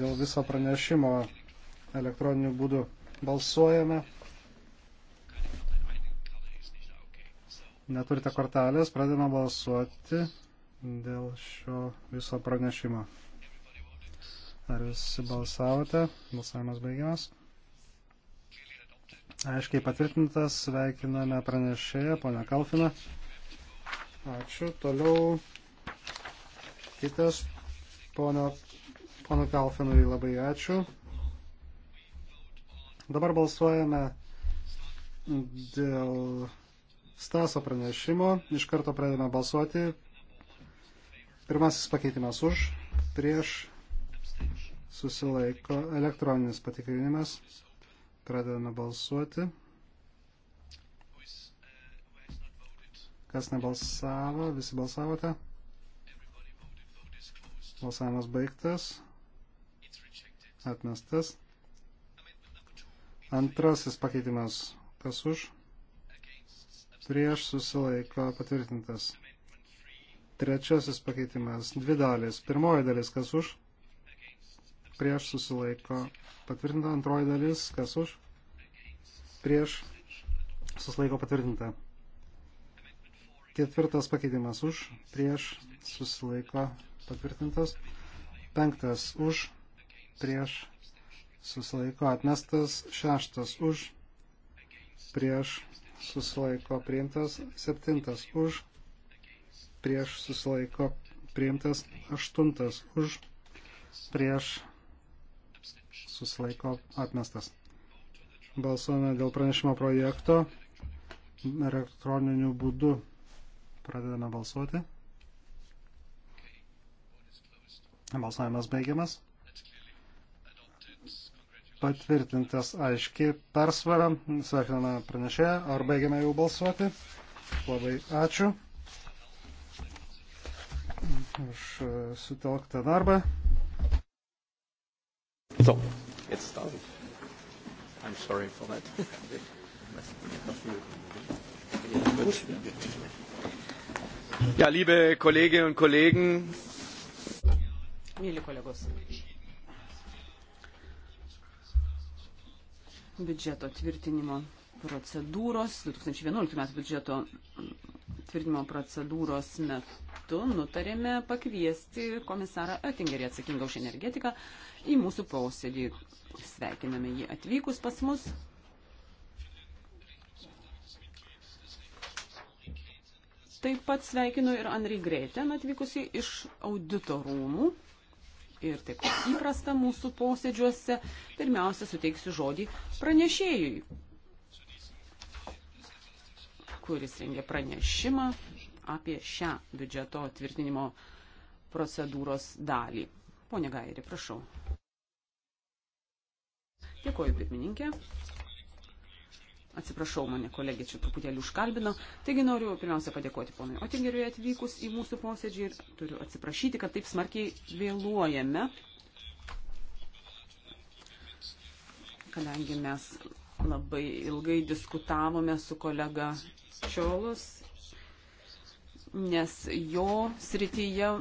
dėl viso pranešimo elektroniniu būdu balsuojame. neturite kortelės, pradėme balsuoti dėl šio viso pranešimo. Ar visi balsavote? Balsavimas baigiamas. Aiškiai patvirtintas, sveikiname pranešėją, ponia Kalfina. Ačiū. Toliau kitas pono, pono Kalfinui labai ačiū. Dabar balsuojame dėl Staso pranešimo. Iš karto pradėjome balsuoti. Pirmasis pakeitimas už, prieš, susilaiko elektroninis patikrinimas. Pradedame balsuoti. Kas nebalsavo, visi balsavote. Balsavimas baigtas. Atmestas. Antrasis pakeitimas. Kas už? prieš susilaiko patvirtintas. Trečiasis pakeitimas, dvi dalis. Pirmoji dalis, kas už, prieš susilaiko patvirtinta. Antroji dalis, kas už, prieš susilaiko patvirtinta. Ketvirtas pakeitimas už, prieš susilaiko patvirtintas. Penktas už, prieš susilaiko atmestas. Šeštas už, prieš susilaiko priimtas, septintas už, prieš susilaiko priimtas, aštuntas už, prieš susilaiko atmestas. Balsuojame dėl pranešimo projekto elektroniniu būdu. Pradedame balsuoti. Balsavimas baigiamas patvirtintas aiški persvara. Sveikiname pranešėją. Ar baigiame jau balsuoti? Labai ačiū už sutelktą darbą. So, it's done. I'm sorry for that. Ja, liebe Kolleginnen und Kollegen. Mėly kolegos. biudžeto tvirtinimo procedūros, 2011 metų biudžeto tvirtinimo procedūros metu nutarėme pakviesti komisarą Oettingerį atsakingą už energetiką į mūsų posėdį. Sveikiname jį atvykus pas mus. Taip pat sveikinu ir Andrį Greitę atvykusi iš audito rūmų ir taip kaip įprasta mūsų posėdžiuose, pirmiausia suteiksiu žodį pranešėjui, kuris rengia pranešimą apie šią biudžeto tvirtinimo procedūros dalį. Pone Gairi, prašau. Dėkoju, pirmininkė. Atsiprašau, mane kolegė čia truputėlį užkalbino. Taigi noriu pirmiausia padėkoti ponui Otingeriui atvykus į mūsų posėdžį ir turiu atsiprašyti, kad taip smarkiai vėluojame, kadangi mes labai ilgai diskutavome su kolega Čiolos, nes jo srityje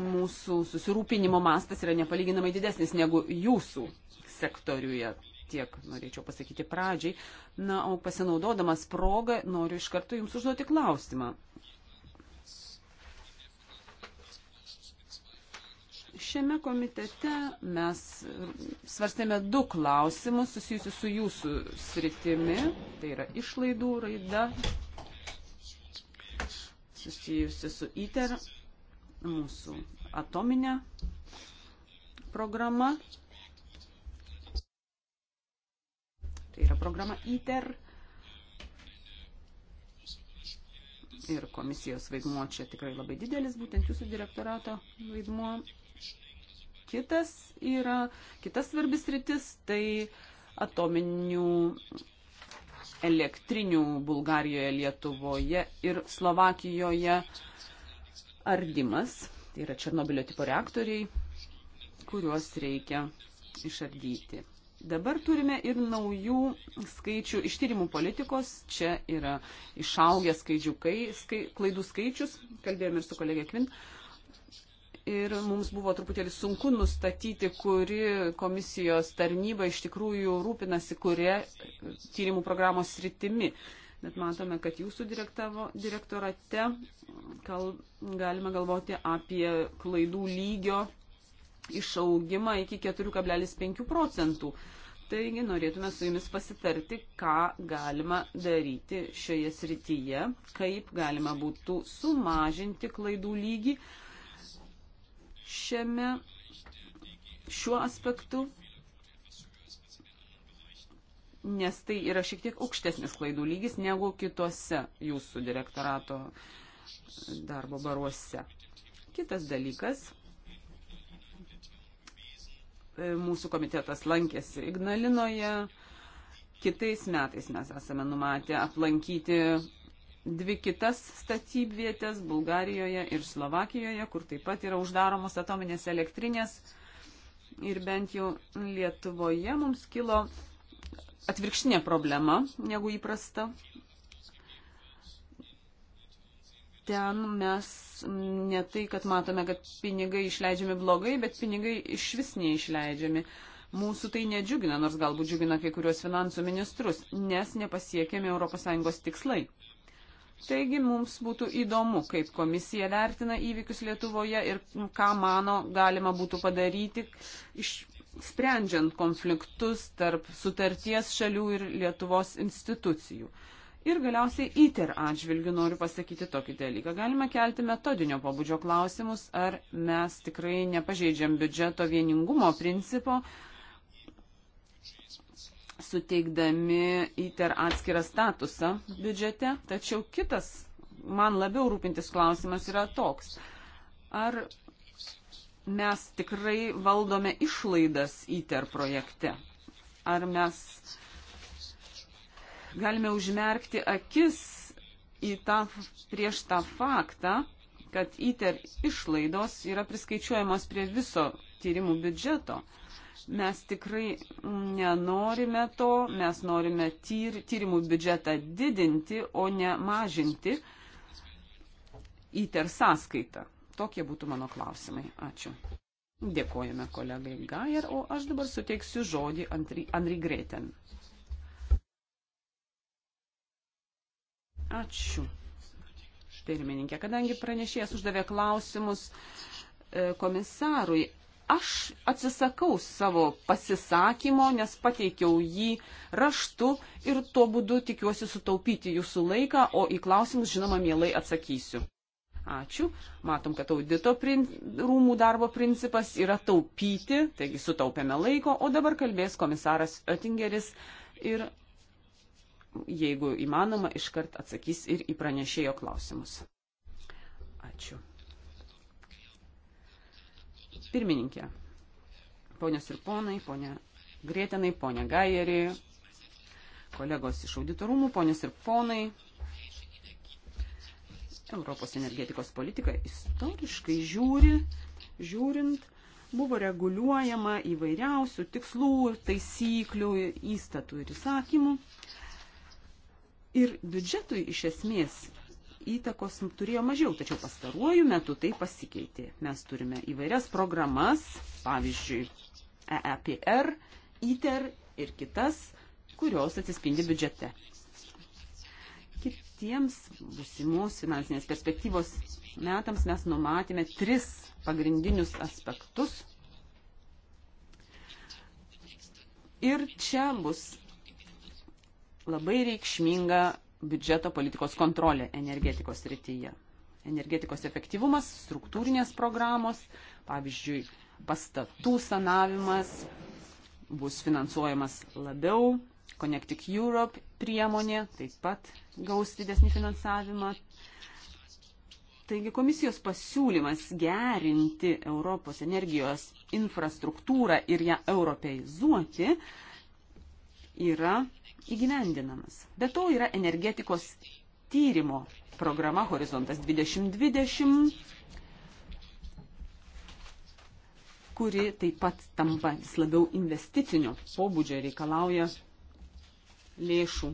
mūsų susirūpinimo mastas yra nepalyginamai didesnis negu jūsų sektoriuje tiek norėčiau pasakyti pradžiai. Na, o pasinaudodamas progą noriu iš karto Jums užduoti klausimą. Šiame komitete mes svarstėme du klausimus susijusius su jūsų sritimi, tai yra išlaidų raida susijusi su ITER, mūsų atominė programa Tai yra programa ITER. Ir komisijos vaidmuo čia tikrai labai didelis, būtent jūsų direktorato vaidmuo. Kitas yra, kitas svarbis rytis, tai atominių elektrinių Bulgarijoje, Lietuvoje ir Slovakijoje ardymas. Tai yra Černobilio tipo reaktoriai, kuriuos reikia išardyti. Dabar turime ir naujų skaičių iš tyrimų politikos. Čia yra išaugęs kai, skai, klaidų skaičius, kalbėjome ir su kolegė Kvin. Ir mums buvo truputėlį sunku nustatyti, kuri komisijos tarnyba iš tikrųjų rūpinasi, kuria tyrimų programos rytimi. Bet matome, kad jūsų direktorate gal, galime galvoti apie klaidų lygio išaugimą iki 4,5 procentų. Taigi norėtume su jumis pasitarti, ką galima daryti šioje srityje, kaip galima būtų sumažinti klaidų lygį šiame, šiuo aspektu, nes tai yra šiek tiek aukštesnis klaidų lygis negu kitose jūsų direktorato darbo baruose. Kitas dalykas E, mūsų komitetas lankėsi Ignalinoje. Kitais metais mes esame numatę aplankyti dvi kitas statybvietės Bulgarijoje ir Slovakijoje, kur taip pat yra uždaromos atominės elektrinės. Ir bent jau Lietuvoje mums kilo atvirkštinė problema negu įprasta. ten mes ne tai, kad matome, kad pinigai išleidžiami blogai, bet pinigai iš vis neišleidžiami. Mūsų tai nedžiugina, nors galbūt džiugina kai kurios finansų ministrus, nes nepasiekiami ES tikslai. Taigi mums būtų įdomu, kaip komisija vertina įvykius Lietuvoje ir ką mano galima būtų padaryti, iš, sprendžiant konfliktus tarp sutarties šalių ir Lietuvos institucijų. Uh, Ir galiausiai įter atžvilgių noriu pasakyti tokį dalyką. Galime kelti metodinio pobūdžio klausimus, ar mes tikrai nepažeidžiam biudžeto vieningumo principo, suteikdami įter atskirą statusą biudžete. Tačiau kitas man labiau rūpintis klausimas yra toks. Ar mes tikrai valdome išlaidas įter projekte? Ar mes galime užmerkti akis į tą, prieš tą faktą, kad ITER išlaidos yra priskaičiuojamos prie viso tyrimų biudžeto. Mes tikrai nenorime to, mes norime tyr, tyrimų biudžetą didinti, o ne mažinti ITER sąskaitą. Tokie būtų mano klausimai. Ačiū. Dėkojame kolegai Gajer, o aš dabar suteiksiu žodį Andri, Andri Greten. Ačiū. Pirmininkė, kadangi pranešėjas uždavė klausimus e, komisarui, aš atsisakau savo pasisakymo, nes pateikiau jį raštu ir tuo būdu tikiuosi sutaupyti jūsų laiką, o į klausimus, žinoma, mielai atsakysiu. Ačiū. Matom, kad audito prin... rūmų darbo principas yra taupyti, taigi sutaupėme laiko, o dabar kalbės komisaras Oettingeris ir jeigu įmanoma, iškart atsakys ir į pranešėjo klausimus. Ačiū. Pirmininkė, ponios ir ponai, ponia Grėtenai, ponia Gajerį, kolegos iš auditorumų, ponios ir ponai, Europos energetikos politika istoriškai žiūri, žiūrint, buvo reguliuojama įvairiausių tikslų, taisyklių, įstatų ir įsakymų ir biudžetui iš esmės įtakos turėjo mažiau, tačiau pastaruoju metu tai pasikeitė. Mes turime įvairias programas, pavyzdžiui, EEPR, ITER ir kitas, kurios atsispindi biudžete. Kitiems būsimos finansinės perspektyvos metams mes numatėme tris pagrindinius aspektus. Ir čia bus labai reikšminga biudžeto politikos kontrolė energetikos rytyje. Energetikos efektyvumas, struktūrinės programos, pavyzdžiui, pastatų sanavimas bus finansuojamas labiau, Connectic Europe priemonė taip pat gaus didesnį finansavimą. Taigi komisijos pasiūlymas gerinti Europos energijos infrastruktūrą ir ją europeizuoti yra įgyvendinamas. Be to yra energetikos tyrimo programa Horizontas 2020, kuri taip pat tampa vis labiau investicinio pobūdžio reikalauja lėšų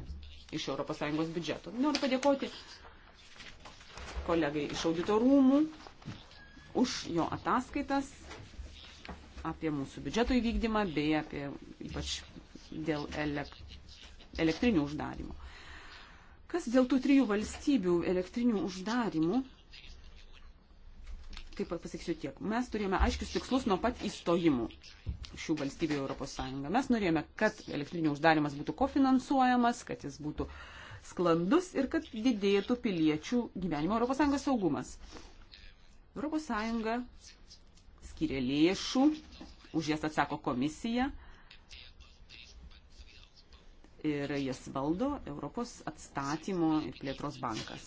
iš ES biudžeto. Noriu padėkoti kolegai iš auditorumų už jo ataskaitas apie mūsų biudžeto įvykdymą bei apie ypač dėl elektronikos elektrinių uždarimų. Kas dėl tų trijų valstybių elektrinių uždarimų, taip pat pasakysiu tiek, mes turėjome aiškius tikslus nuo pat įstojimų šių valstybių Europos Sąjungą. Mes norėjome, kad elektrinių uždarimas būtų kofinansuojamas, kad jis būtų sklandus ir kad didėtų piliečių gyvenimo Europos Sąjungos saugumas. Europos Sąjunga skiria lėšų, už jas atsako komisija ir jas valdo Europos atstatymo ir plėtros bankas.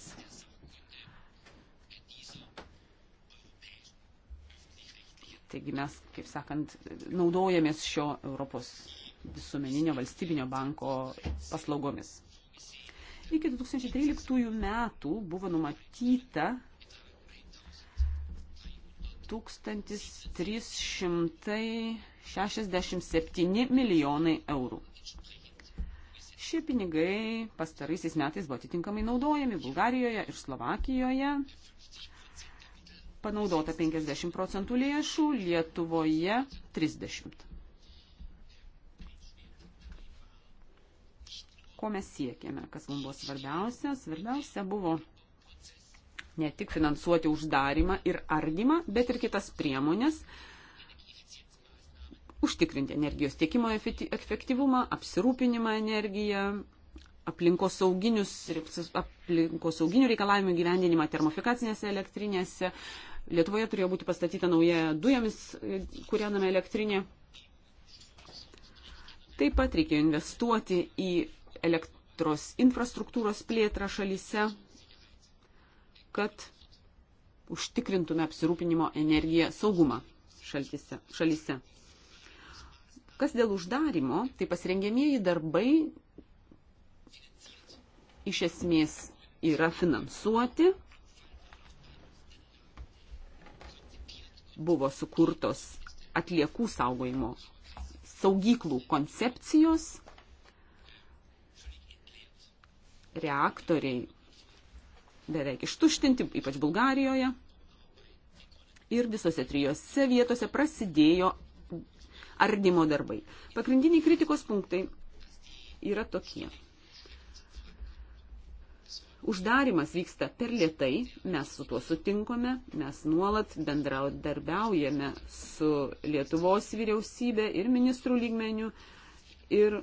Taigi mes, kaip sakant, naudojamės šio Europos visuomeninio valstybinio banko paslaugomis. Iki 2013 metų buvo numatyta 1367 milijonai eurų. Šie pinigai pastaraisiais metais buvo atitinkamai naudojami Bulgarijoje ir Slovakijoje. Panaudota 50 procentų lėšų, Lietuvoje 30. Ko mes siekėme, kas mums buvo svarbiausia? Svarbiausia buvo ne tik finansuoti uždarimą ir ardymą, bet ir kitas priemonės, užtikrinti energijos tiekimo efektyvumą, apsirūpinimą energiją, aplinkosauginius, aplinkosauginių reikalavimų gyvendinimą termofikacinėse elektrinėse. Lietuvoje turėjo būti pastatyta nauja dujomis e, kurianame elektrinė. Taip pat reikėjo investuoti į elektros infrastruktūros plėtrą šalyse, kad užtikrintume apsirūpinimo energiją saugumą šaltise, šalyse. Kas dėl uždarimo, tai pasirengėmieji darbai iš esmės yra finansuoti. Buvo sukurtos atliekų saugojimo saugyklų koncepcijos, reaktoriai beveik ištuštinti, ypač Bulgarijoje. Ir visose trijose vietose prasidėjo ardymo darbai. Pagrindiniai kritikos punktai yra tokie. Uždarimas vyksta per lietai, mes su tuo sutinkome, mes nuolat bendradarbiaujame su Lietuvos vyriausybė ir ministrų lygmenių, ir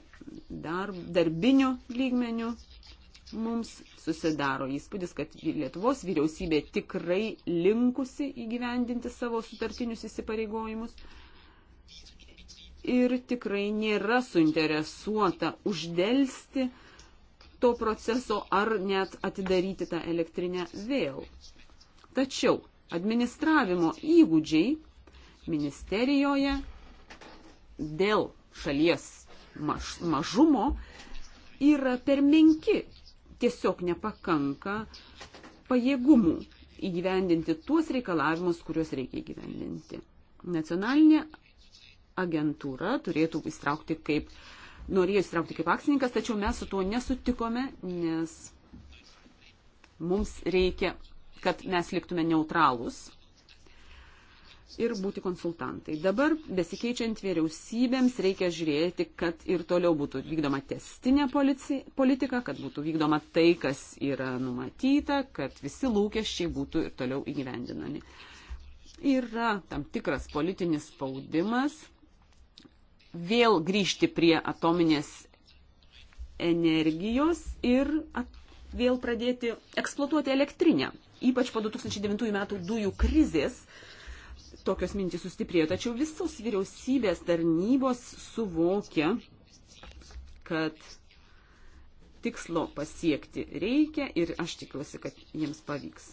dar, darbinių lygmenių, mums susidaro įspūdis, kad Lietuvos vyriausybė tikrai linkusi įgyvendinti savo sutartinius įsipareigojimus ir tikrai nėra suinteresuota uždelsti to proceso ar net atidaryti tą elektrinę vėl. Tačiau administravimo įgūdžiai ministerijoje dėl šalies maž, mažumo yra per menki. Tiesiog nepakanka pajėgumų įgyvendinti tuos reikalavimus, kuriuos reikia įgyvendinti. Nacionalinė agentūra turėtų įstraukti kaip, norėjo įstraukti kaip akcininkas, tačiau mes su tuo nesutikome, nes mums reikia, kad mes liktume neutralūs ir būti konsultantai. Dabar, besikeičiant vyriausybėms, reikia žiūrėti, kad ir toliau būtų vykdoma testinė politika, kad būtų vykdoma tai, kas yra numatyta, kad visi lūkesčiai būtų ir toliau įgyvendinami. Yra tam tikras politinis spaudimas vėl grįžti prie atominės energijos ir at, vėl pradėti eksploatuoti elektrinę. Ypač po 2009 metų dujų krizės tokios mintys sustiprėjo, tačiau visos vyriausybės tarnybos suvokia, kad tikslo pasiekti reikia ir aš tikiuosi, kad jiems pavyks.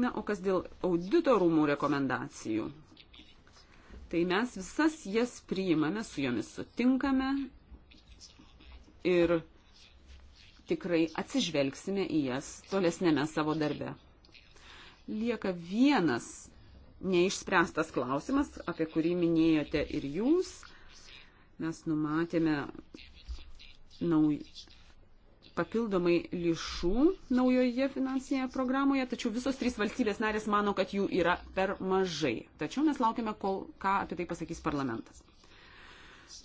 Na, o kas dėl audito rūmų rekomendacijų? Tai mes visas jas priimame, su jomis sutinkame ir tikrai atsižvelgsime į jas tolesnėme savo darbe. Lieka vienas neišspręstas klausimas, apie kurį minėjote ir jūs. Mes numatėme nauj, papildomai lišų naujoje finansinėje programoje, tačiau visos trys valstybės narės mano, kad jų yra per mažai. Tačiau mes laukime, kol ką apie tai pasakys parlamentas.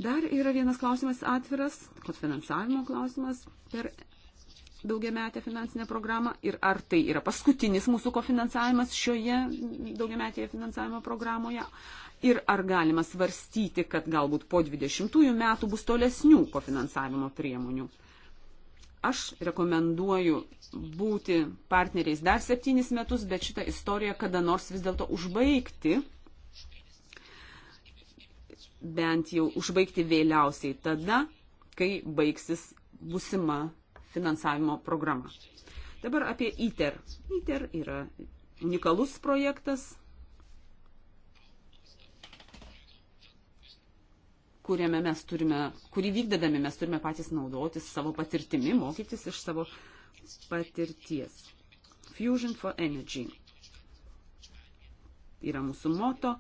Dar yra vienas klausimas atviras, kad finansavimo klausimas per daugiametę finansinę programą ir ar tai yra paskutinis mūsų kofinansavimas šioje daugiametėje finansavimo programoje ir ar galima svarstyti, kad galbūt po 20 metų bus tolesnių kofinansavimo priemonių. Aš rekomenduoju būti partneriais dar septynis metus, bet šitą istoriją kada nors vis dėlto užbaigti, bent jau užbaigti vėliausiai tada, kai baigsis būsima finansavimo programa. Dabar apie ITER. ITER yra unikalus projektas, kuriame mes turime, kurį vykdydami mes turime patys naudotis savo patirtimi, mokytis iš savo patirties. Fusion for Energy yra mūsų moto.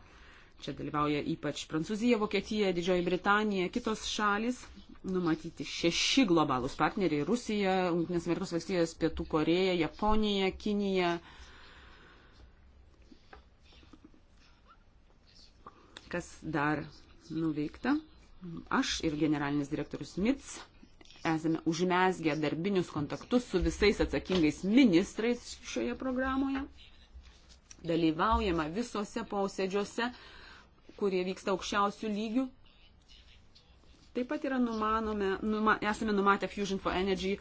Čia dalyvauja ypač Prancūzija, Vokietija, Didžioji Britanija, kitos šalis. Numatyti šeši globalūs partneriai - Rusija, Junktinės Amerikos valstijos, Pietų Koreja, Japonija, Kinija. Kas dar nuveikta? aš ir generalinis direktorius Mits esame užmesgę darbinius kontaktus su visais atsakingais ministrais šioje programoje. Dalyvaujama visose posėdžiuose, kurie vyksta aukščiausių lygių. Taip pat yra numanome, numa, esame numatę Fusion for Energy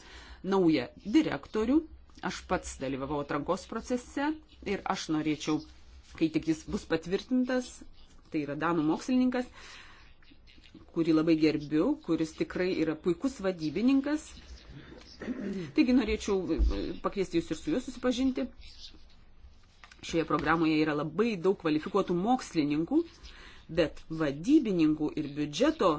naują direktorių. Aš pats dalyvavau atrankos procese ir aš norėčiau, kai tik jis bus patvirtintas, tai yra Danų mokslininkas, uh, kurį labai gerbiu, kuris tikrai yra puikus vadybininkas. Taigi norėčiau e, pakviesti jūs ir su juo susipažinti. Šioje programoje yra labai daug kvalifikuotų mokslininkų, bet vadybininkų ir biudžeto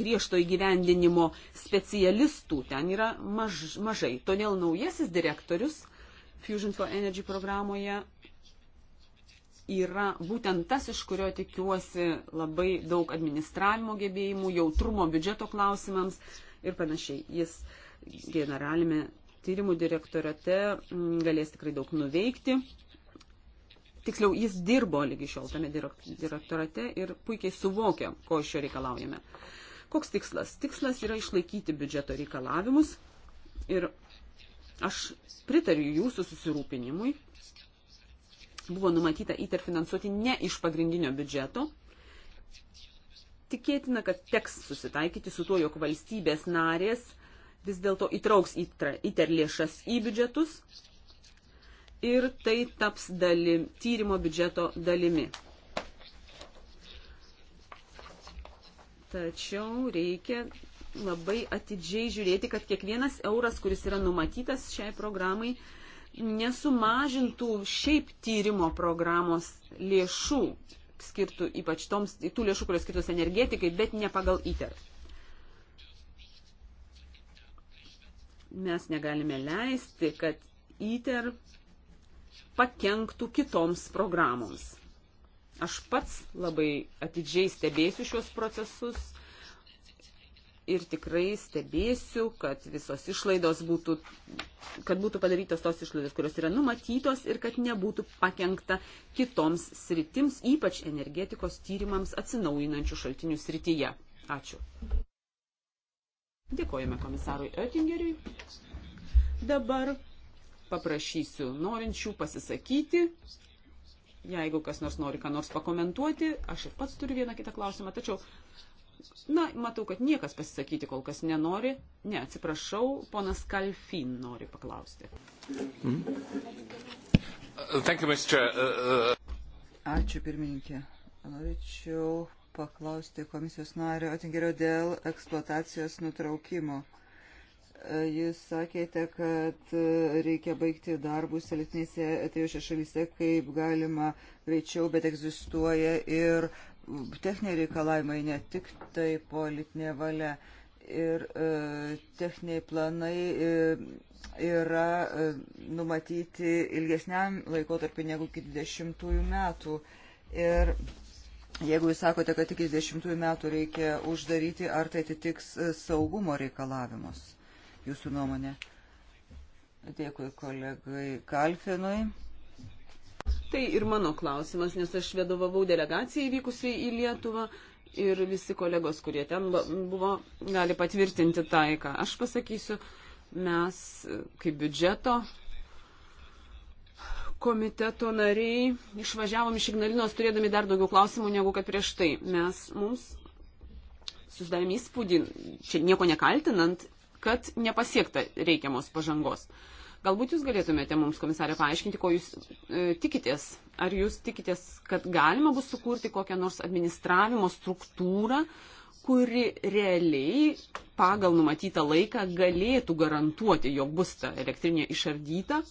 griežto įgyvendinimo specialistų ten yra maž, mažai. Todėl naujasis direktorius Fusion for Energy programoje yra būtent tas, iš kurio tikiuosi labai daug administravimo gebėjimų, jautrumo biudžeto klausimams ir panašiai. Jis generalinėme tyrimų direktorate mm, galės tikrai daug nuveikti. Tiksliau, jis dirbo lygi šiol tame direktorate ir puikiai suvokia, ko iš jo reikalaujame. Koks tikslas? Tikslas yra išlaikyti biudžeto reikalavimus ir aš pritariu jūsų susirūpinimui, buvo numatyta įterfinansuoti ne iš pagrindinio biudžeto. Tikėtina, kad teks susitaikyti su tuo, jog valstybės narės vis dėlto įtrauks įter lėšas į biudžetus ir tai taps dalim, tyrimo biudžeto dalimi. Tačiau reikia labai atidžiai žiūrėti, kad kiekvienas euras, kuris yra numatytas šiai programai, nesumažintų šiaip tyrimo programos lėšų, skirtų ypač toms, tų lėšų, kurios skirtos energetikai, bet ne pagal įter. Mes negalime leisti, kad įter pakenktų kitoms programoms. Aš pats labai atidžiai stebėsiu šios procesus ir tikrai stebėsiu, kad visos išlaidos būtų, kad būtų padarytos tos išlaidos, kurios yra numatytos ir kad nebūtų pakengta kitoms sritims, ypač energetikos tyrimams atsinaujinančių šaltinių srityje. Ačiū. Dėkojame komisarui Oettingeriui. Dabar paprašysiu norinčių pasisakyti. Jeigu kas nors nori ką nors pakomentuoti, aš ir pats turiu vieną kitą klausimą, tačiau Na, matau, kad niekas pasisakyti kol kas nenori. Ne, atsiprašau, ponas Kalfin nori paklausti. Mm. You, uh, uh, Ačiū pirmininkė. Norėčiau paklausti komisijos nario Otingerio dėl eksploatacijos nutraukimo. E, jūs sakėte, kad e, reikia baigti darbus elitinėse trijose šalyse kaip galima greičiau, bet egzistuoja ir techniniai reikalavimai, ne tik tai politinė valia ir e, techniniai planai e, yra e, numatyti ilgesniam laikotarpiu negu iki 20 metų. Ir jeigu jūs sakote, kad iki 20 metų reikia uždaryti, ar tai atitiks saugumo reikalavimus, jūsų nuomonė? Dėkui kolegai Kalfinui. Tai ir mano klausimas, nes aš vedovavau delegacijai vykusiai į Lietuvą ir visi kolegos, kurie ten buvo, gali patvirtinti tai, ką aš pasakysiu. Mes, kaip biudžeto komiteto nariai, išvažiavom iš Ignalinos turėdami dar daugiau klausimų negu kad prieš tai. Mes mums susidarėm įspūdį, čia nieko nekaltinant, kad nepasiekta reikiamos pažangos. Galbūt jūs galėtumėte mums, komisarė, paaiškinti, ko jūs e, tikitės. Ar jūs tikitės, kad galima bus sukurti kokią nors administravimo struktūrą, kuri realiai pagal numatytą laiką galėtų garantuoti, jog bus ta elektrinė išardyta?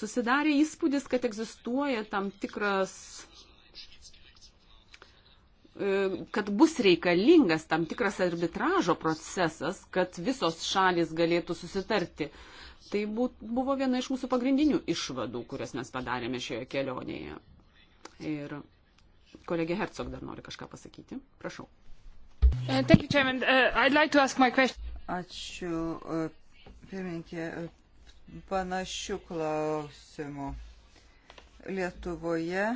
Susidarė įspūdis, kad egzistuoja tam tikras E, kad bus reikalingas tam tikras arbitražo procesas, kad visos šalis galėtų susitarti. Tai buvo viena iš mūsų pagrindinių išvadų, kurias mes padarėme šioje kelionėje. Ir kolegė Hercog dar nori kažką pasakyti. Prašau. Uh, uh, Ačiū, uh, pirmininkė, panašių klausimų. Lietuvoje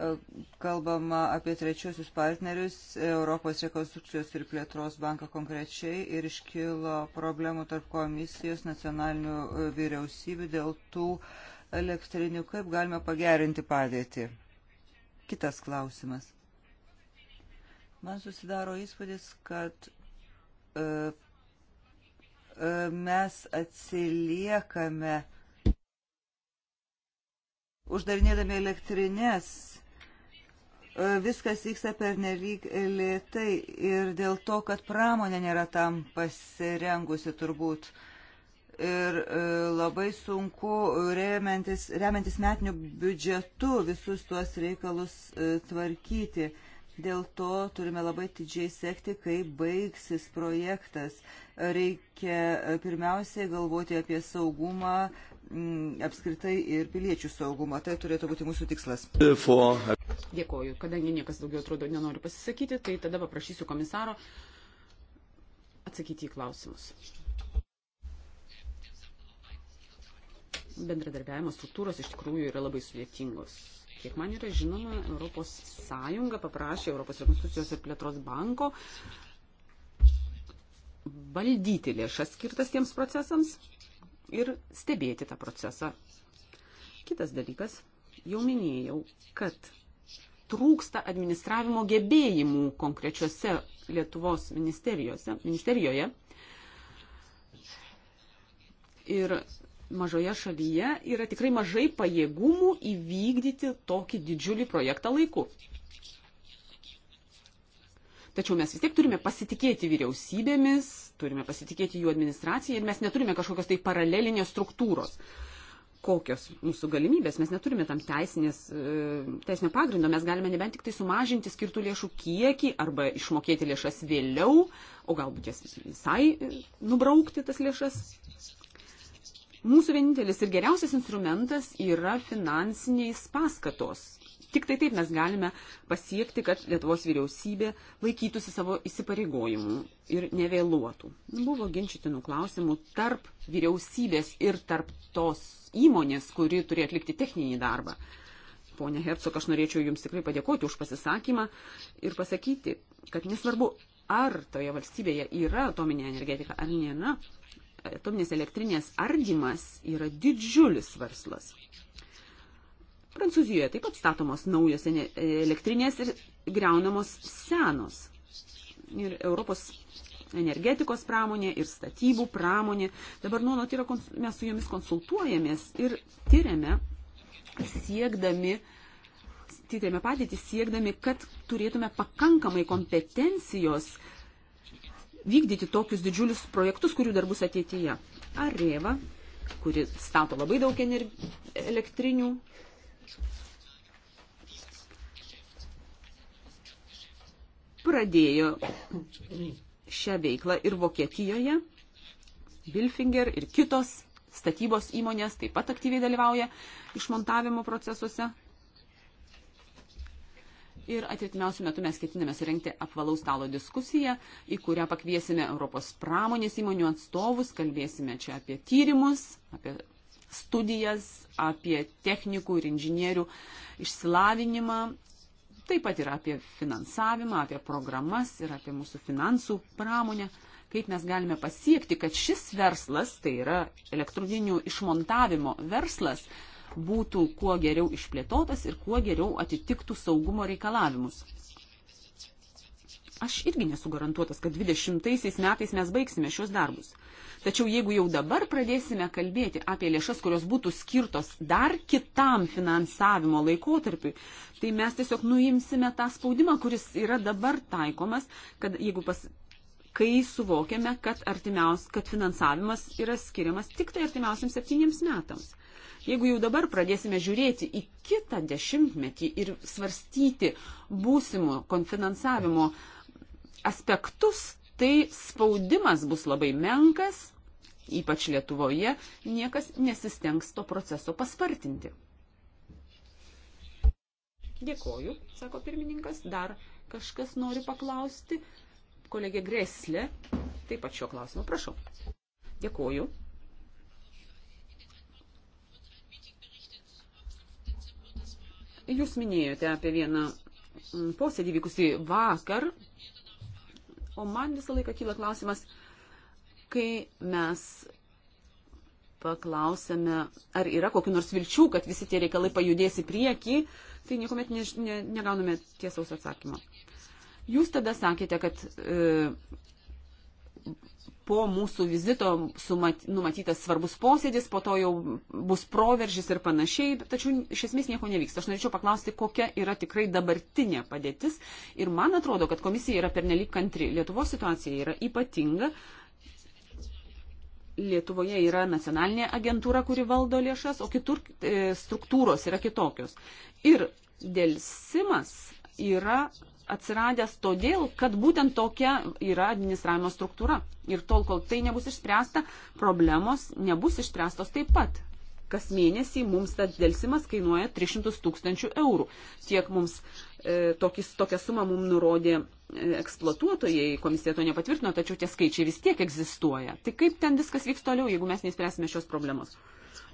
E, kalbama apie trečiosius partnerius, Europos rekonstrukcijos ir plėtros banką konkrečiai ir iškilo problemų tarp komisijos nacionalinių e, vyriausybių dėl tų elektrinių, kaip galime pagerinti padėtį. Kitas klausimas. Man susidaro įspūdis, kad e, e, mes atsiliekame uždarinėdami elektrinės viskas vyksta per nelik lėtai ir dėl to, kad pramonė nėra tam pasirengusi turbūt. Ir e, labai sunku remiantis, remiantis metiniu biudžetu visus tuos reikalus e, tvarkyti. Dėl to turime labai didžiai sekti, kaip baigsis projektas. Reikia e, pirmiausiai galvoti apie saugumą m, apskritai ir piliečių saugumą. Tai turėtų būti mūsų tikslas. For... Dėkoju. Kadangi niekas daugiau atrodo nenori pasisakyti, tai tada paprašysiu komisaro atsakyti į klausimus. Bendradarbiavimo struktūros iš tikrųjų yra labai sudėtingos. Kiek man yra žinoma, Europos Sąjunga paprašė Europos rekonstrukcijos ir plėtros banko valdyti lėšas skirtas tiems procesams ir stebėti tą procesą. Kitas dalykas, jau minėjau, kad trūksta administravimo gebėjimų konkrečiose Lietuvos ministerijoje. Ir mažoje šalyje yra tikrai mažai pajėgumų įvykdyti tokį didžiulį projektą laiku. Tačiau mes vis tiek turime pasitikėti vyriausybėmis, turime pasitikėti jų administracijai ir mes neturime kažkokios tai paralelinės struktūros. Uh, kokios mūsų galimybės. Mes neturime tam teisinės, e, teisinio pagrindo. Mes galime nebent tik tai sumažinti skirtų lėšų kiekį arba išmokėti lėšas vėliau, o galbūt jas visai e, nubraukti tas lėšas. Mūsų vienintelis ir geriausias instrumentas yra finansinės paskatos. Tik tai taip mes galime pasiekti, kad Lietuvos vyriausybė laikytųsi savo įsipareigojimų ir nevėluotų. Buvo ginčytinų klausimų tarp vyriausybės ir tarp tos įmonės, kuri turi atlikti techninį darbą. Pone Hercog, aš norėčiau Jums tikrai padėkoti už pasisakymą ir pasakyti, kad nesvarbu, ar toje valstybėje yra atominė energetika ar nėra, atominės elektrinės ardymas yra didžiulis verslas. Prancūzijoje taip pat statomos naujos elektrinės ir greunamos senos. Ir Europos energetikos pramonė ir statybų pramonė. Dabar nuolat yra, mes su jomis konsultuojamės ir tyriame, siekdami, tyriame padėtį, siekdami, kad turėtume pakankamai kompetencijos vykdyti tokius didžiulius projektus, kurių dar bus ateityje. Areva, kuri stato labai daug elektrinių, pradėjo šią veiklą ir Vokietijoje. Bilfinger ir kitos statybos įmonės taip pat aktyviai dalyvauja išmontavimo procesuose. Ir atitimiausių metų mes ketiname surenkti apvalaus stalo diskusiją, į kurią pakviesime Europos pramonės įmonių atstovus, kalbėsime čia apie tyrimus, apie studijas, apie technikų ir inžinierių išsilavinimą, taip pat ir apie finansavimą, apie programas ir apie mūsų finansų pramonę kaip mes galime pasiekti, kad šis verslas, tai yra elektrodinių išmontavimo verslas, būtų kuo geriau išplėtotas ir kuo geriau atitiktų saugumo reikalavimus. Aš irgi nesu garantuotas, kad 20 metais mes baigsime šios darbus. Tačiau jeigu jau dabar pradėsime kalbėti apie lėšas, kurios būtų skirtos dar kitam finansavimo laikotarpiui, tai mes tiesiog nuimsime tą spaudimą, kuris yra dabar taikomas, kad jeigu pas, kai suvokiame, kad, artimiaus, kad finansavimas yra skiriamas tik tai artimiausiams septyniems metams. Jeigu jau dabar pradėsime žiūrėti į kitą dešimtmetį ir svarstyti būsimo konfinansavimo aspektus, tai spaudimas bus labai menkas ypač Lietuvoje, niekas nesistengs to proceso paspartinti. Dėkoju, sako pirmininkas. Dar kažkas nori paklausti. Kolegė Greslė, taip pat šio klausimo, prašau. Dėkoju. Jūs minėjote apie vieną mm, posėdį vykusį vakar, o man visą laiką kyla klausimas, kai mes paklausėme, ar yra kokiu nors vilčių, kad visi tie reikalai pajudės į priekį, tai niekuomet ne, ne, negauname tiesaus atsakymo. Jūs tada sakėte, kad e, po mūsų vizito sumat, numatytas svarbus posėdis, po to jau bus proveržis ir panašiai, tačiau iš esmės nieko nevyksta. Aš norėčiau paklausti, kokia yra tikrai dabartinė padėtis. Ir man atrodo, kad komisija yra pernelyg kantri. Lietuvos situacija yra ypatinga. E, Lietuvoje yra nacionalinė agentūra, kuri valdo lėšas, o kitur e, struktūros yra kitokios. Ir dėlsimas yra atsiradęs todėl, kad būtent tokia yra administravimo struktūra. Ir tol, kol tai nebus išspręsta, problemos nebus išspręstos taip pat. Kas mėnesį mums tas dėlsimas kainuoja 300 tūkstančių eurų. Tiek mums E, tokis, tokią sumą mums nurodė e, eksploatuotojai, komisija to nepatvirtino, tačiau tie skaičiai vis tiek egzistuoja. Tai kaip ten viskas vyks toliau, jeigu mes neįspręsime šios problemos?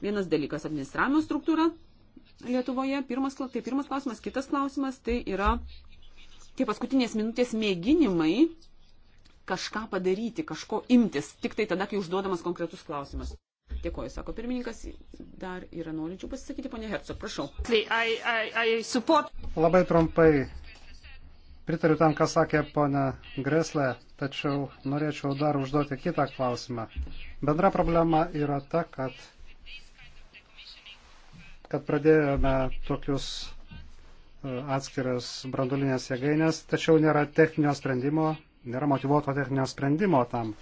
Vienas dalykas - administravimo struktūra Lietuvoje. Pirmas, tai pirmas klausimas. Kitas klausimas - tai yra tie paskutinės minutės mėginimai kažką padaryti, kažko imtis, tik tai tada, kai užduodamas konkretus klausimas. Dėkoju, sako pirmininkas. Dar yra norinčių pasisakyti, ponė Hercog, prašau. I, I, I support... Labai trumpai pritariu tam, ką sakė ponė Greslė, tačiau norėčiau dar užduoti kitą klausimą. Bendra problema yra ta, kad, kad pradėjome tokius e, atskiras brandulinės jėgainės, tačiau nėra techninio sprendimo, nėra motivuoto techninio sprendimo tam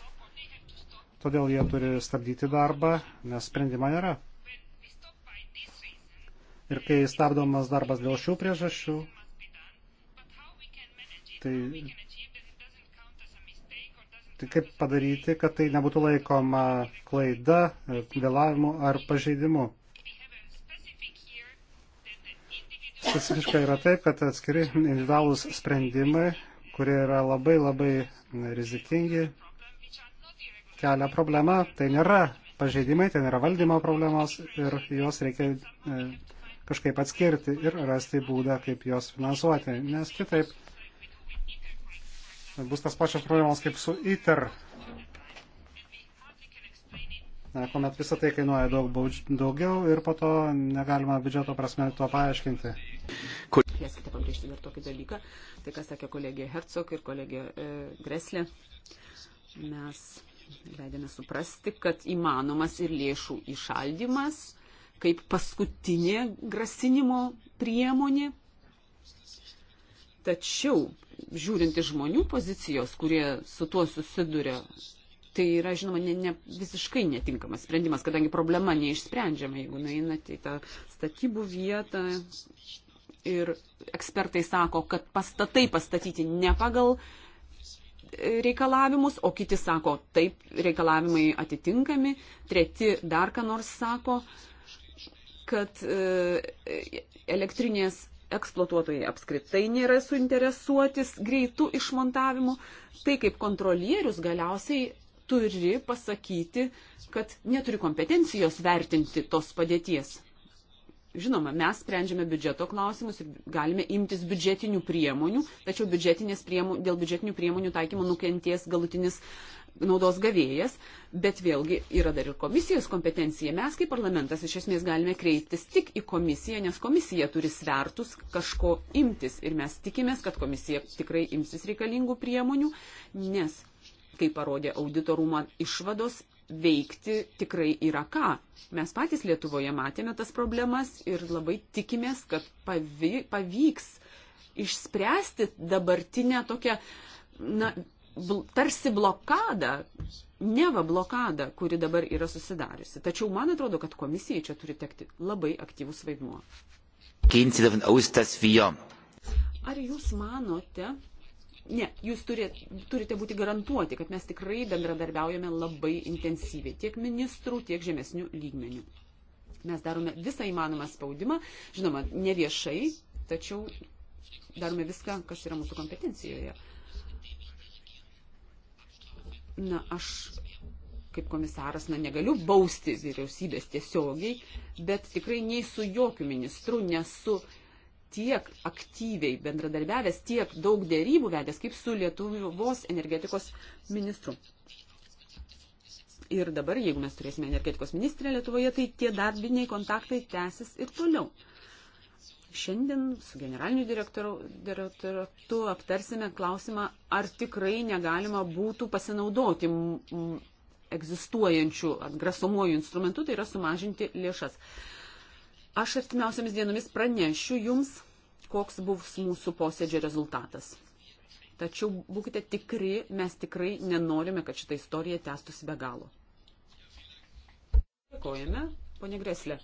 todėl jie turi stabdyti darbą, nes sprendimo nėra. Ir kai stabdomas darbas dėl šių priežasčių, tai, tai kaip padaryti, kad tai nebūtų laikoma klaida, vėlavimu ar pažeidimu. Specifiška yra taip, kad atskiri individualūs sprendimai, kurie yra labai labai rizikingi, kelia problemą. Tai nėra pažeidimai, tai nėra valdymo problemos ir juos reikia e, kažkaip atskirti ir rasti būdą, kaip juos finansuoti, nes kitaip bus tas pačias problemas kaip su ITER, kuomet visą tai kainuoja daug baudž... daugiau ir po to negalima biudžeto prasme to paaiškinti. Leiskite pabrėžti dar tokį dalyką, tai ką sakė kolegė Hercog ir kolegė e, Greslė. Mes leidėme suprasti, kad įmanomas ir lėšų išaldymas kaip paskutinė grasinimo priemonė. Tačiau, žiūrint iš žmonių pozicijos, kurie su tuo susiduria, tai yra, žinoma, ne, ne, visiškai netinkamas sprendimas, kadangi problema neišsprendžiama, jeigu nueinate į tą statybų vietą ir ekspertai sako, kad pastatai pastatyti ne pagal uh, reikalavimus, o kiti sako, taip, reikalavimai atitinkami, treti dar ką nors sako, kad e, elektrinės eksploatuotojai apskritai nėra suinteresuotis greitų išmontavimų. Tai kaip kontrolierius galiausiai turi pasakyti, kad neturi kompetencijos vertinti tos padėties. Žinoma, mes sprendžiame biudžeto klausimus ir galime imtis biudžetinių priemonių, tačiau priemo, dėl biudžetinių priemonių taikymo nukenties galutinis naudos gavėjas, bet vėlgi yra dar ir komisijos kompetencija. Mes kaip parlamentas iš esmės galime kreiptis tik į komisiją, nes komisija turi svertus kažko imtis ir mes tikimės, kad komisija tikrai imsis reikalingų priemonių, nes, kaip parodė auditorumo išvados, veikti tikrai yra ką. Mes patys Lietuvoje matėme tas problemas ir labai tikimės, kad pavy, pavyks išspręsti dabartinę tokią, na, tarsi blokadą, neva blokadą, kuri dabar yra susidariusi. Tačiau man atrodo, kad komisijai čia turi tekti labai aktyvus vaidmuo. Ar jūs manote, Ne, jūs turėt, turite būti garantuoti, kad mes tikrai bendradarbiaujame labai intensyviai, tiek ministrų, tiek žemesnių lygmenių. Mes darome visą įmanomą spaudimą, žinoma, ne viešai, tačiau darome viską, kas yra mūsų kompetencijoje. Na, aš kaip komisaras, na, negaliu bausti vyriausybės tiesiogiai, bet tikrai nei su jokių ministrų, nesu tiek aktyviai bendradarbiavęs, tiek daug dėrybų vedęs kaip su Lietuvos energetikos ministru. Ir dabar, jeigu mes turėsime energetikos ministrę Lietuvoje, tai tie darbiniai kontaktai tęsis ir toliau. Šiandien su generaliniu direktoratu aptarsime klausimą, ar tikrai negalima būtų pasinaudoti egzistuojančių atgrasomuoju instrumentu, tai yra sumažinti lėšas. Aš artimiausiamis dienomis pranešiu jums, koks bus mūsų posėdžio rezultatas. Tačiau būkite tikri, mes tikrai nenorime, kad šitą istoriją tęstųsi be galo. Dėkojame, ponė Greslė.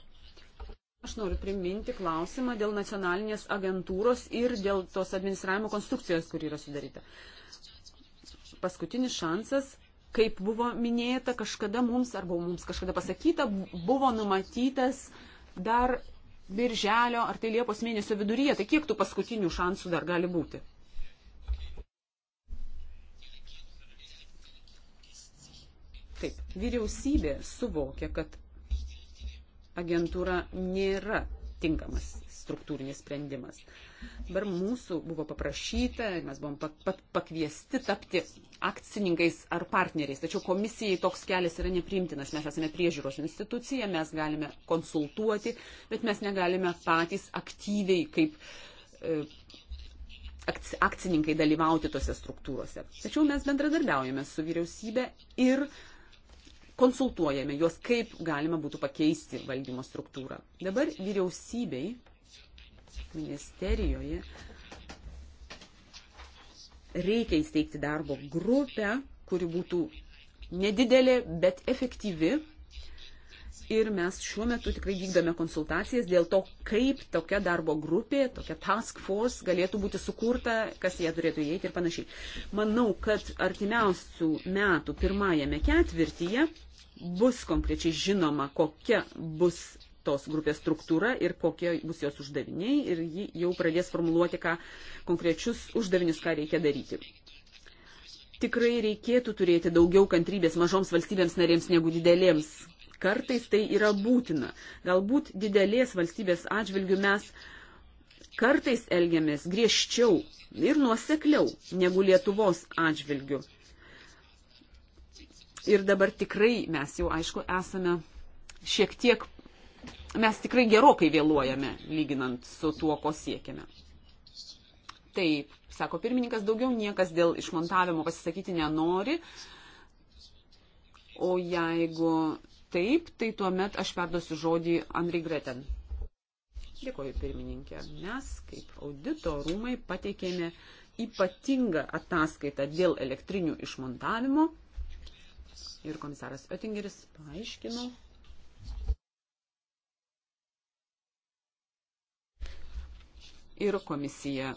Aš noriu priminti klausimą dėl nacionalinės agentūros ir dėl tos administravimo konstrukcijos, kur yra sudaryta. Paskutinis šansas, kaip buvo minėta, kažkada mums, arba mums kažkada pasakyta, buvo numatytas uh, dar birželio ar tai Liepos mėnesio viduryje, tai kiek tų paskutinių šansų dar gali būti? Taip, vyriausybė suvokia, kad agentūra nėra tinkamas struktūrinis sprendimas. Dabar mūsų buvo paprašyta, mes buvom pakviesti tapti akcininkais ar partneriais, tačiau komisijai toks kelias yra nepriimtinas. Mes esame priežiūros institucija, mes galime konsultuoti, bet mes negalime patys aktyviai kaip e, akcininkai dalyvauti tose struktūrose. Tačiau mes bendradarbiaujame su vyriausybė ir uh, konsultuojame juos, kaip galima būtų pakeisti valdymo struktūrą. Dabar vyriausybei, ministerijoje reikia įsteigti darbo grupę, kuri būtų nedidelė, bet efektyvi. Ir mes šiuo metu tikrai vykdome konsultacijas dėl to, kaip tokia darbo grupė, tokia task force galėtų būti sukurta, kas jie turėtų įeiti ir panašiai. Manau, kad artimiausių metų pirmajame ketvirtyje bus konkrečiai žinoma, kokia bus tos grupės struktūra ir kokie bus jos uždaviniai ir ji jau pradės formuluoti, ką konkrečius uždavinius, ką reikia daryti. Tikrai reikėtų turėti daugiau kantrybės mažoms valstybėms narėms negu didelėms. Kartais tai yra būtina. Galbūt didelės valstybės atžvilgių mes kartais elgiamės griežčiau ir nuosekliau negu Lietuvos atžvilgių. Ir dabar tikrai mes jau, aišku, esame šiek tiek, mes tikrai gerokai vėluojame, lyginant su tuo, ko siekiame. Taip, sako pirmininkas, daugiau niekas dėl išmontavimo pasisakyti nenori. O jeigu taip, tai tuomet aš perduosiu žodį Andrei Greten. Dėkoju pirmininkė. Mes kaip audito rūmai pateikėme ypatingą ataskaitą dėl elektrinių išmontavimo Ir komisaras Oettingeris paaiškino. Ir komisija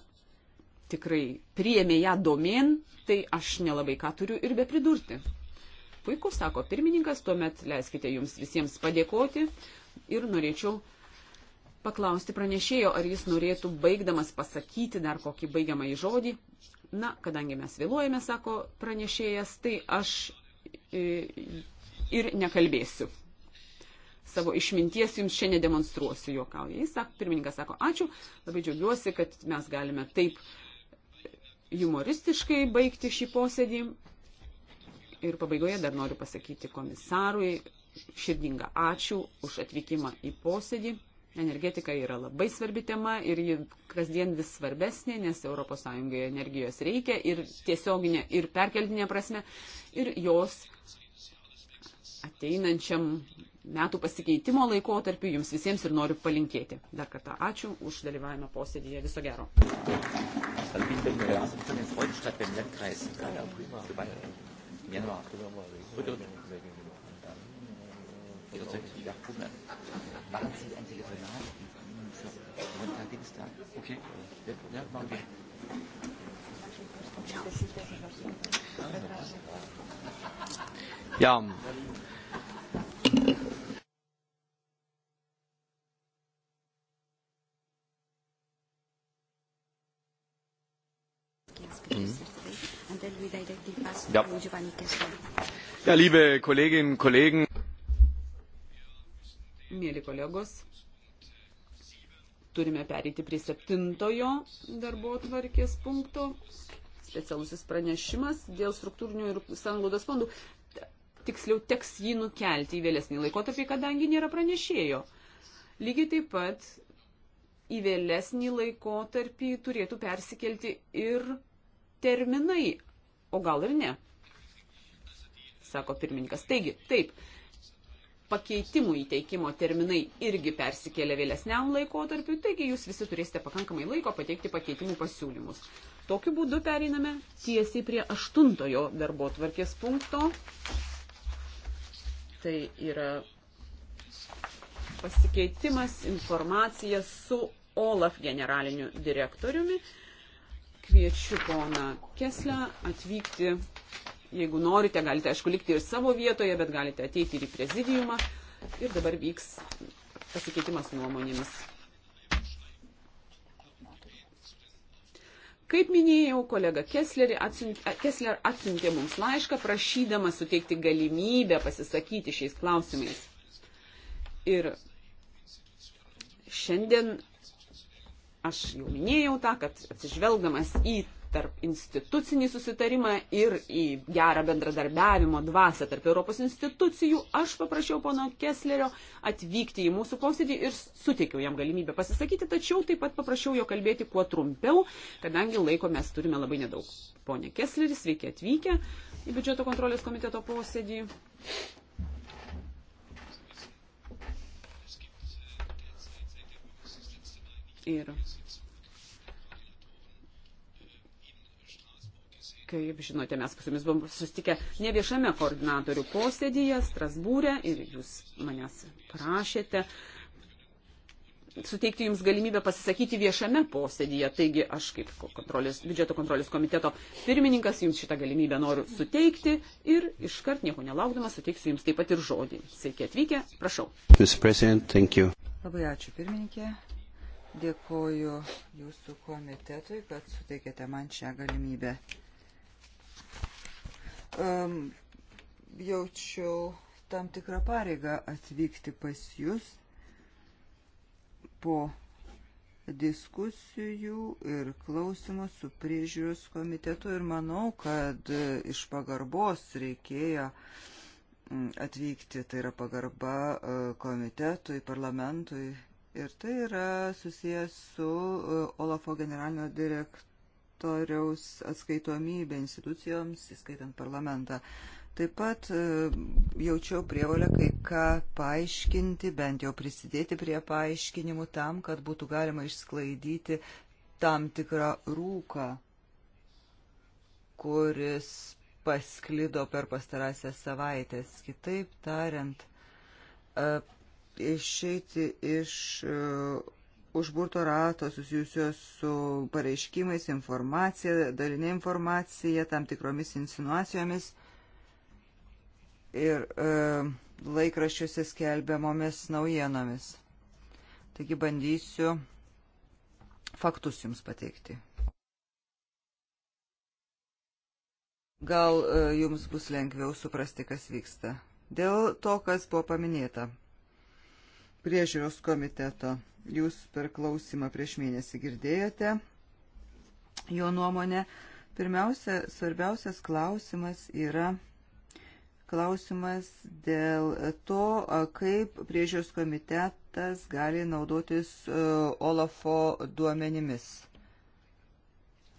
tikrai priėmė ją domėn, tai aš nelabai ką turiu ir be pridurti. Puiku, sako pirmininkas, tuomet leiskite jums visiems padėkoti ir norėčiau paklausti pranešėjo, ar jis norėtų baigdamas pasakyti dar kokį baigiamąjį žodį. Na, kadangi mes vėluojame, sako pranešėjas, tai aš E, ir nekalbėsiu. Savo išminties jums šiandien demonstruosiu, juokauja. Jis, sako, pirmininkas sako, ačiū, labai džiaugiuosi, kad mes galime taip humoristiškai baigti šį posėdį. Ir pabaigoje dar noriu pasakyti komisarui širdingą ačiū už atvykimą į posėdį. Energetika yra labai svarbi tema ir ji kasdien vis svarbesnė, nes ES energijos reikia ir tiesioginė, ir perkeltinė prasme, ir jos ateinančiam metų pasikeitimo laikotarpiu jums visiems ir noriu palinkėti. Dar kartą ačiū už dalyvavimą posėdėje. Viso gero. Ja, Ihre Sekretärin Kuhmann. Machen Sie ein Telefonat für Montag, Dienstag? Okay. Ja, machen wir. Ja. Ja. ja, liebe Kolleginnen und Kollegen, Mėly kolegos, turime pereiti prie septintojo darbo tvarkės punkto. Specialusis pranešimas dėl struktūrinių ir sanglaudos fondų. Tiksliau, teks jį nukelti į vėlesnį laikotarpį, kadangi nėra pranešėjo. Lygiai taip pat į vėlesnį laikotarpį turėtų persikelti ir terminai, o gal ir ne, sako pirmininkas. Taigi, taip, pakeitimų įteikimo terminai irgi persikėlė vėlesniam laikotarpiu, taigi jūs visi turėsite pakankamai laiko pateikti pakeitimų pasiūlymus. Tokiu būdu pereiname tiesiai prie aštuntojo darbo tvarkės punkto. Tai yra pasikeitimas informacija su OLAF generaliniu direktoriumi. Kviečiu poną Keslę atvykti Jeigu norite, galite, aišku, likti ir savo vietoje, bet galite ateiti ir į prezidiumą. Ir dabar vyks pasikeitimas nuomonėmis. Kaip minėjau, kolega Kessler atsiuntė mums laišką, prašydama suteikti galimybę pasisakyti šiais klausimais. Ir šiandien aš jau minėjau tą, kad atsižvelgdamas į tarp institucinį susitarimą ir į gerą bendradarbiavimo dvasę tarp Europos institucijų, aš paprašiau pono Kesslerio atvykti į mūsų posėdį ir suteikiau jam galimybę pasisakyti, tačiau taip pat paprašiau jo kalbėti kuo trumpiau, kadangi laiko mes turime labai nedaug. Pone Kessleris, sveiki atvykę į biudžeto kontrolės komiteto posėdį. Ir Kaip žinote, mes su jumis buvom susitikę ne viešame koordinatorių posėdėje Strasbūrė ir jūs manęs prašėte suteikti jums galimybę pasisakyti viešame posėdėje. Taigi aš kaip kontrolės, biudžeto kontrolės komiteto pirmininkas jums šitą galimybę noriu suteikti ir iškart nieko nelaukdamas suteiksiu jums taip pat ir žodį. Sveiki atvykę, prašau. Labai ačiū pirmininkė. Dėkoju jūsų komitetui, kad suteikėte man šią galimybę um, jaučiau tam tikrą pareigą atvykti pas jūs po diskusijų ir klausimų su priežiūros komitetu ir manau, kad e, iš pagarbos reikėjo atvykti, tai yra pagarba e, komitetui, parlamentui ir tai yra susijęs su e, Olafo generalinio direktoriumi autoriaus atskaitomybė institucijoms, įskaitant parlamentą. Taip pat e, jaučiau prievalę kai ką paaiškinti, bent jau prisidėti prie paaiškinimų tam, kad būtų galima išsklaidyti tam tikrą rūką, kuris pasklido per pastarąsias savaitės. Kitaip tariant, e, išeiti iš e, užburto rato susijusios su pareiškimais, informacija, dalinė informacija, tam tikromis insinuacijomis ir e, laikraščiuose skelbiamomis naujienomis. Taigi bandysiu faktus jums pateikti. Gal e, jums bus lengviau suprasti, kas vyksta. Dėl to, kas buvo paminėta priežiūros komiteto. Jūs per klausimą prieš mėnesį girdėjote jo nuomonę. Pirmiausia, svarbiausias klausimas yra klausimas dėl to, kaip priežiūros komitetas gali naudotis e, Olafo duomenimis.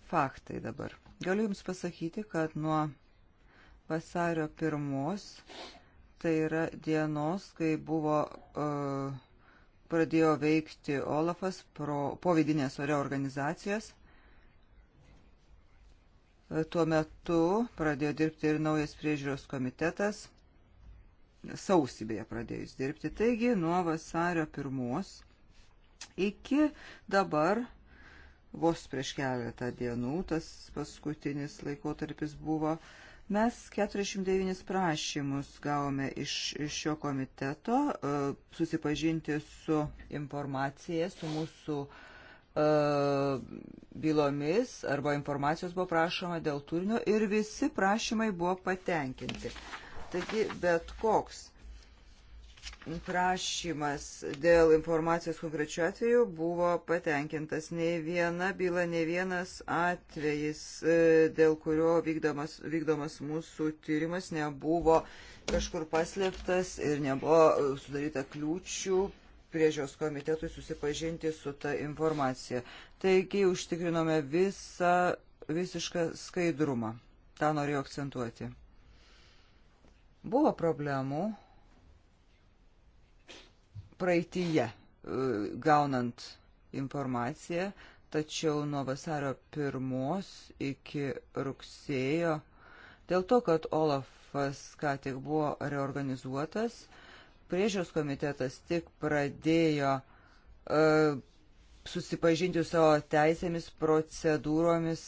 Faktai dabar. Galiu Jums pasakyti, kad nuo vasario pirmos tai yra dienos, kai buvo uh, pradėjo veikti Olafas pro, po vidinės reorganizacijos. E, tuo metu pradėjo dirbti ir naujas priežiūros komitetas, sausybėje pradėjus dirbti. Taigi nuo vasario pirmos iki dabar vos prieš keletą dienų tas paskutinis laikotarpis buvo uh, Mes 49 prašymus gavome iš šio komiteto e, susipažinti su informacija, su mūsų e, bylomis arba informacijos buvo prašoma dėl turinio ir visi prašymai buvo patenkinti. Taigi bet koks prašymas dėl informacijos konkrečių atvejų buvo patenkintas. Nei viena byla, nei vienas atvejis, e, dėl kurio vykdomas, vykdomas mūsų tyrimas, nebuvo kažkur paslėptas ir nebuvo sudaryta kliūčių priežios komitetui susipažinti su ta informacija. Taigi užtikrinome visą, visišką skaidrumą. Ta noriu akcentuoti. Buvo problemų praeitįje e, gaunant informaciją, tačiau nuo vasario pirmos iki rugsėjo, dėl to, kad Olafas ką tik buvo reorganizuotas, priežios komitetas tik pradėjo e, susipažinti savo teisėmis, procedūromis,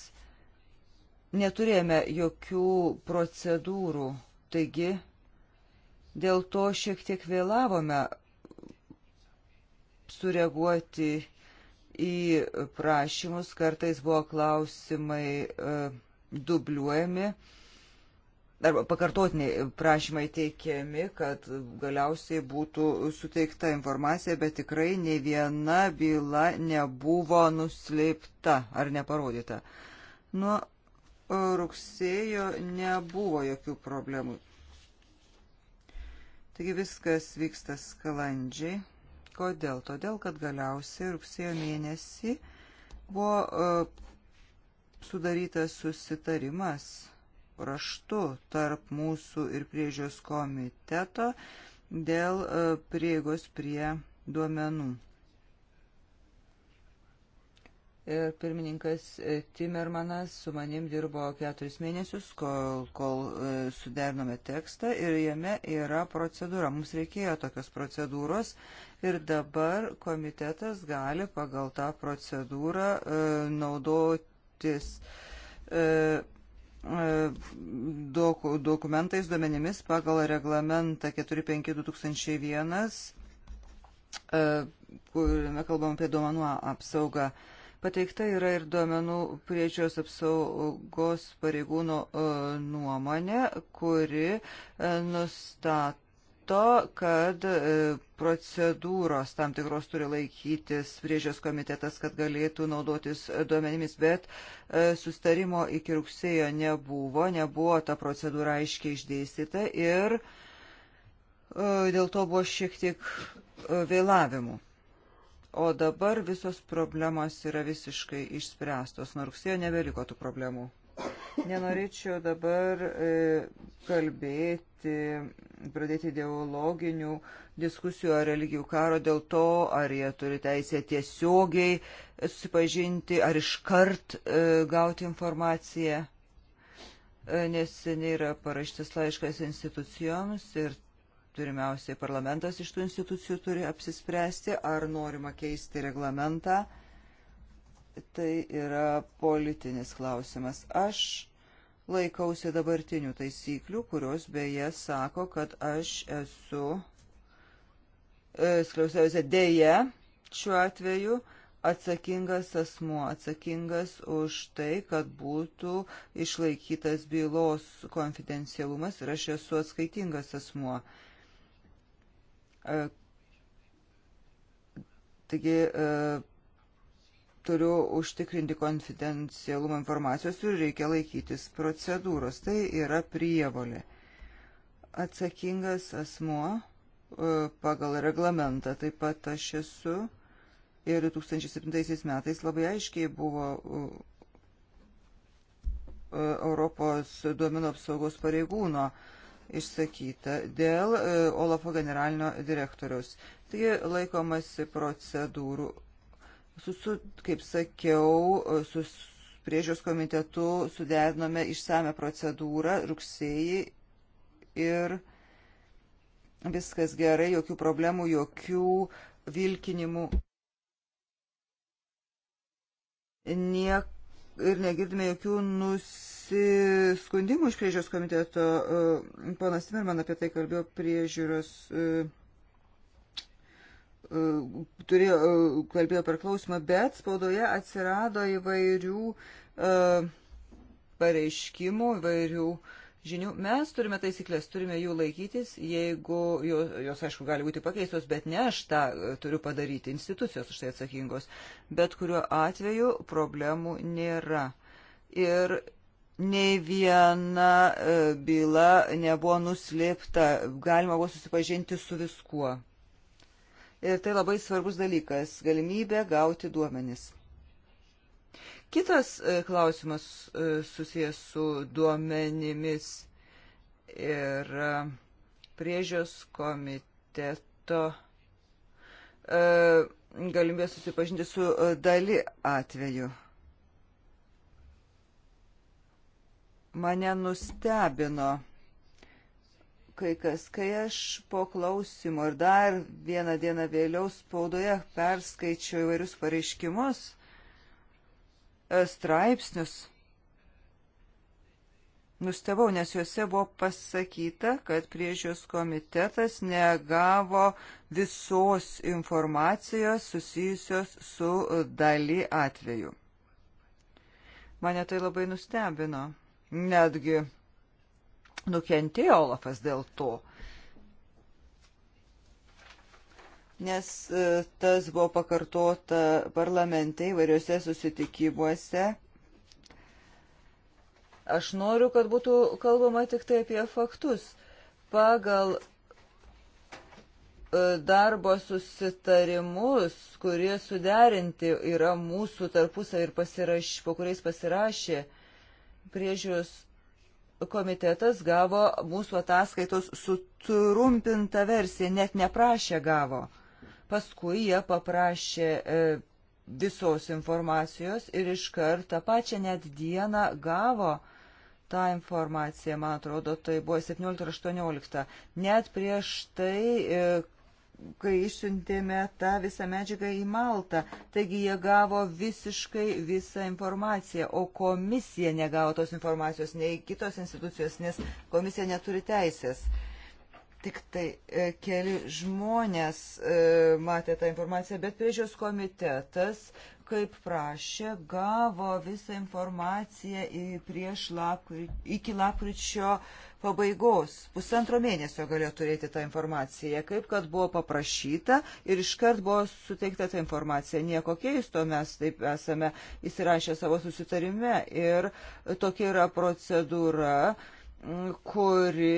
neturėjome jokių procedūrų, taigi dėl to šiek tiek vėlavome sureaguoti į prašymus, kartais buvo klausimai e, dubliuojami arba pakartotiniai prašymai teikiami, kad galiausiai būtų suteikta informacija, bet tikrai ne viena byla nebuvo nuslėpta ar neparodyta. Nuo rugsėjo nebuvo jokių problemų. Taigi viskas vyksta sklandžiai. Kodėl? Todėl, kad galiausiai rugsėjo mėnesį buvo e, sudarytas susitarimas raštu tarp mūsų ir priežios komiteto dėl e, prieigos prie duomenų. Ir e, pirmininkas e, Timermanas su manim dirbo keturis mėnesius, kol, kol e, sudernome tekstą ir jame yra procedūra. Mums reikėjo tokios procedūros ir dabar komitetas gali pagal tą procedūrą naudotis dokumentais, duomenimis pagal reglamentą 45201, kuriame kalbam apie duomenų apsaugą. Pateikta yra ir duomenų priečios apsaugos pareigūno e, nuomonė, kuri e, nustato kad e, procedūros tam tikros turi laikytis priežios komitetas, kad galėtų naudotis duomenimis, bet sustarimo iki rugsėjo nebuvo, nebuvo ta procedūra aiškiai išdėstyta ir dėl to buvo šiek tiek vėlavimų o dabar visos problemos yra visiškai išspręstos. Nuo rugsėjo nebeliko tų problemų. Nenorėčiau dabar e, kalbėti, pradėti ideologinių diskusijų ar religijų karo dėl to, ar jie turi teisę tiesiogiai susipažinti, ar iškart e, gauti informaciją. E, neseniai yra paraštis laiškas institucijoms ir pirmiausiai parlamentas iš tų institucijų turi apsispręsti, ar norima keisti reglamentą. Tai yra politinis klausimas. Aš laikausi dabartinių taisyklių, kurios beje sako, kad aš esu, e, skliausiausia, dėje šiuo atveju atsakingas asmuo, atsakingas už tai, kad būtų išlaikytas bylos konfidencialumas ir aš esu atskaitingas asmuo. E, E, taigi e, turiu užtikrinti konfidencialumą informacijos ir reikia laikytis procedūros. Tai yra prievolė. Atsakingas asmuo e, pagal reglamentą taip pat aš esu ir 2007 metais labai aiškiai buvo Europos duomenų apsaugos pareigūno uh, išsakyta dėl e, Olafo generalinio direktoriaus. Taigi laikomasi procedūrų. Su, su, kaip sakiau, e, su priežiūros komitetu suderinome išsame procedūrą rugsėjį ir viskas gerai, jokių problemų, jokių vilkinimų. Niek ir negirdime jokių nusiskundimų iš priežiūros komiteto. E, ponas Timerman apie tai kalbėjo priežiūros e, e, turėjo, kalbėjo per klausimą, bet spaudoje atsirado įvairių pareiškimų, įvairių uh, žinių. Mes turime taisyklės, turime jų laikytis, jeigu jos, jos aišku, gali būti pakeistos, bet ne aš tą e, turiu padaryti, institucijos už tai atsakingos. Bet kuriuo atveju problemų nėra. Ir nei viena e, byla nebuvo nuslėpta, galima buvo susipažinti su viskuo. Ir tai labai svarbus dalykas - galimybė gauti duomenis. Kitas e, klausimas e, susijęs su duomenimis ir priežios komiteto e, galimybė susipažinti su dali atveju. Mane nustebino kai kas, kai aš po klausimo ir dar vieną dieną vėliau spaudoje perskaičiau įvairius pareiškimus, straipsnius. Nustebau, nes juose buvo pasakyta, kad priežiūros komitetas negavo visos informacijos susijusios su daly atveju. Mane tai labai nustebino. Netgi nukentėjo Olafas dėl to. nes e, tas buvo pakartota parlamente įvairiuose susitikimuose. Aš noriu, kad būtų kalbama tik tai apie faktus. Pagal e, darbo susitarimus, kurie suderinti yra mūsų tarpusą ir pasiraš, po kuriais pasirašė priežiūros komitetas gavo mūsų ataskaitos sutrumpintą versiją, net neprašė gavo. Paskui jie paprašė e, visos informacijos ir iš karto pačią net dieną gavo tą informaciją, man atrodo, tai buvo 17-18. Net prieš tai, e, kai išsiuntėme tą visą medžiagą į Maltą. Taigi jie gavo visiškai visą informaciją, o komisija negavo tos informacijos, nei kitos institucijos, nes komisija neturi teisės Tik tai e, keli žmonės e, matė tą informaciją, bet priežiūros komitetas, kaip prašė, gavo visą informaciją prieš lapkri, iki lapkričio pabaigos. Pusantro mėnesio galėjo turėti tą informaciją, kaip kad buvo paprašyta ir iškart buvo suteikta ta informacija. Nieko keisto, mes taip esame įsirašę savo susitarime ir tokia yra procedūra, kuri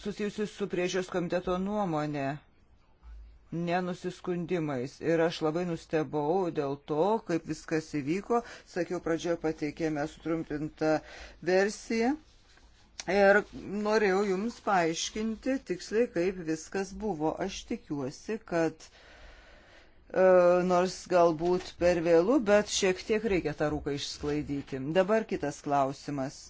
susijusi su priežios komiteto nuomonė, nenusiskundimais. Ir aš labai nustebau dėl to, kaip viskas įvyko. Sakiau, pradžioje pateikėme sutrumpintą versiją. Ir norėjau Jums paaiškinti tiksliai, kaip viskas buvo. Aš tikiuosi, kad e, nors galbūt per vėlų, bet šiek tiek reikia tą rūką išsklaidyti. Dabar kitas klausimas.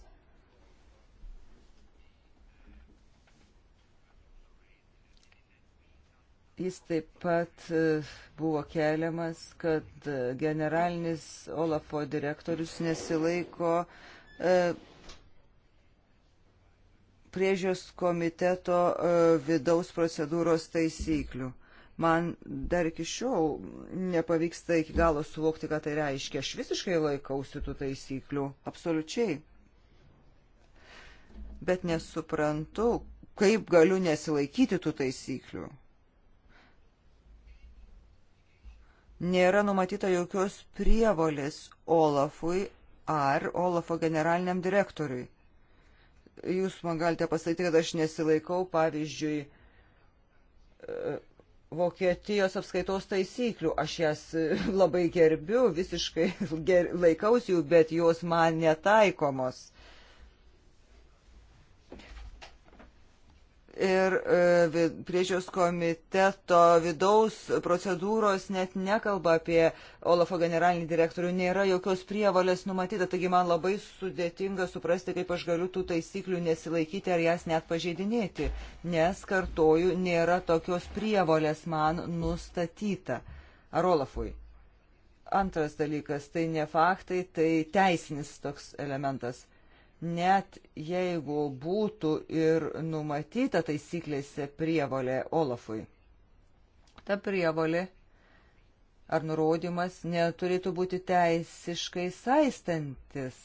Jis taip pat e, buvo keliamas, kad e, generalinis Olafo direktorius nesilaiko e, priežios komiteto vidaus procedūros taisyklių. Man dar iki šiol nepavyksta iki galo suvokti, ką tai reiškia. Aš visiškai laikausi tų taisyklių, absoliučiai. Bet nesuprantu, kaip galiu nesilaikyti tų taisyklių. nėra numatyta jokios prievolės Olafui ar Olafo generaliniam direktoriui. Jūs man galite pasakyti, kad aš nesilaikau, pavyzdžiui, e, Vokietijos apskaitos taisyklių. Aš jas e, labai gerbiu, visiškai ger, laikaus jų, bet jos man netaikomos. ir e, priežios komiteto vidaus procedūros net nekalba apie Olafo generalinį direktorių, nėra jokios prievalės numatyta, taigi man labai sudėtinga suprasti, kaip aš galiu tų taisyklių nesilaikyti ar jas net pažeidinėti, nes, kartoju, nėra tokios prievalės man nustatyta. Ar Olafui? Antras dalykas, tai ne faktai, tai teisinis toks elementas net jeigu būtų ir numatyta taisyklėse prievolė Olafui. Ta prievolė ar nurodymas neturėtų būti teisiškai saistantis.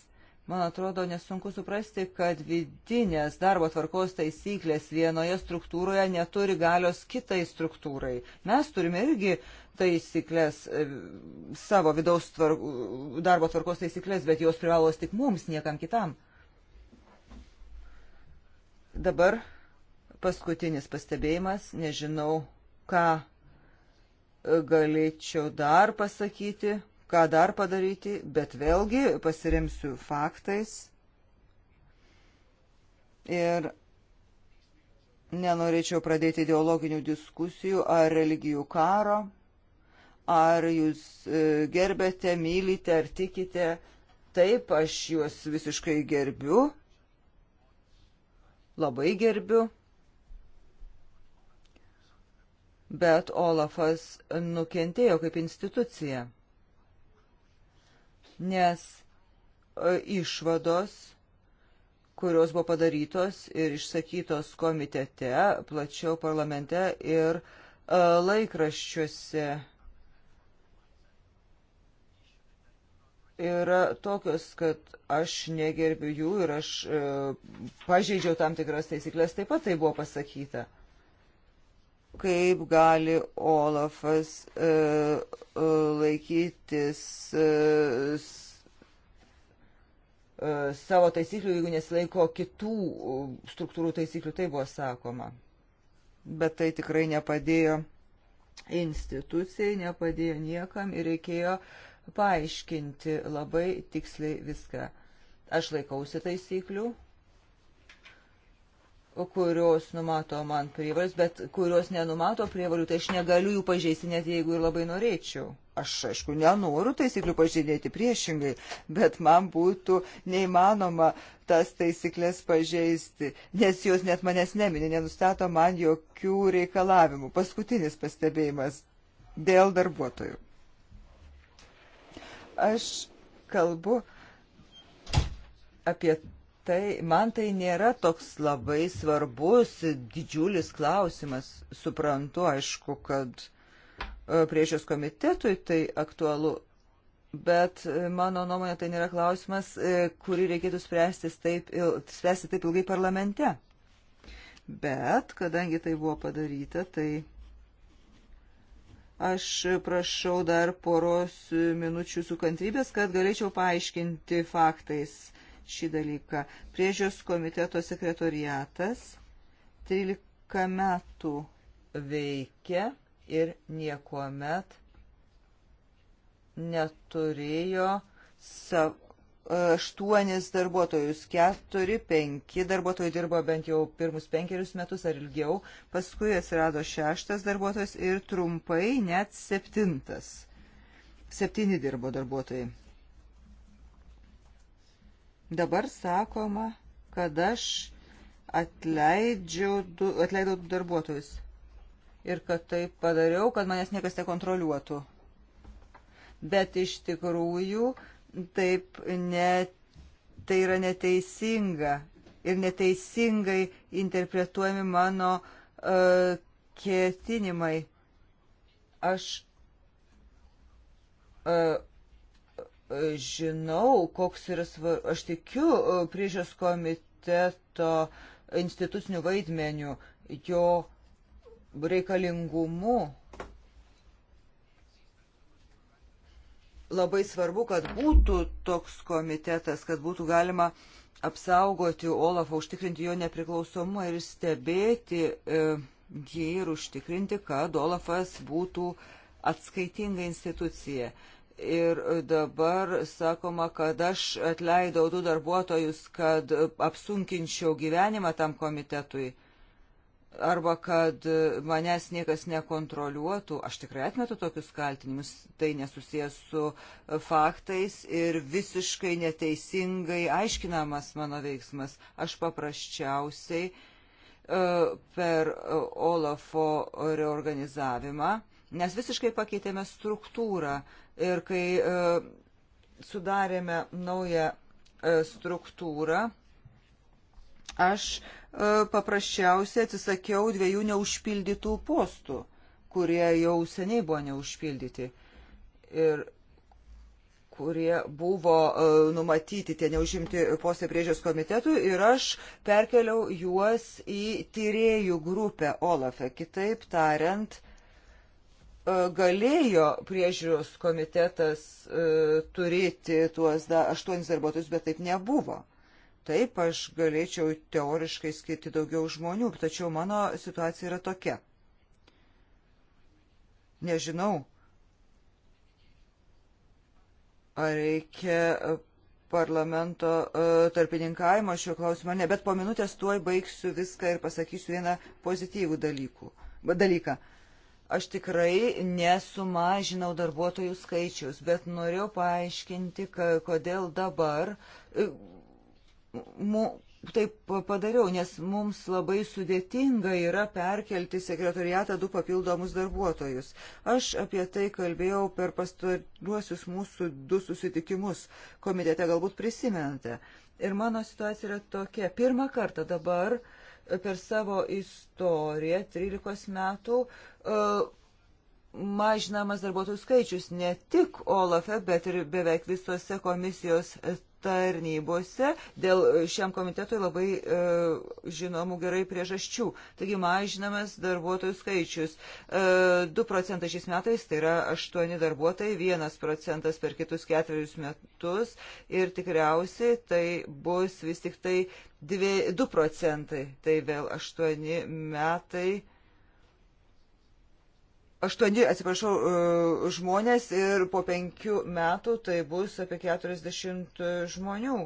Man atrodo, nesunku suprasti, kad vidinės darbo tvarkos taisyklės vienoje struktūroje neturi galios kitai struktūrai. Mes turime irgi taisyklės, e, savo vidaus tvark, darbo tvarkos taisyklės, bet jos privalos tik mums, niekam kitam. Dabar paskutinis pastebėjimas, nežinau, ką e, galėčiau dar pasakyti, ką dar padaryti, bet vėlgi pasiremsiu faktais ir nenorėčiau pradėti ideologinių diskusijų ar religijų karo, ar jūs e, gerbėte, mylite ar tikite. Taip, aš juos visiškai gerbiu labai gerbiu. Bet Olafas nukentėjo kaip institucija, nes e, išvados, kurios buvo padarytos ir išsakytos komitete, plačiau parlamente ir e, laikraščiuose yra tokios, kad aš negerbiu jų ir aš e, pažeidžiau tam tikras taisyklės, taip pat tai buvo pasakyta. Kaip gali Olafas e, e laikytis e, e savo taisyklių, jeigu nesilaiko kitų e, struktūrų taisyklių, tai buvo sakoma. Bet tai tikrai nepadėjo institucijai, nepadėjo niekam ir reikėjo uh, paaiškinti labai tiksliai viską. Aš laikausi taisyklių, kurios numato man prievalius, bet kurios nenumato prievalių, tai aš negaliu jų pažeisti, net jeigu ir labai norėčiau. Aš, aišku, nenoriu taisyklių pažeidėti priešingai, bet man būtų neįmanoma tas taisyklės pažeisti, nes jos net manęs neminė, nenustato man jokių reikalavimų. Paskutinis pastebėjimas dėl darbuotojų. Aš kalbu apie tai, man tai nėra toks labai svarbus, didžiulis klausimas. Suprantu, aišku, kad e, priežios komitetui tai aktualu, bet e, mano nuomonė tai nėra klausimas, e, kurį reikėtų spręsti taip, spręsti taip ilgai parlamente. Bet, kadangi tai buvo padaryta, tai Aš prašau dar poros minučių su kantrybės, kad galėčiau paaiškinti faktais šį dalyką. Priežios komiteto sekretoriatas 13 metų veikia ir niekuomet neturėjo savo aštuonis darbuotojus, keturi, penki darbuotojai dirbo bent jau pirmus penkerius metus ar ilgiau, paskui atsirado šeštas darbuotojas ir trumpai net septintas. Septyni dirbo darbuotojai. Dabar sakoma, kad aš atleidžiu, du, atleidau du darbuotojus ir kad tai padariau, kad manęs niekas nekontroliuotų. Bet iš tikrųjų taip ne, tai yra neteisinga ir neteisingai interpretuojami mano uh, ketinimai. Aš uh, žinau, koks yra svarbu, aš tikiu uh, priežios komiteto institucinių vaidmenių, jo reikalingumu labai svarbu, kad būtų toks komitetas, kad būtų galima apsaugoti Olafą, užtikrinti jo nepriklausomumą ir stebėti e, jį ir užtikrinti, kad Olafas būtų atskaitinga institucija. Ir dabar sakoma, kad aš atleidau du darbuotojus, kad apsunkinčiau gyvenimą tam komitetui arba kad manęs niekas nekontroliuotų, aš tikrai atmetu tokius kaltinimus, tai nesusijęs su faktais ir visiškai neteisingai aiškinamas mano veiksmas. Aš paprasčiausiai e, per Olafo reorganizavimą, nes visiškai pakeitėme struktūrą ir kai e, sudarėme naują e, struktūrą, Aš e, paprasčiausiai atsisakiau dviejų neužpildytų postų, kurie jau seniai buvo neužpildyti ir kurie buvo e, numatyti tie neužimti postai priežios komitetų ir aš perkeliau juos į tyriejų grupę Olafe. Kitaip tariant, e, galėjo priežiūros komitetas turėti tuos da, aštuonis darbuotojus, bet taip nebuvo. Taip, aš galėčiau teoriškai skirti daugiau žmonių, tačiau mano situacija yra tokia. Nežinau, ar reikia parlamento e, tarpininkavimo šiuo klausimu, ne, bet po minutės tuoj baigsiu viską ir pasakysiu vieną pozityvų dalykų, dalyką. Aš tikrai nesumažinau darbuotojų skaičius, bet norėjau paaiškinti, kodėl dabar e, taip padariau, nes mums labai sudėtinga yra perkelti sekretoriatą du papildomus darbuotojus. Aš apie tai kalbėjau per pastaruosius mūsų du susitikimus komitete, galbūt prisimenate. Ir mano situacija yra tokia. Pirmą kartą dabar e, per savo istoriją, 13 metų, uh, mažinamas darbuotojų skaičius ne tik OLAFE, bet ir beveik visose komisijos tarnybose dėl šiam komitetui labai e, žinomų gerai priežasčių. Taigi mažinamas darbuotojų skaičius. E, 2 procentai šiais metais, tai yra 8 darbuotojai, 1 procentas per kitus ketverius metus ir tikriausiai tai bus vis tik tai 2, 2 procentai, tai vėl 8 metai aštuoni, atsiprašau, e, žmonės ir po penkių metų tai bus apie 40 e, žmonių.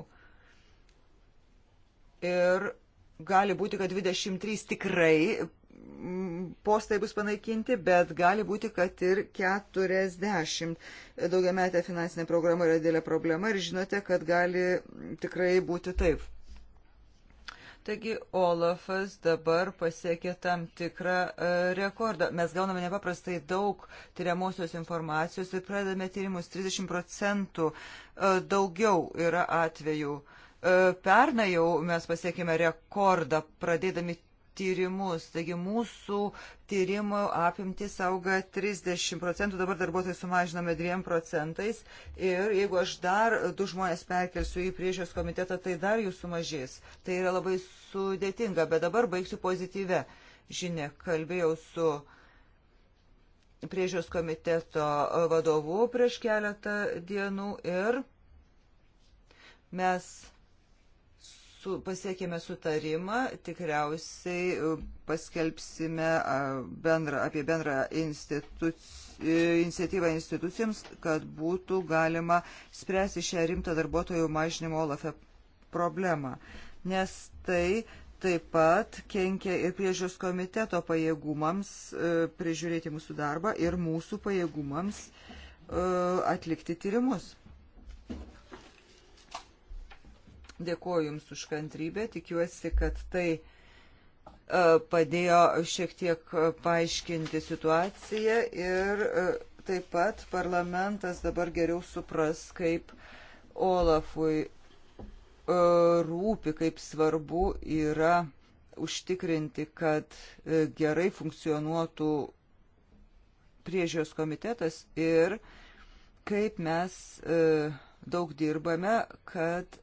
Ir gali būti, kad 23 tikrai postai bus panaikinti, bet gali būti, kad ir 40. Daugiametė finansinė programa yra didelė problema ir žinote, kad gali tikrai būti taip. Taigi Olafas dabar pasiekė tam tikrą e, rekordą. Mes gauname nepaprastai daug tyriamosios informacijos ir pradedame tyrimus 30 procentų e, daugiau yra atvejų. E, pernai jau mes pasiekėme rekordą, pradėdami tyrimus. Taigi mūsų tyrimų apimtis auga 30 procentų, dabar darbuotojai sumažiname 2 procentais. Ir jeigu aš dar du žmonės perkelsiu į priežios komitetą, tai dar jų sumažės. Tai yra labai sudėtinga, bet dabar baigsiu pozityvę žinę. Kalbėjau su priežios komiteto vadovu prieš keletą dienų ir mes su, pasiekėme sutarimą, tikriausiai e, paskelbsime bendra, apie bendrą instituc, e, iniciatyvą institucijoms, kad būtų galima spręsti šią rimtą darbuotojų mažinimo Olafe problemą. Nes tai taip pat kenkia ir priežiūros komiteto pajėgumams e, prižiūrėti mūsų darbą ir mūsų pajėgumams atlikti tyrimus. Dėkuoju Jums už kantrybę, tikiuosi, kad tai e, padėjo šiek tiek e, paaiškinti situaciją ir e, taip pat parlamentas dabar geriau supras, kaip Olafui rūpi, kaip svarbu yra užtikrinti, kad gerai funkcionuotų priežios komitetas ir kaip mes daug dirbame, kad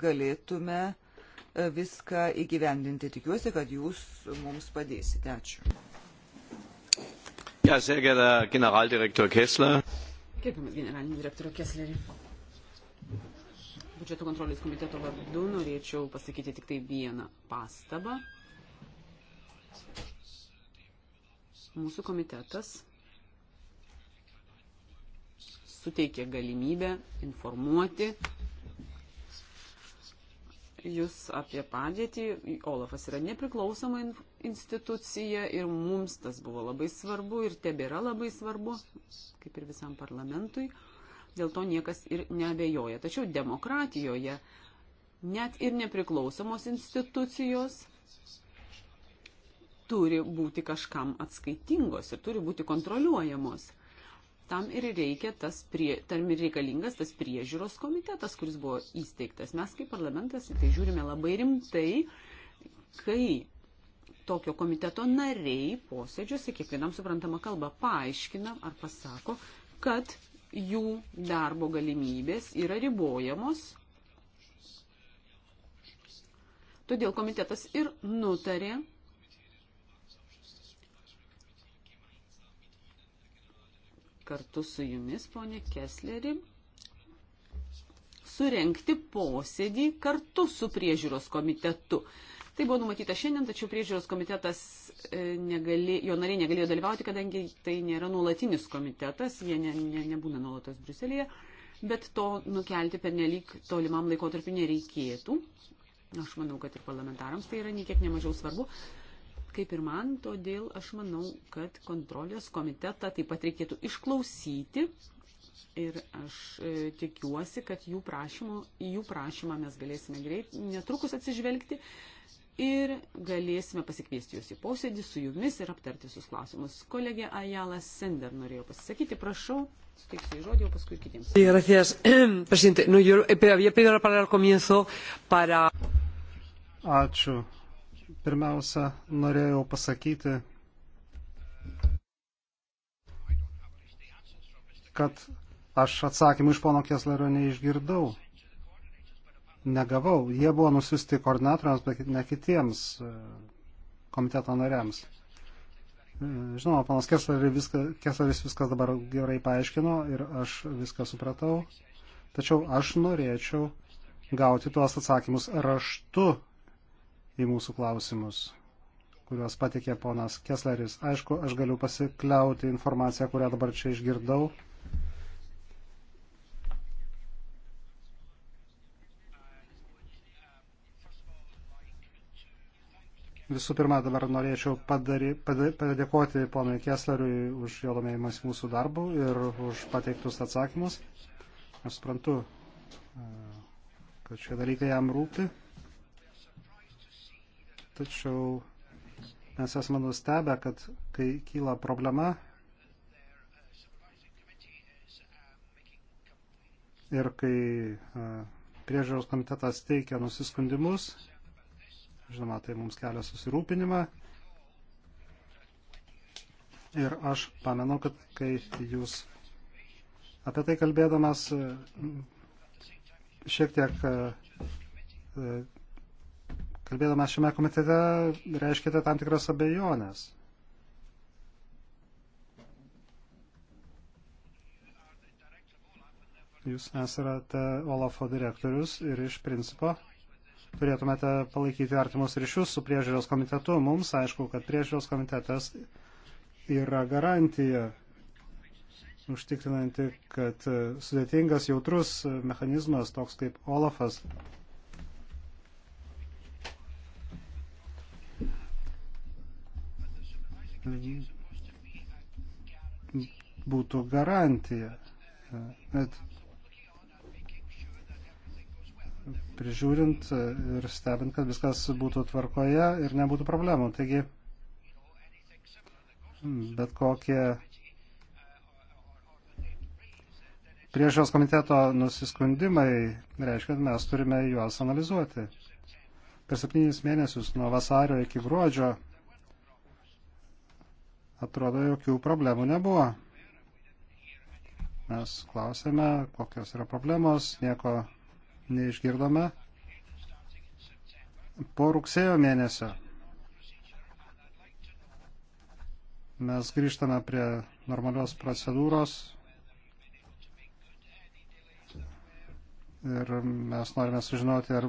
galėtume e, viską įgyvendinti. Tikiuosi, kad jūs mums padėsite. Ačiū. Ja, sehr geehrter Generaldirektor Kessler. Gerbiamas generalinio direktorio Kessleri. Budžeto kontrolės komiteto vardu norėčiau pasakyti tik tai vieną pastabą. Mūsų komitetas suteikė galimybę informuoti jūs apie padėtį. Olafas yra nepriklausoma institucija ir mums tas buvo labai svarbu ir tebėra labai svarbu, kaip ir visam parlamentui. Dėl to niekas ir neabejoja. Tačiau demokratijoje net ir nepriklausomos institucijos turi būti kažkam atskaitingos ir turi būti kontroliuojamos tam ir reikia tas prie, tam ir reikalingas tas priežiūros komitetas, kuris buvo įsteigtas. Mes kaip parlamentas į tai žiūrime labai rimtai, kai tokio komiteto nariai posėdžiuose kiekvienam suprantama kalba paaiškina ar pasako, kad jų darbo galimybės yra ribojamos. Todėl komitetas ir nutarė kartu su jumis, ponė Kesleri, surenkti posėdį kartu su priežiūros komitetu. Tai buvo numatyta šiandien, tačiau priežiūros komitetas, e, negali, jo nariai negalėjo dalyvauti, kadangi tai nėra nuolatinis komitetas, jie ne, ne, nebūna nuolatos Bruselėje, bet to nukelti per nelik tolimam laikotarpiu nereikėtų. Aš manau, kad ir parlamentarams tai yra niekiek nemažiau svarbu kaip ir man, todėl aš manau, kad kontrolės komitetą taip pat reikėtų išklausyti. Ir aš e, tikiuosi, kad jų, prašymo, jų prašymą mes galėsime greit, netrukus atsižvelgti ir galėsime pasikviesti jūs į posėdį su jumis ir aptarti visus klausimus. Kolegė Ajala Sender norėjo pasisakyti, prašau. Suteiksiu žodį, o paskui kitiems. Sí, gracias, presidente. No, yo eh, había pedido la palabra al comienzo para. Ačiū pirmiausia, norėjau pasakyti, kad aš atsakymų iš pono Keslerio neišgirdau. Negavau. Jie buvo nusiusti koordinatoriams, bet ne kitiems e, komiteto nariams. E, žinoma, panas Kesleris viską, Kesleris viskas dabar gerai paaiškino ir aš viską supratau. Tačiau aš norėčiau gauti tuos atsakymus raštu į mūsų klausimus, kuriuos patikė ponas Kesleris. Aišku, aš galiu pasikliauti informaciją, kurią dabar čia išgirdau. Visų pirma, dabar norėčiau padary, padėkoti ponui Kessleriui už jo domėjimas mūsų darbų ir už pateiktus atsakymus. Aš suprantu, e, kad šie dalykai jam rūpi tačiau mes esame nustebę, kad kai kyla problema ir kai priežiūros komitetas teikia nusiskundimus, žinoma, tai mums kelia susirūpinimą. Ir aš pamenu, kad kai jūs apie tai kalbėdamas šiek tiek kalbėdamas šiame komitete, reiškite tam tikras abejonės. Jūs esate Olafo direktorius ir iš principo turėtumėte palaikyti artimus ryšius su priežiūros komitetu. Mums aišku, kad priežiūros komitetas yra garantija užtikrinanti, kad sudėtingas, jautrus mechanizmas, toks kaip Olafas, būtų garantija. Net prižiūrint ir stebint, kad viskas būtų tvarkoje ir nebūtų problemų. Taigi, bet kokie priežiūros komiteto nusiskundimai reiškia, kad mes turime juos analizuoti. Per septynis mėnesius nuo vasario iki gruodžio atrodo, jokių problemų nebuvo. Mes klausėme, kokios yra problemos, nieko neišgirdome. Po rugsėjo mėnesio mes grįžtame prie normalios procedūros ir mes norime sužinoti, ar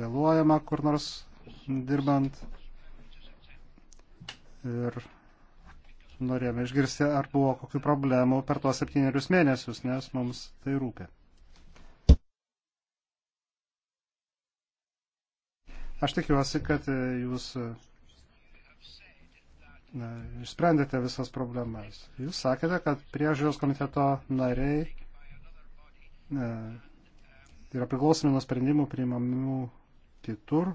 vėluojama kur nors dirbant. Ir norėjome išgirsti, ar buvo kokių problemų per tuos septynerius mėnesius, nes mums tai rūpia. Aš tikiuosi, kad jūs na, išsprendėte visas problemas. Jūs sakėte, kad priežiūros komiteto nariai na, yra priklausomi nuo sprendimų priimamų kitur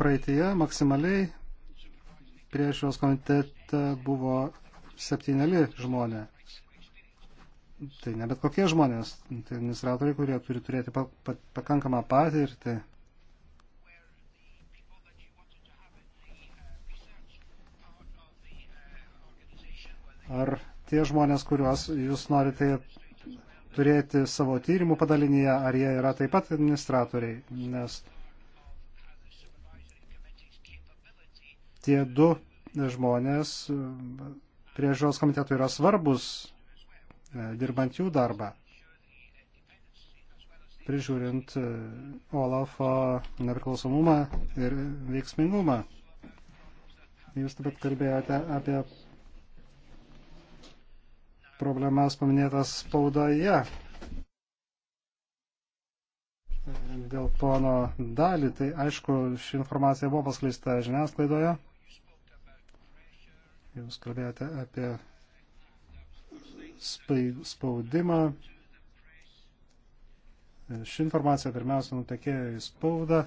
praeitie maksimaliai priežiūros komitete buvo septyneli žmonės. Tai ne bet kokie žmonės, tai administratoriai, kurie turi turėti pa, pa, pakankamą patirtį. Ar tie žmonės, kuriuos jūs norite turėti savo tyrimų padalinyje, ar jie yra taip pat administratoriai? Nes tie du žmonės priežiūros komitetui yra svarbus, e, dirbant jų darbą, prižiūrint e, Olafo nepriklausomumą ir veiksmingumą. Jūs taip pat kalbėjote apie problemas paminėtas spaudoje. Dėl pono dalį, tai aišku, ši informacija buvo paskleista žiniasklaidoje. Jūs kalbėjote apie spaudimą. Ši informacija pirmiausia nutekėjo į spaudą.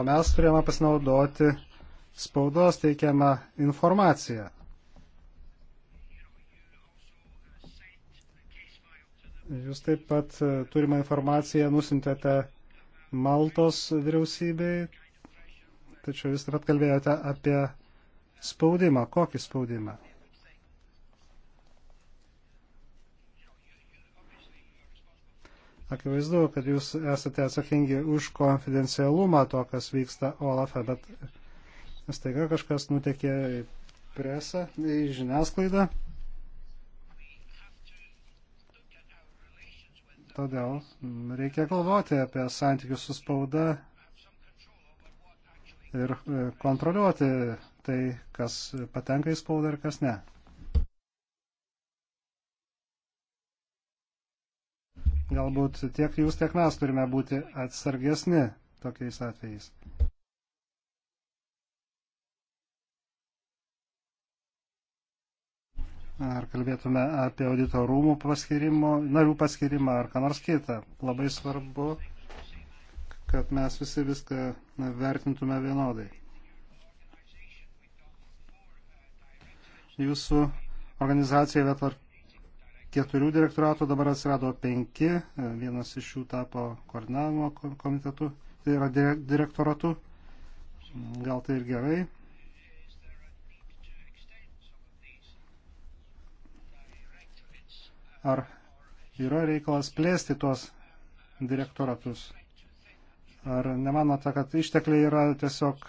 O mes turėjome pasinaudoti spaudos teikiamą informaciją Jūs taip pat e, turimą informaciją nusintėte Maltos vyriausybei, tačiau jūs taip pat kalbėjote apie spaudimą. Kokį spaudimą? Akivaizdu, kad jūs esate atsakingi už konfidencialumą to, kas vyksta Olafe, bet staiga kažkas nutekė į presą, į žiniasklaidą. Todėl reikia galvoti apie santykius su spauda ir e, kontroliuoti tai, kas patenka į spaudą ir kas ne. Galbūt tiek jūs, tiek mes turime būti atsargesni tokiais atvejais. ar kalbėtume apie audito rūmų paskirimo, narių paskirimą ar ką nors kitą. Labai svarbu, kad mes visi viską vertintume vienodai. Jūsų organizacija vietar keturių direktoratų, dabar atsirado penki, vienas iš jų tapo koordinavimo komitetu, tai yra direktoratu, gal tai ir gerai. ar yra reikalas plėsti tuos direktoratus. Ar nemanote, kad ištekliai yra tiesiog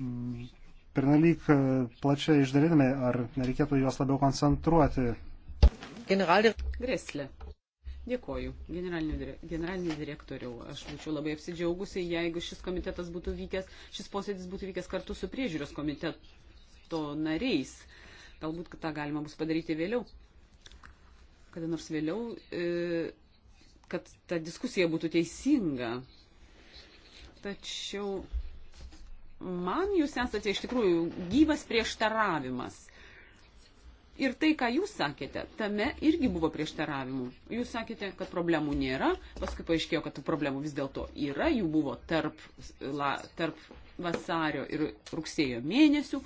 mm, pernelyg e, plačiai išdalinami, ar nereikėtų juos labiau koncentruoti? Generaldir... Greslė. Dėkoju, generalinį direktoriau. Aš būčiau labai apsidžiaugusi, jeigu šis komitetas būtų vykęs, šis posėdis būtų vykęs kartu su priežiūros komiteto nariais. Uh, Galbūt tą galima bus padaryti vėliau, kada nors vėliau, e, kad ta diskusija būtų teisinga. Tačiau man jūs esate iš tikrųjų gyvas prieštaravimas. Ir tai, ką jūs sakėte, tame irgi buvo prieštaravimų. Jūs sakėte, kad problemų nėra, paskui paaiškėjo, kad tų problemų vis dėlto yra, jų buvo tarp, la, tarp vasario ir rugsėjo mėnesių,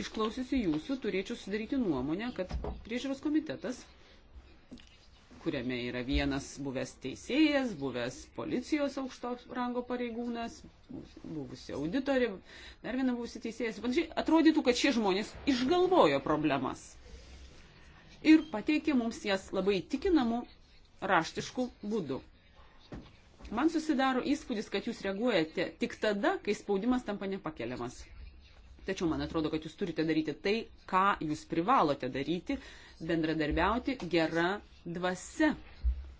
Išklausiusi jūsų, turėčiau sudaryti nuomonę, kad priežiūros komitetas, kuriame yra vienas buvęs teisėjas, buvęs policijos aukšto rango pareigūnas, buvusi auditorė, dar viena buvusi teisėjas, panašiai, atrodytų, kad šie žmonės išgalvojo problemas ir pateikė mums jas labai tikinamų raštiškų būdų. Man susidaro įspūdis, kad jūs reaguojate tik tada, kai spaudimas tampa nepakeliamas. Tačiau man atrodo, kad jūs turite daryti tai, ką jūs privalote daryti, bendradarbiauti gera dvasia.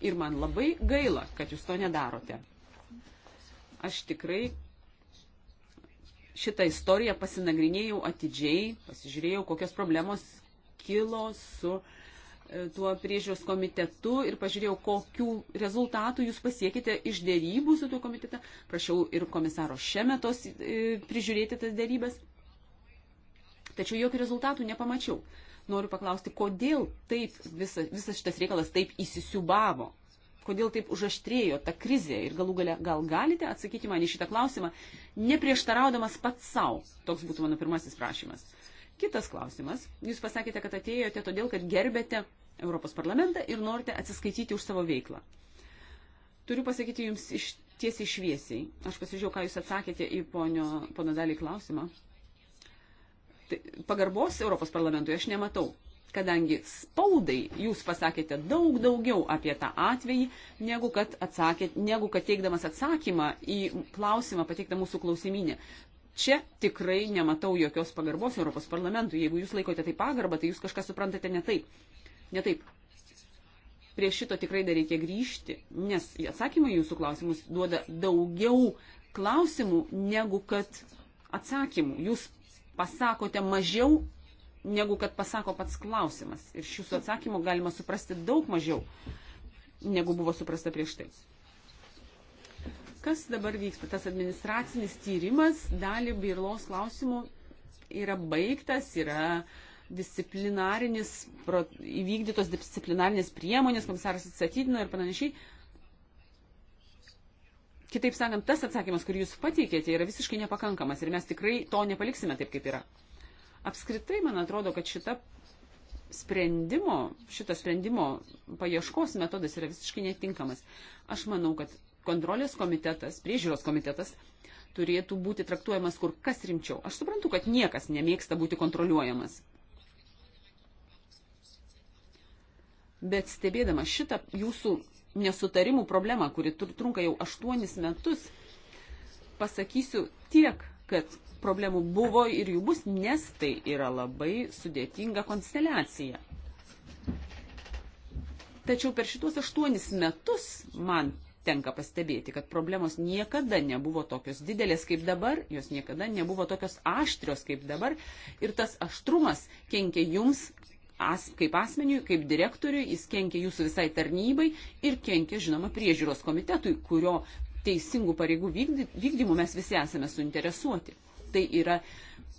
Ir man labai gaila, kad jūs to nedarote. Aš tikrai šitą istoriją pasinagrinėjau atidžiai, pasižiūrėjau, kokios problemos kilo su e, tuo priežiūros komitetu ir pažiūrėjau, kokių rezultatų jūs pasiekite iš dėrybų su tuo komitete. Prašiau ir komisaro Šemetos e, prižiūrėti tas dėrybas. Tačiau jokių rezultatų nepamačiau. Noriu paklausti, kodėl taip visa, visas šitas reikalas taip įsisiubavo, kodėl taip užaštrėjo ta krizė ir galų gale gal galite atsakyti man į šitą klausimą, neprieštaraudamas pats savo. Toks būtų mano pirmasis prašymas. Kitas klausimas. Jūs pasakėte, kad atėjote todėl, kad gerbėte Europos parlamentą ir norite atsiskaityti už savo veiklą. Turiu pasakyti jums iš, tiesiai šviesiai. Aš pasižiūrėjau, ką jūs atsakėte į ponio, pono dalį klausimą. Tai pagarbos Europos parlamentui aš nematau, kadangi spaudai jūs pasakėte daug daugiau apie tą atvejį, negu kad, atsakėt, negu kad teikdamas atsakymą į klausimą pateiktą mūsų klausimynę. Čia tikrai nematau jokios pagarbos Europos parlamentui. Jeigu jūs laikote tai pagarbą, tai jūs kažką suprantate ne taip. Ne taip. Prie šito tikrai dar reikia grįžti, nes atsakymai jūsų klausimus duoda daugiau klausimų, negu kad atsakymų. Jūs pasakote mažiau, negu kad pasako pats klausimas. Ir iš jūsų atsakymų galima suprasti daug mažiau, negu buvo suprasta prieš tai. Kas dabar vyksta? Tas administracinis tyrimas dalį bylos klausimų yra baigtas, yra disciplinarinis, įvykdytos disciplinarinės priemonės, komisaras atsakydino ir panašiai. Kitaip sakant, tas atsakymas, kurį jūs pateikėte, yra visiškai nepakankamas ir mes tikrai to nepaliksime taip, kaip yra. Apskritai, man atrodo, kad šita sprendimo, šito sprendimo paieškos metodas yra visiškai netinkamas. Aš manau, kad kontrolės komitetas, priežiūros komitetas turėtų būti traktuojamas kur kas rimčiau. Aš suprantu, kad niekas nemėgsta būti kontroliuojamas. Bet stebėdama šitą jūsų nesutarimų problemą, kuri trunka jau aštuonis metus, pasakysiu tiek, kad problemų buvo ir jų bus, nes tai yra labai sudėtinga konsteliacija. Tačiau per šitos aštuonis metus man tenka pastebėti, kad problemos niekada nebuvo tokios didelės kaip dabar, jos niekada nebuvo tokios aštrios kaip dabar ir tas aštrumas kenkia jums as, kaip asmeniui, kaip direktoriui, jis kenkia jūsų visai tarnybai ir kenkia, žinoma, priežiūros komitetui, kurio teisingų pareigų vykdymų mes visi esame suinteresuoti. Tai yra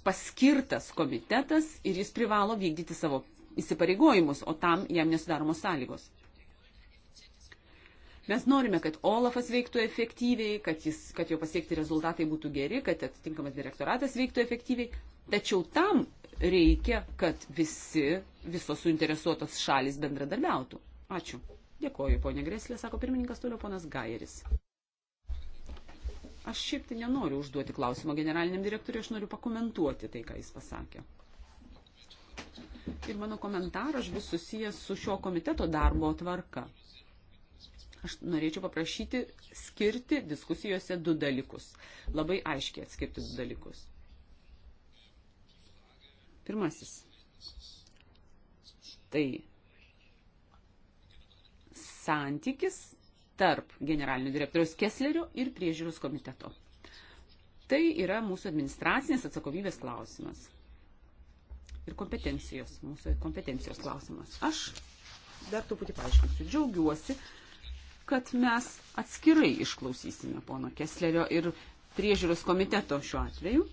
paskirtas komitetas ir jis privalo vykdyti savo įsipareigojimus, o tam jam nesudaromos sąlygos. Mes norime, kad Olafas veiktų efektyviai, kad, jis, kad jo pasiekti rezultatai būtų geri, kad atitinkamas direktoratas veiktų efektyviai. Tačiau tam reikia, kad visi, visos suinteresuotos šalis bendradarbiautų. Ačiū. Dėkoju, ponė Greslė, sako pirmininkas toliau ponas Gairis. Aš šiaip tai nenoriu užduoti klausimą generaliniam direktoriui, aš noriu pakomentuoti tai, ką jis pasakė. Ir mano komentaras bus susijęs su šio komiteto darbo tvarka. Aš norėčiau paprašyti skirti diskusijose du dalykus. Labai aiškiai atskirti du dalykus. Pirmasis. Tai santykis tarp generalinio direktoriaus Keslerio ir priežiūros komiteto. Tai yra mūsų administracinės atsakomybės klausimas. Ir kompetencijos, mūsų kompetencijos klausimas. Aš dar truputį paaiškinsiu. Džiaugiuosi, kad mes atskirai išklausysime pono Keslerio ir priežiūros komiteto šiuo atveju.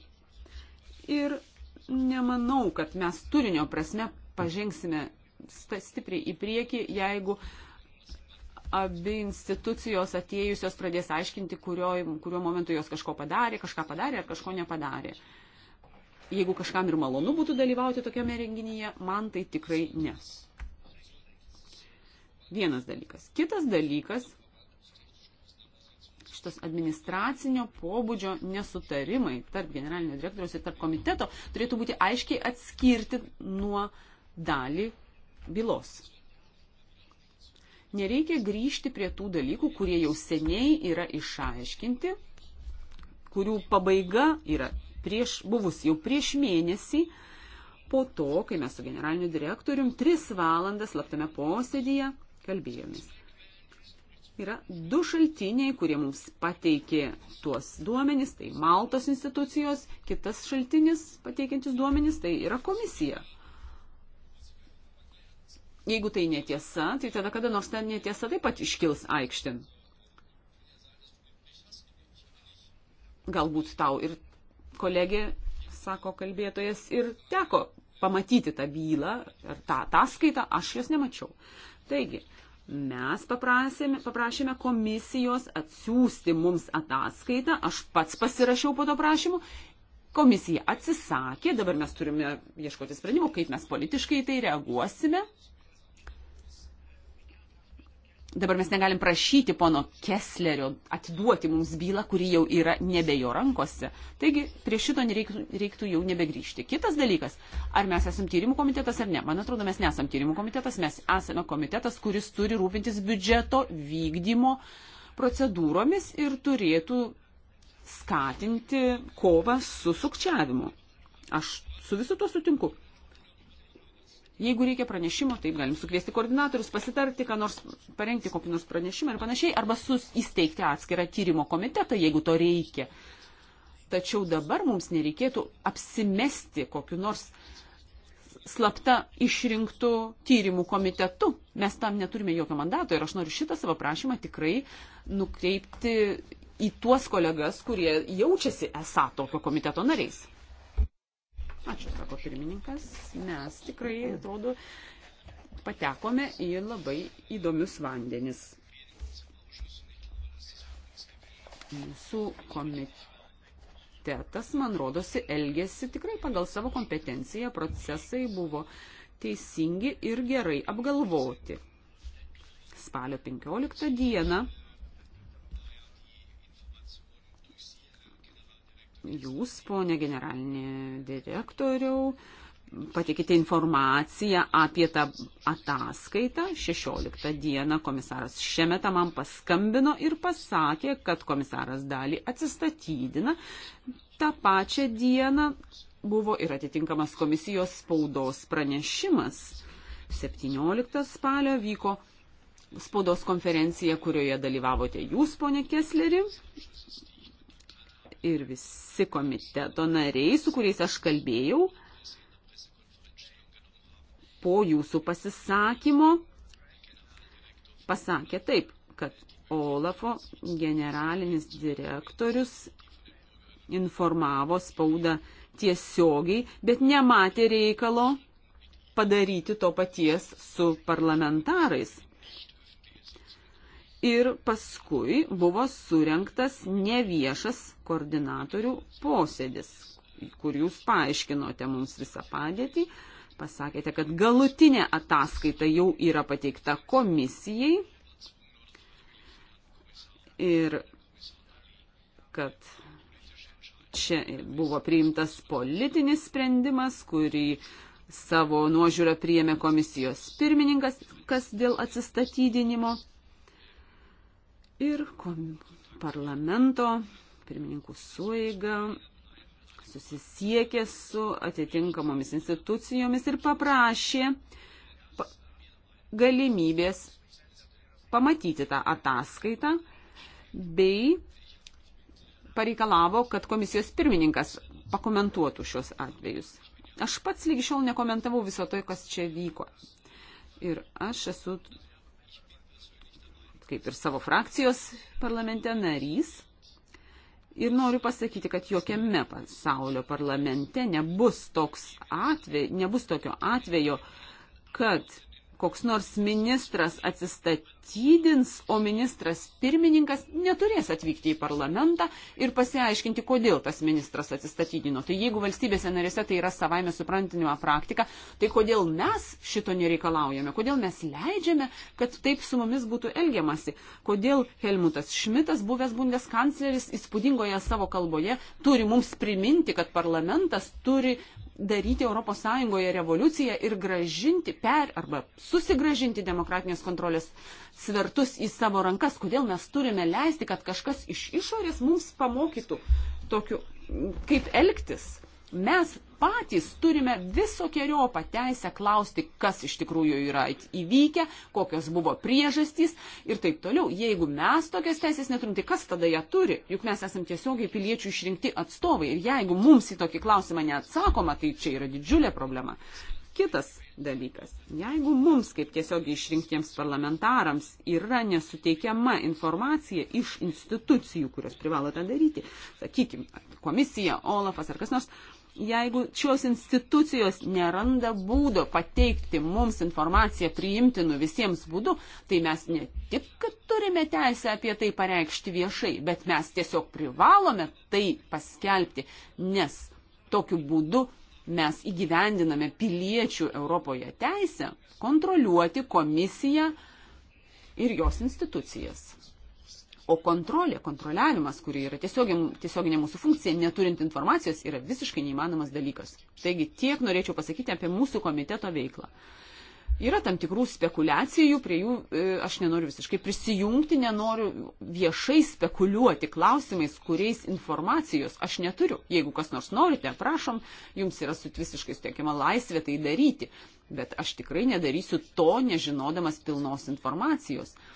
Ir nemanau, kad mes turinio prasme pažengsime stipriai į priekį, jeigu abi institucijos atėjusios pradės aiškinti, kurio, kurio momentu jos kažko padarė, kažką padarė ar kažko nepadarė. Jeigu kažkam ir malonu būtų dalyvauti tokiame renginyje, man tai tikrai nes. Vienas dalykas. Kitas dalykas šitas administracinio pobūdžio nesutarimai tarp generalinio direktoriaus ir tarp komiteto turėtų būti aiškiai atskirti nuo dalį bylos. Nereikia grįžti prie tų dalykų, kurie jau seniai yra išaiškinti, kurių pabaiga yra prieš, buvus jau prieš mėnesį, po to, kai mes su generaliniu direktorium tris valandas slaptame posėdėje kalbėjomės. Yra du šaltiniai, kurie mums pateikė tuos duomenys, tai Maltos institucijos, kitas šaltinis pateikiantis duomenys, tai yra komisija. Jeigu tai netiesa, tai tada kada nors ten netiesa taip pat iškils aikštin. Galbūt tau ir kolegė, sako kalbėtojas, ir teko pamatyti tą bylą ar tą ataskaitą, aš jos nemačiau. Taigi, mes paprasėme, paprašėme komisijos atsiųsti mums ataskaitą, aš pats pasirašiau po to prašymu, komisija atsisakė, dabar mes turime ieškoti sprendimų, kaip mes politiškai tai reaguosime, dabar mes negalim prašyti pono Kesslerio atiduoti mums bylą, kuri jau yra nebe jo rankose. Taigi prie šito nereiktų, reiktų jau nebegrįžti. Kitas dalykas, ar mes esame tyrimų komitetas ar ne. Man atrodo, mes nesame tyrimų komitetas, mes esame komitetas, kuris turi rūpintis biudžeto vykdymo procedūromis ir turėtų skatinti kovą su sukčiavimu. Aš su visu to sutinku. Jeigu reikia pranešimo, taip galim sukviesti koordinatorius, pasitarti, ką nors parengti kokį nors pranešimą ir panašiai, arba įsteigti atskirą tyrimo komitetą, jeigu to reikia. Tačiau dabar mums nereikėtų apsimesti kokiu nors slapta išrinktų tyrimų komitetu. Mes tam neturime jokio mandato ir aš noriu šitą savo prašymą tikrai nukreipti į tuos kolegas, kurie jaučiasi esą tokio komiteto nariais. Ačiū, sako pirmininkas. Mes tikrai, atrodo, patekome į labai įdomius vandenis. Mūsų komitetas, man rodosi, elgėsi tikrai pagal savo kompetenciją, procesai buvo teisingi ir gerai apgalvoti. Spalio 15 dieną jūs, ponė generalinė direktoriau, patikite informaciją apie tą ataskaitą. 16 dieną komisaras Šemeta man paskambino ir pasakė, kad komisaras dalį atsistatydina. Ta pačia diena buvo ir atitinkamas komisijos spaudos pranešimas. 17 spalio vyko spaudos konferencija, kurioje dalyvavote jūs, ponė Kesleri, ir visi komiteto nariai, su kuriais aš kalbėjau, po jūsų pasisakymo pasakė taip, kad Olafo generalinis direktorius informavo spaudą tiesiogiai, bet nematė reikalo padaryti to paties su parlamentarais. Ir paskui buvo surinktas neviešas koordinatorių posėdis, kur jūs paaiškinote mums visą padėtį, pasakėte, kad galutinė ataskaita jau yra pateikta komisijai ir kad čia buvo priimtas politinis sprendimas, kurį savo nuožiūrą priėmė komisijos pirmininkas, kas dėl atsistatydinimo ir parlamento pirmininkų suiga susisiekė su atitinkamomis institucijomis ir paprašė galimybės pamatyti tą ataskaitą bei pareikalavo, kad komisijos pirmininkas pakomentuotų šios atvejus. Aš pats lygi šiol nekomentavau viso to, kas čia vyko. Ir aš esu, kaip ir savo frakcijos parlamente narys, Ir noriu pasakyti, kad jokiame pasaulio parlamente nebus, toks atvej, nebus tokio atvejo, kad koks nors ministras atsistatydins, o ministras pirmininkas neturės atvykti į parlamentą ir pasiaiškinti, kodėl tas ministras atsistatydino. Tai jeigu valstybėse narėse tai yra savaime suprantinima praktika, tai kodėl mes šito nereikalaujame, kodėl mes leidžiame, kad taip su mumis būtų elgiamasi, kodėl Helmutas Šmitas, buvęs bundeskancleris, įspūdingoje savo kalboje turi mums priminti, kad parlamentas turi daryti ES revoliuciją ir gražinti per arba susigražinti demokratinės kontrolės svertus į savo rankas. Kodėl mes turime leisti, kad kažkas iš išorės mums pamokytų tokiu, kaip elgtis. Mes patys turime visokiojopą teisę klausti, kas iš tikrųjų yra įvykę, kokios buvo priežastys ir taip toliau. Jeigu mes tokias teisės neturim, tai kas tada ją turi? Juk mes esame tiesiogiai piliečių išrinkti atstovai ir jeigu mums į tokį klausimą neatsakoma, tai čia yra didžiulė problema. Kitas dalykas. Jeigu mums, kaip tiesiogiai išrinktiems parlamentarams, yra nesuteikiama informacija iš institucijų, kurios privalo tą daryti, sakykime, komisija, Olafas ar kas nors, jeigu šios institucijos neranda būdo pateikti mums informaciją priimtinu visiems būdu, tai mes ne tik, kad turime teisę apie tai pareikšti viešai, bet mes tiesiog privalome tai paskelbti, nes tokiu būdu mes įgyvendiname piliečių Europoje teisę kontroliuoti komisiją ir jos institucijas. O kontrolė, kontroliavimas, kuri yra tiesioginė, tiesioginė mūsų funkcija, neturint informacijos, yra visiškai neįmanomas dalykas. Taigi tiek norėčiau pasakyti apie mūsų komiteto veiklą. Yra tam tikrų spekulacijų, prie jų e, aš nenoriu visiškai prisijungti, nenoriu viešai spekuliuoti klausimais, kuriais informacijos aš neturiu. Jeigu kas nors norite, prašom, jums yra sut visiškai suteikiama laisvė tai daryti, bet aš tikrai nedarysiu to, nežinodamas pilnos informacijos. Uh,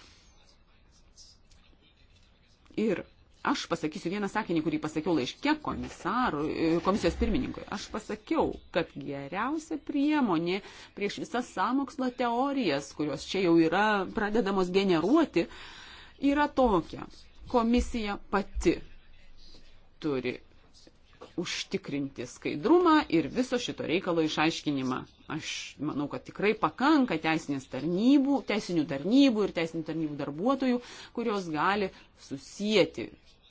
Ir aš pasakysiu vieną sakinį, kurį pasakiau laiške komisarui, e, komisijos pirmininkui. Aš pasakiau, kad geriausia priemonė prieš visas samokslo teorijas, kurios čia jau yra pradedamos generuoti, yra tokia. Komisija pati turi užtikrinti skaidrumą ir viso šito reikalo išaiškinimą. Aš manau, kad tikrai pakanka tarnybų, teisinių tarnybų ir teisinių tarnybų darbuotojų, kurios gali susijęti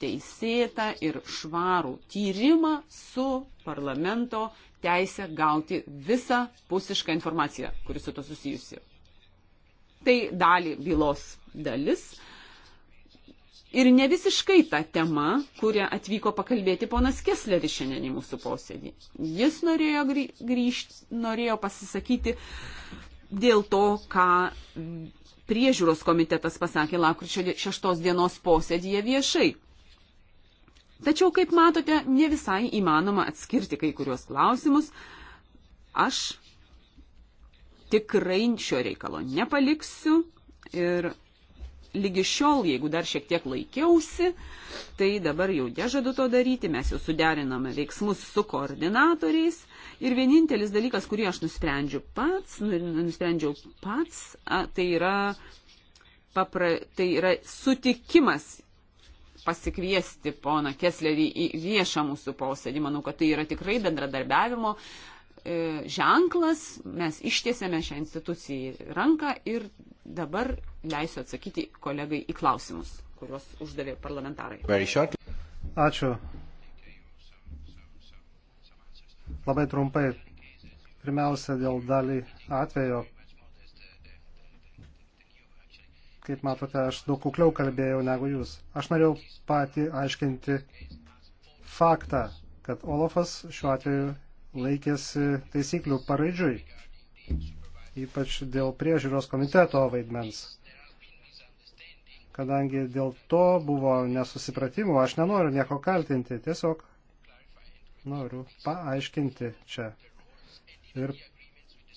teisėtą ir švarų tyrimą su parlamento teisę gauti visą pusišką informaciją, kuri su to susijusi. Tai dalį bylos dalis ir ne visiškai tą temą, kurią atvyko pakalbėti ponas Kesleris šiandien į mūsų posėdį. Jis norėjo, grįžti, norėjo pasisakyti dėl to, ką priežiūros komitetas pasakė lakryčio 6 dienos posėdėje viešai. Tačiau, kaip matote, ne visai įmanoma atskirti kai kurios klausimus. Aš tikrai šio reikalo nepaliksiu ir lygi šiol, jeigu dar šiek tiek laikiausi, tai dabar jau nežadu to daryti, mes jau suderiname veiksmus su koordinatoriais ir vienintelis dalykas, kurį aš nusprendžiu pats, nu, nusprendžiau pats, a, tai, yra papra, tai yra sutikimas pasikviesti poną Keslerį į viešą mūsų posėdį. Manau, kad tai yra tikrai bendradarbiavimo e, ženklas, mes ištiesėme šią instituciją ranką ir Dabar leisiu atsakyti kolegai į klausimus, kuriuos uždavė parlamentarai. Ačiū. Labai trumpai. Pirmiausia, dėl dalį atvejo. Kaip matote, aš daug kukliau kalbėjau negu jūs. Aš norėjau patį aiškinti faktą, kad Olafas šiuo atveju laikėsi taisyklių paraidžiui ypač dėl priežiūros komiteto vaidmens. Kadangi dėl to buvo nesusipratimų, aš nenoriu nieko kaltinti, tiesiog noriu paaiškinti čia ir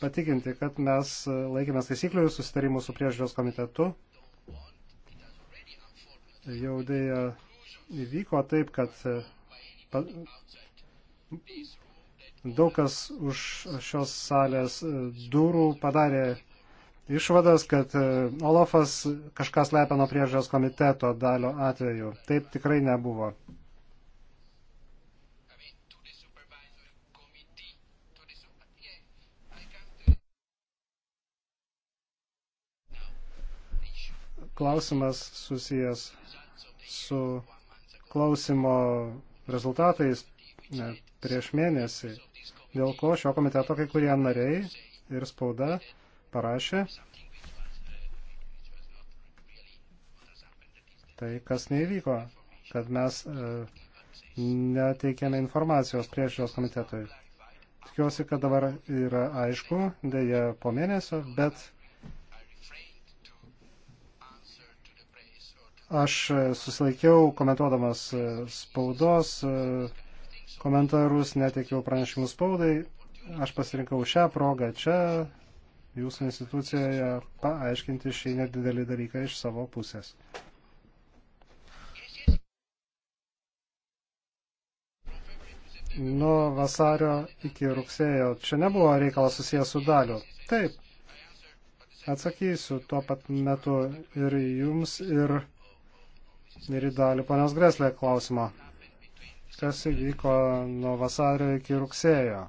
patikinti, kad mes laikėmės taisyklių susitarimų su priežiūros komitetu. Jau dėja įvyko taip, kad Daug kas už šios salės e, durų padarė išvadas, kad e, Olafas kažkas lepia nuo priežiūros komiteto dalio atveju. Taip tikrai nebuvo. klausimas susijęs su klausimo rezultatais e, prieš mėnesį dėl ko šio komiteto kai kurie nariai ir spauda parašė tai, kas neįvyko, kad mes e, neteikėme informacijos priežiūros komitetui. Tikiuosi, kad dabar yra aišku, dėja po mėnesio, bet aš susilaikiau komentuodamas e, spaudos e, komentarus, neteikiau pranešimus spaudai. Aš pasirinkau šią progą čia, jūsų institucijoje, paaiškinti šį nedidelį dalyką iš savo pusės. Nuo vasario iki rugsėjo. Čia nebuvo reikalas susijęs su daliu. Taip. Atsakysiu tuo pat metu ir jums, ir, ir į dalį ponios Greslė klausimą kas įvyko nuo vasario iki rugsėjo.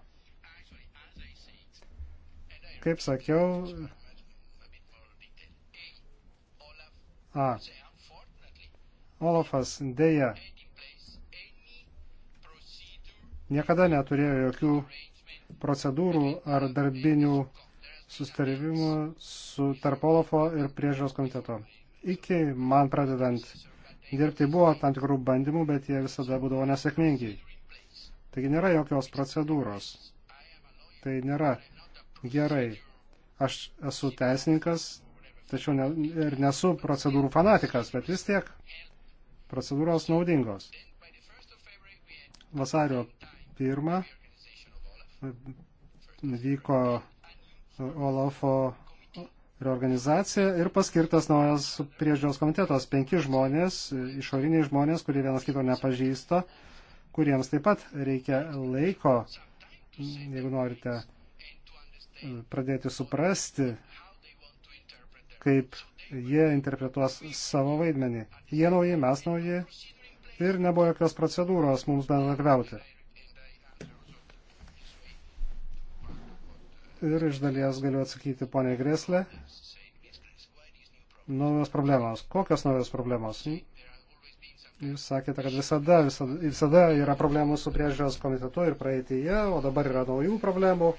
Kaip sakiau, A. Olafas dėja niekada neturėjo jokių procedūrų ar darbinių sustarimų su tarp Olafo ir priežiūros komiteto. Iki man pradedant dirbti. Buvo tam tikrų bandymų, bet jie visada būdavo nesėkmingi. Taigi nėra jokios procedūros. Tai nėra gerai. Aš esu teisininkas, tačiau ne, ir nesu procedūrų fanatikas, bet vis tiek procedūros naudingos. Vasario 1 vyko Olafo reorganizacija ir paskirtas naujas priežiūros komitetas. Penki žmonės, išoriniai žmonės, kurie vienas kito nepažįsta, kuriems taip pat reikia laiko, jeigu norite e, pradėti suprasti, kaip jie interpretuos savo vaidmenį. Jie nauji, mes nauji ir nebuvo jokios procedūros mums bendradarbiauti. ir iš dalies galiu atsakyti ponė Greslė. Naujos problemos. Kokios naujos problemos? Jūs sakėte, kad visada, visada, visada yra problemų su priežiūros komitetu ir praeitėje, o dabar yra naujų problemų.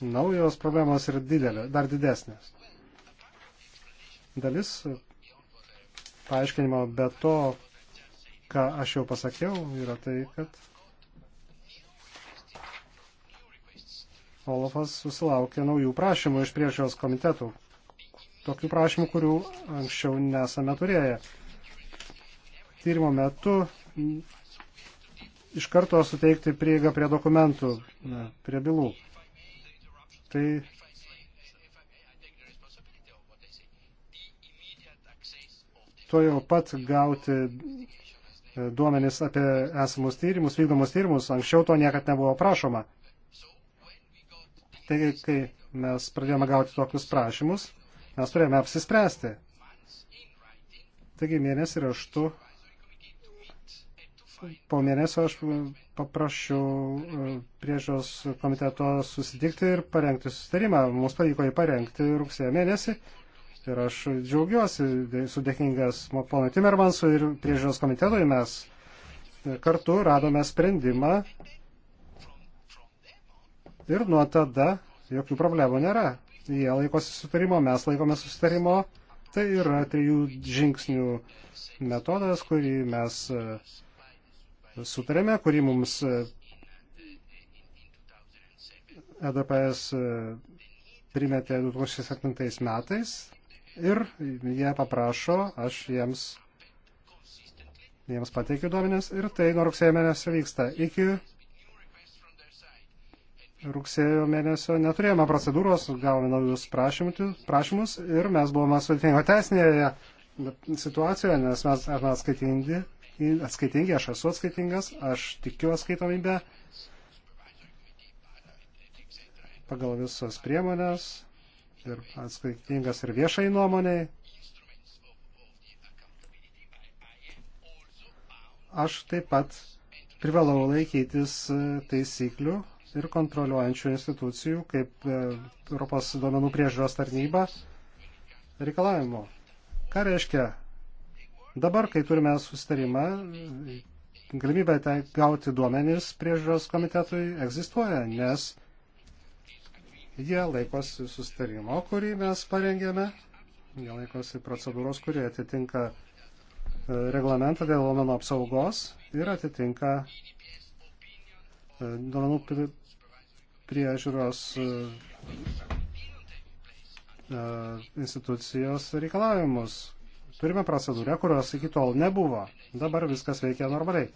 naujos problemos ir didelė, dar didesnės. Dalis paaiškinimo, bet to, ką aš jau pasakiau, yra tai, kad Olafas susilaukė naujų prašymų iš priežiūros komitetų. Tokių prašymų, kurių anksčiau nesame turėję. Tyrimo metu iš karto suteikti prieigą prie dokumentų, prie bylų. Tai to jau pat gauti e, duomenis apie esamus tyrimus, vykdomus tyrimus. Anksčiau to niekad nebuvo prašoma. Taigi, kai mes pradėjome gauti tokius prašymus, mes turėjome apsispręsti. Taigi, mėnesį raštu, po mėnesio aš paprašiau e, priežios komiteto susitikti ir parengti susitarimą. Mums pavyko jį parengti rugsėjo mėnesį Ir aš džiaugiuosi, sudėkingas ponui Timermansui ir priežiūros komitetui mes kartu radome sprendimą ir nuo tada jokių problemų nėra. Jie laikosi sutarimo, mes laikome sutarimo. Tai yra trijų žingsnių metodas, kurį mes e, sutarėme, kurį mums EDPS e e, primetė 2007 metais ir jie paprašo, aš jiems, jiems pateikiu duomenis ir tai nuo rugsėjo mėnesio vyksta. Iki rugsėjo mėnesio neturėjome procedūros, gavome naujus prašymus ir mes buvome sudėtingo teisinėje situacijoje, nes mes esame atskaitingi, atskaitingi, aš esu atskaitingas, aš tikiu atskaitomybę pagal visas priemonės, ir atskaitingas ir viešai nuomoniai. Aš taip pat privalau laikytis e, taisyklių ir kontroliuojančių institucijų, kaip e, Europos duomenų priežiūros tarnyba, reikalavimo. Ką reiškia? Dabar, kai turime susitarimą, galimybė tai gauti duomenys priežiūros komitetui egzistuoja, nes Jie laikosi sustarimo, kurį mes parengėme, jie laikosi procedūros, kurie atitinka e, reglamentą dėl duomenų apsaugos ir atitinka e, duomenų priežiūros e, institucijos reikalavimus. Turime procedūrę, kurios iki tol nebuvo. Dabar viskas veikia normaliai.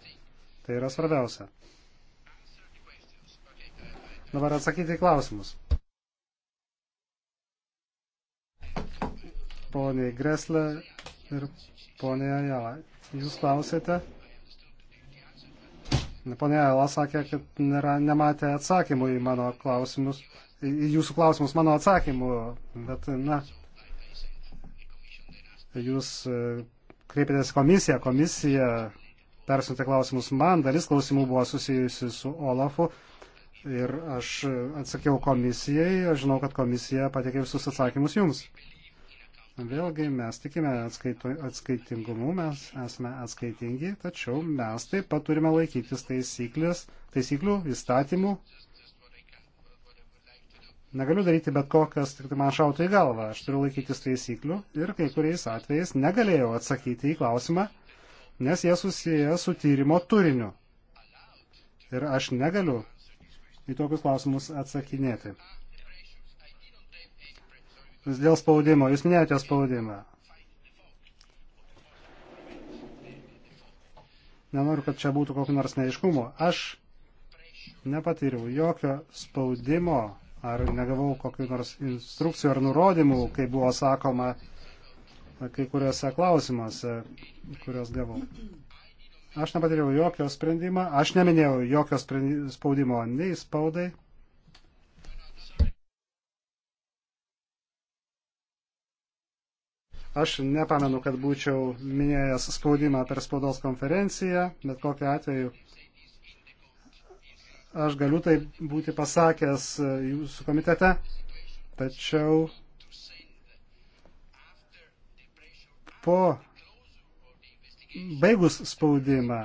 Tai yra svarbiausia. Dabar atsakyti į klausimus. poniai Gresle ir poniai Ajala. Jūs klausėte? Pone Ajala sakė, kad nėra, nematė atsakymų į mano klausimus, į jūsų klausimus mano atsakymų, bet, na, jūs e, kreipėtės komisiją, komisija persiuntė klausimus man, dalis klausimų buvo susijusi su Olafu ir aš atsakiau komisijai, aš žinau, kad komisija patikė visus atsakymus jums. Vėlgi mes tikime atskaito, atskaitingumu, mes esame atskaitingi, tačiau mes taip pat turime laikytis taisyklių, įstatymų. Negaliu daryti bet ko, kas tik tai man šautų į galvą. Aš turiu laikytis taisyklių ir kai kuriais atvejais negalėjau atsakyti į klausimą, nes jie susiję su tyrimo turiniu. Ir aš negaliu į tokius klausimus atsakinėti. Dėl spaudimo. Jūs minėjote spaudimą. Nenoriu, kad čia būtų kokiu nors neiškumu. Aš nepatyriau jokio spaudimo ar negavau kokiu nors instrukcijų ar nurodymų, kaip buvo sakoma kai kuriuose klausimuose, kuriuos gavau. Aš nepatyriau jokio sprendimą, aš neminėjau jokio spaudimo nei spaudai, Aš nepamenu, kad būčiau minėjęs spaudimą per spaudos konferenciją, bet kokiu atveju aš galiu tai būti pasakęs e, jūsų komitete, tačiau po baigus spaudimą,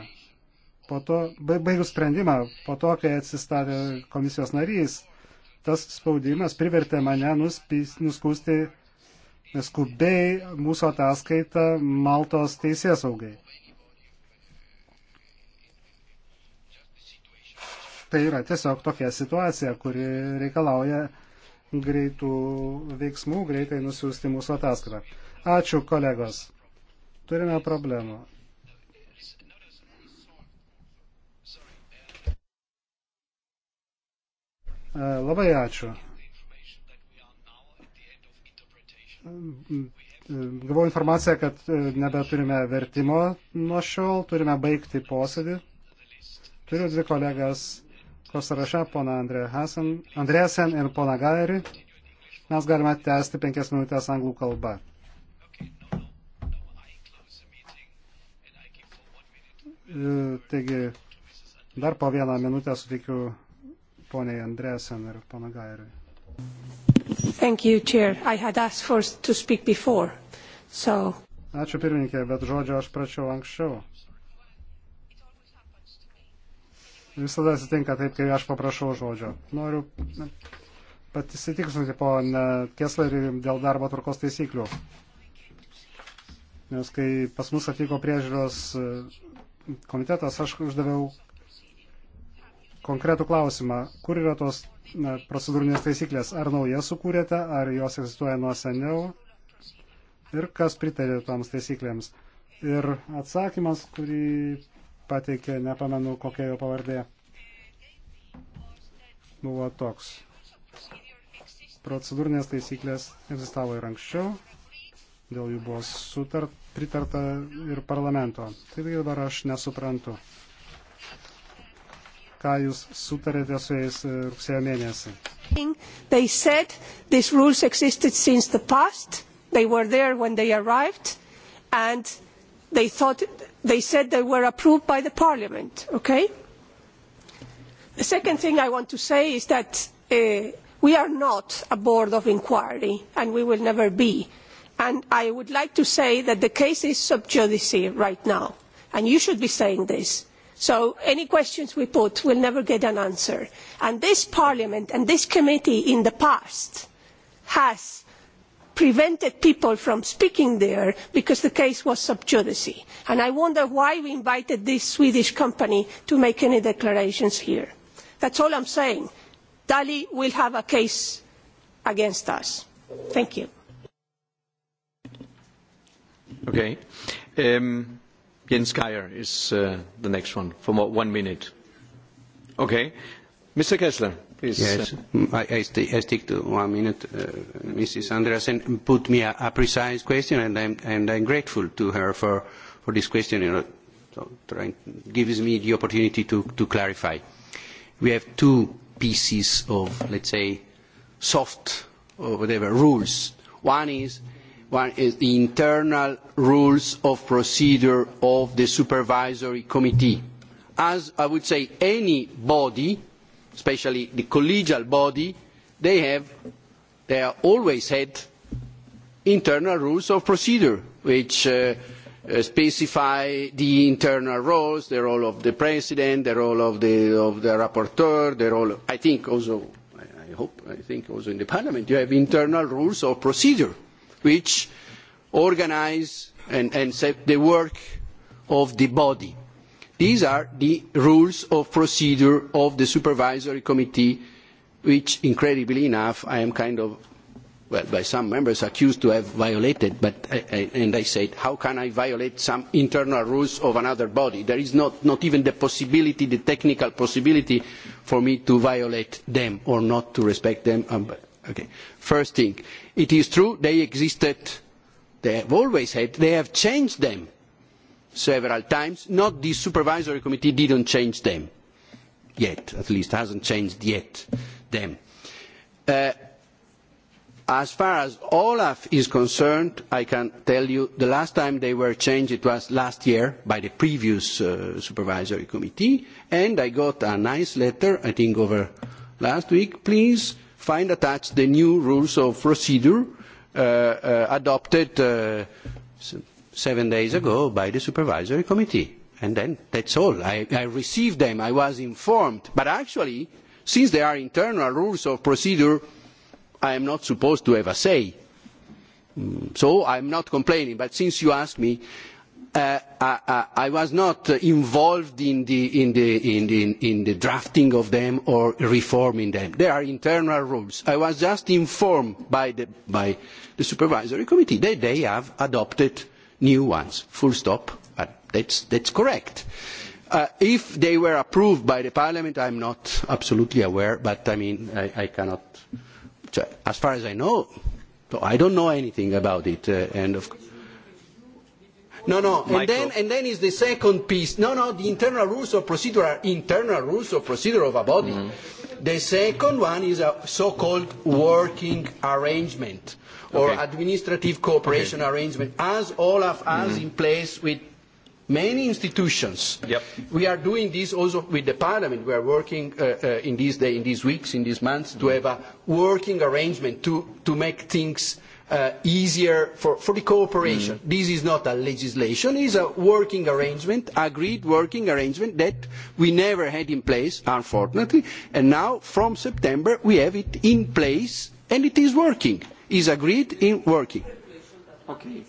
po to, baigus sprendimą, po to, kai atsistatė komisijos narys, tas spaudimas privertė mane nuspys, nuskūsti skubiai mūsų ataskaitą Maltos teisės saugai. Tai yra tiesiog tokia situacija, kuri reikalauja greitų veiksmų, greitai nusiųsti mūsų ataskaitą. Ačiū, kolegos. Turime problemų. E, labai ačiū. gavau informaciją, kad e, nebeturime vertimo nuo šiol, turime baigti posėdį. Turiu dvi kolegas Kosaraše, pona Andrėsen ir pona Gairį. Mes galime tęsti penkias minutės anglų kalbą. E, taigi, dar po vieną minutę suteikiu poniai Andrėsen ir pana Gairiui. Thank you, Chair. I had asked for to speak before, so... Ačiū pirmininkė, bet žodžio aš prašiau anksčiau. Visada atsitinka taip, kai aš paprašau žodžio. Noriu patisitiksinti po Keslerį dėl darbo tvarkos taisyklių. Nes kai pas mus atvyko priežiūros e, komitetas, aš uždaviau konkretų klausimą, kur yra tos procedūrinės taisyklės, ar naujas sukūrėte, ar jos egzistuoja nuo seniau ir kas pritarė toms taisyklėms. Ir atsakymas, kurį pateikė, nepamenu kokia jo pavardė, buvo toks. Procedūrinės taisyklės egzistavo ir anksčiau, dėl jų buvo sutart, pritarta ir parlamento. Tai dabar aš nesuprantu ką jūs sutarėte su jais rugsėjo mėnesį. They said these rules existed since the past. They were there when they arrived and they thought they said they were approved by the parliament, okay? The second thing I want to say is that uh, we are not a board of inquiry and we will never be. And I would like to say that the case is sub judice right now. And you should be saying this So any questions we put will never get an answer. And this Parliament and this committee in the past has prevented people from speaking there because the case was sub judice. And I wonder why we invited this Swedish company to make any declarations here. That's all I'm saying. Dali will have a case against us. Thank you. Okay. Um, Jens Geier is uh, the next one for more, one minute. Okay. Mr. Kessler, please. Yes, uh. I, I, st I stick to one minute. Uh, Mrs. Andreasen put me a, a precise question, and I'm, and I'm grateful to her for, for this question. You know, so trying, gives me the opportunity to, to clarify. We have two pieces of, let's say, soft or whatever rules. One is One is the internal rules of procedure of the supervisory committee. As I would say, any body, especially the collegial body, they have, they have always had internal rules of procedure, which uh, Uh, specify the internal roles, the role of the president, the role of the, of the rapporteur, the role, of, I think also, I, I hope, I think also in the parliament, you have internal rules of procedure. Uh, which organize and, and set the work of the body. These are the rules of procedure of the supervisory committee, which, incredibly enough, I am kind of, well, by some members accused to have violated, but, I, I, and I said, how can I violate some internal rules of another body? There is not, not even the possibility, the technical possibility for me to violate them or not to respect them. Um, but, okay. First thing It is true they existed, they have always had, they have changed them several times. Not the supervisory committee didn't change them yet, at least hasn't changed yet them. Uh, as far as Olaf is concerned, I can tell you the last time they were changed, it was last year by the previous uh, supervisory committee, and I got a nice letter, I think over last week, please uh, find attached the new rules of procedure uh, uh, adopted uh, seven days ago by the supervisory committee. And then that's all. I, I received them. I was informed. But actually, since they are internal rules of procedure, I am not supposed to have a say. Mm, so I'm not complaining. But since you asked me, uh, Uh, I, I was not involved in the, in, the, in, the, in the drafting of them or reforming them. They are internal rules. I was just informed by the, by the supervisory committee that they have adopted new ones. Full stop. But uh, that's, that's correct. Uh, if they were approved by the parliament, I'm not absolutely aware, but I mean, I, I cannot, as far as I know, I don't know anything about it. Uh, and of course, No, no. Micro. And then, and then is the second piece. No, no. The internal rules of procedure are internal rules of procedure of a body. Mm-hmm. The second one is a so-called working arrangement or okay. administrative cooperation okay. arrangement, as Olaf has mm-hmm. in place with many institutions. Yep. We are doing this also with the Parliament. We are working uh, uh, in these days, in these weeks, in these months, mm-hmm. to have a working arrangement to, to make things uh, easier for, for the cooperation. Mm. This is not a legislation, it's a working arrangement, agreed working arrangement that we never had in place, unfortunately, and now from September we have it in place and it is working, is agreed in working. Okay.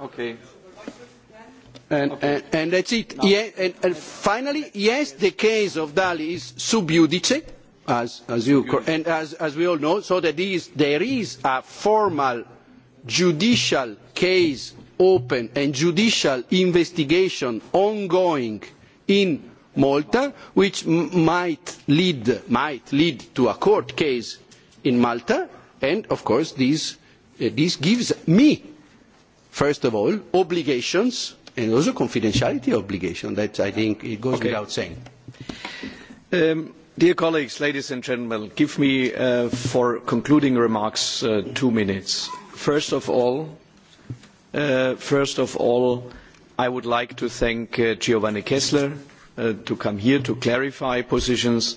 Okay. And, okay. and, and that's it. No. Yeah, and, and finally, yes, the case of Dali is sub judice As, as you, and as, as we all know, so that is, there is a formal judicial case open and judicial investigation ongoing in Malta, which might lead, might lead to a court case in Malta. And of course, this, uh, this gives me, first of all, obligations and also confidentiality obligation that I think it goes okay. without saying. Um, Dear colleagues, ladies and gentlemen, give me uh, for concluding remarks uh, two minutes. First of all, uh, first of all, I would like to thank uh, Giovanni Kessler uh, to come here to clarify positions,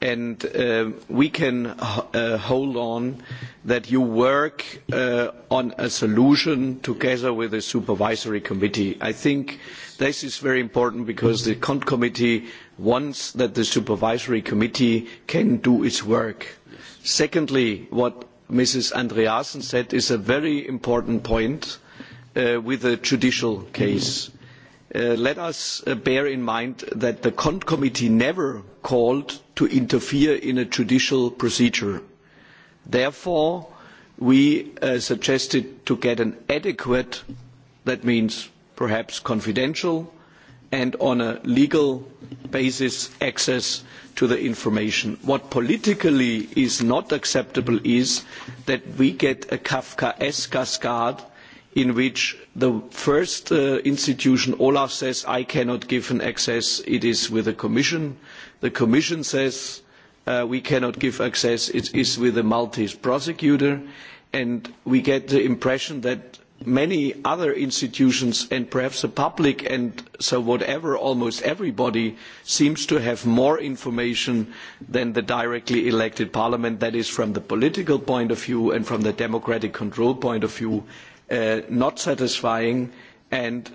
and uh, we can uh, hold on that you work uh, on a solution together with the supervisory committee. I think this is very important because the Cont committee once that the supervisory committee can do its work. Secondly, what Mrs. Andreasen said is a very important point uh, with the judicial case. Mm-hmm. Uh, let us uh, bear in mind that the Cont Committee never called to interfere in a judicial procedure. Therefore, we uh, suggested to get an adequate, that means perhaps confidential, and on a legal basis access to the information. What politically is not acceptable is that we get a Kafkaesque cascade in which the first uh, institution, Olaf, says, I cannot give an access, it is with the Commission. The Commission says, uh, we cannot give access, it is with the Maltese prosecutor. And we get the impression that many other institutions and perhaps the public and so whatever almost everybody seems to have more information than the directly elected parliament that is from the political point of view and from the democratic control point of view uh, not satisfying and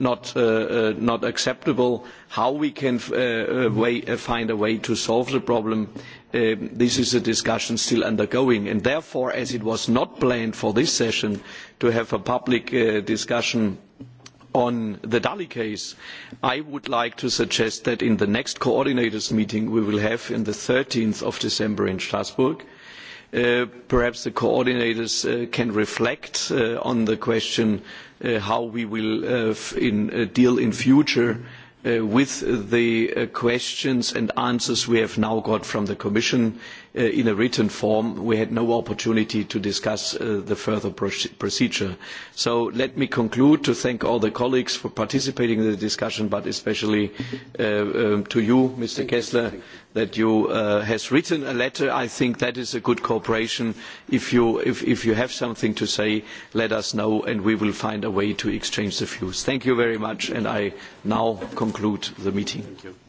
not uh, uh, not acceptable how we can uh, uh way, uh, find a way to solve the problem uh, Uh, this is a discussion still undergoing. And therefore, as it was not planned for this session to have a public uh, discussion on the Dali case, I would like to suggest that in the next coordinators meeting we will have in the 13th of December in Strasbourg, uh, perhaps the coordinators uh, can reflect uh, on the question uh, how we will uh, in, uh, deal in future uh, uh, with the uh, questions and answers we have now got from the Commission. Uh, uh, in a written form, we had no opportunity to discuss uh, the further procedure. So let me conclude to thank all the colleagues for participating in the discussion, but especially uh, um, to you, Mr. Thank Kessler, you. that you uh, has written a letter. I think that is a good cooperation. If you, if, if you have something to say, let us know, and we will find a way to exchange the views. Thank you very much, and I now conclude the meeting. Thank you.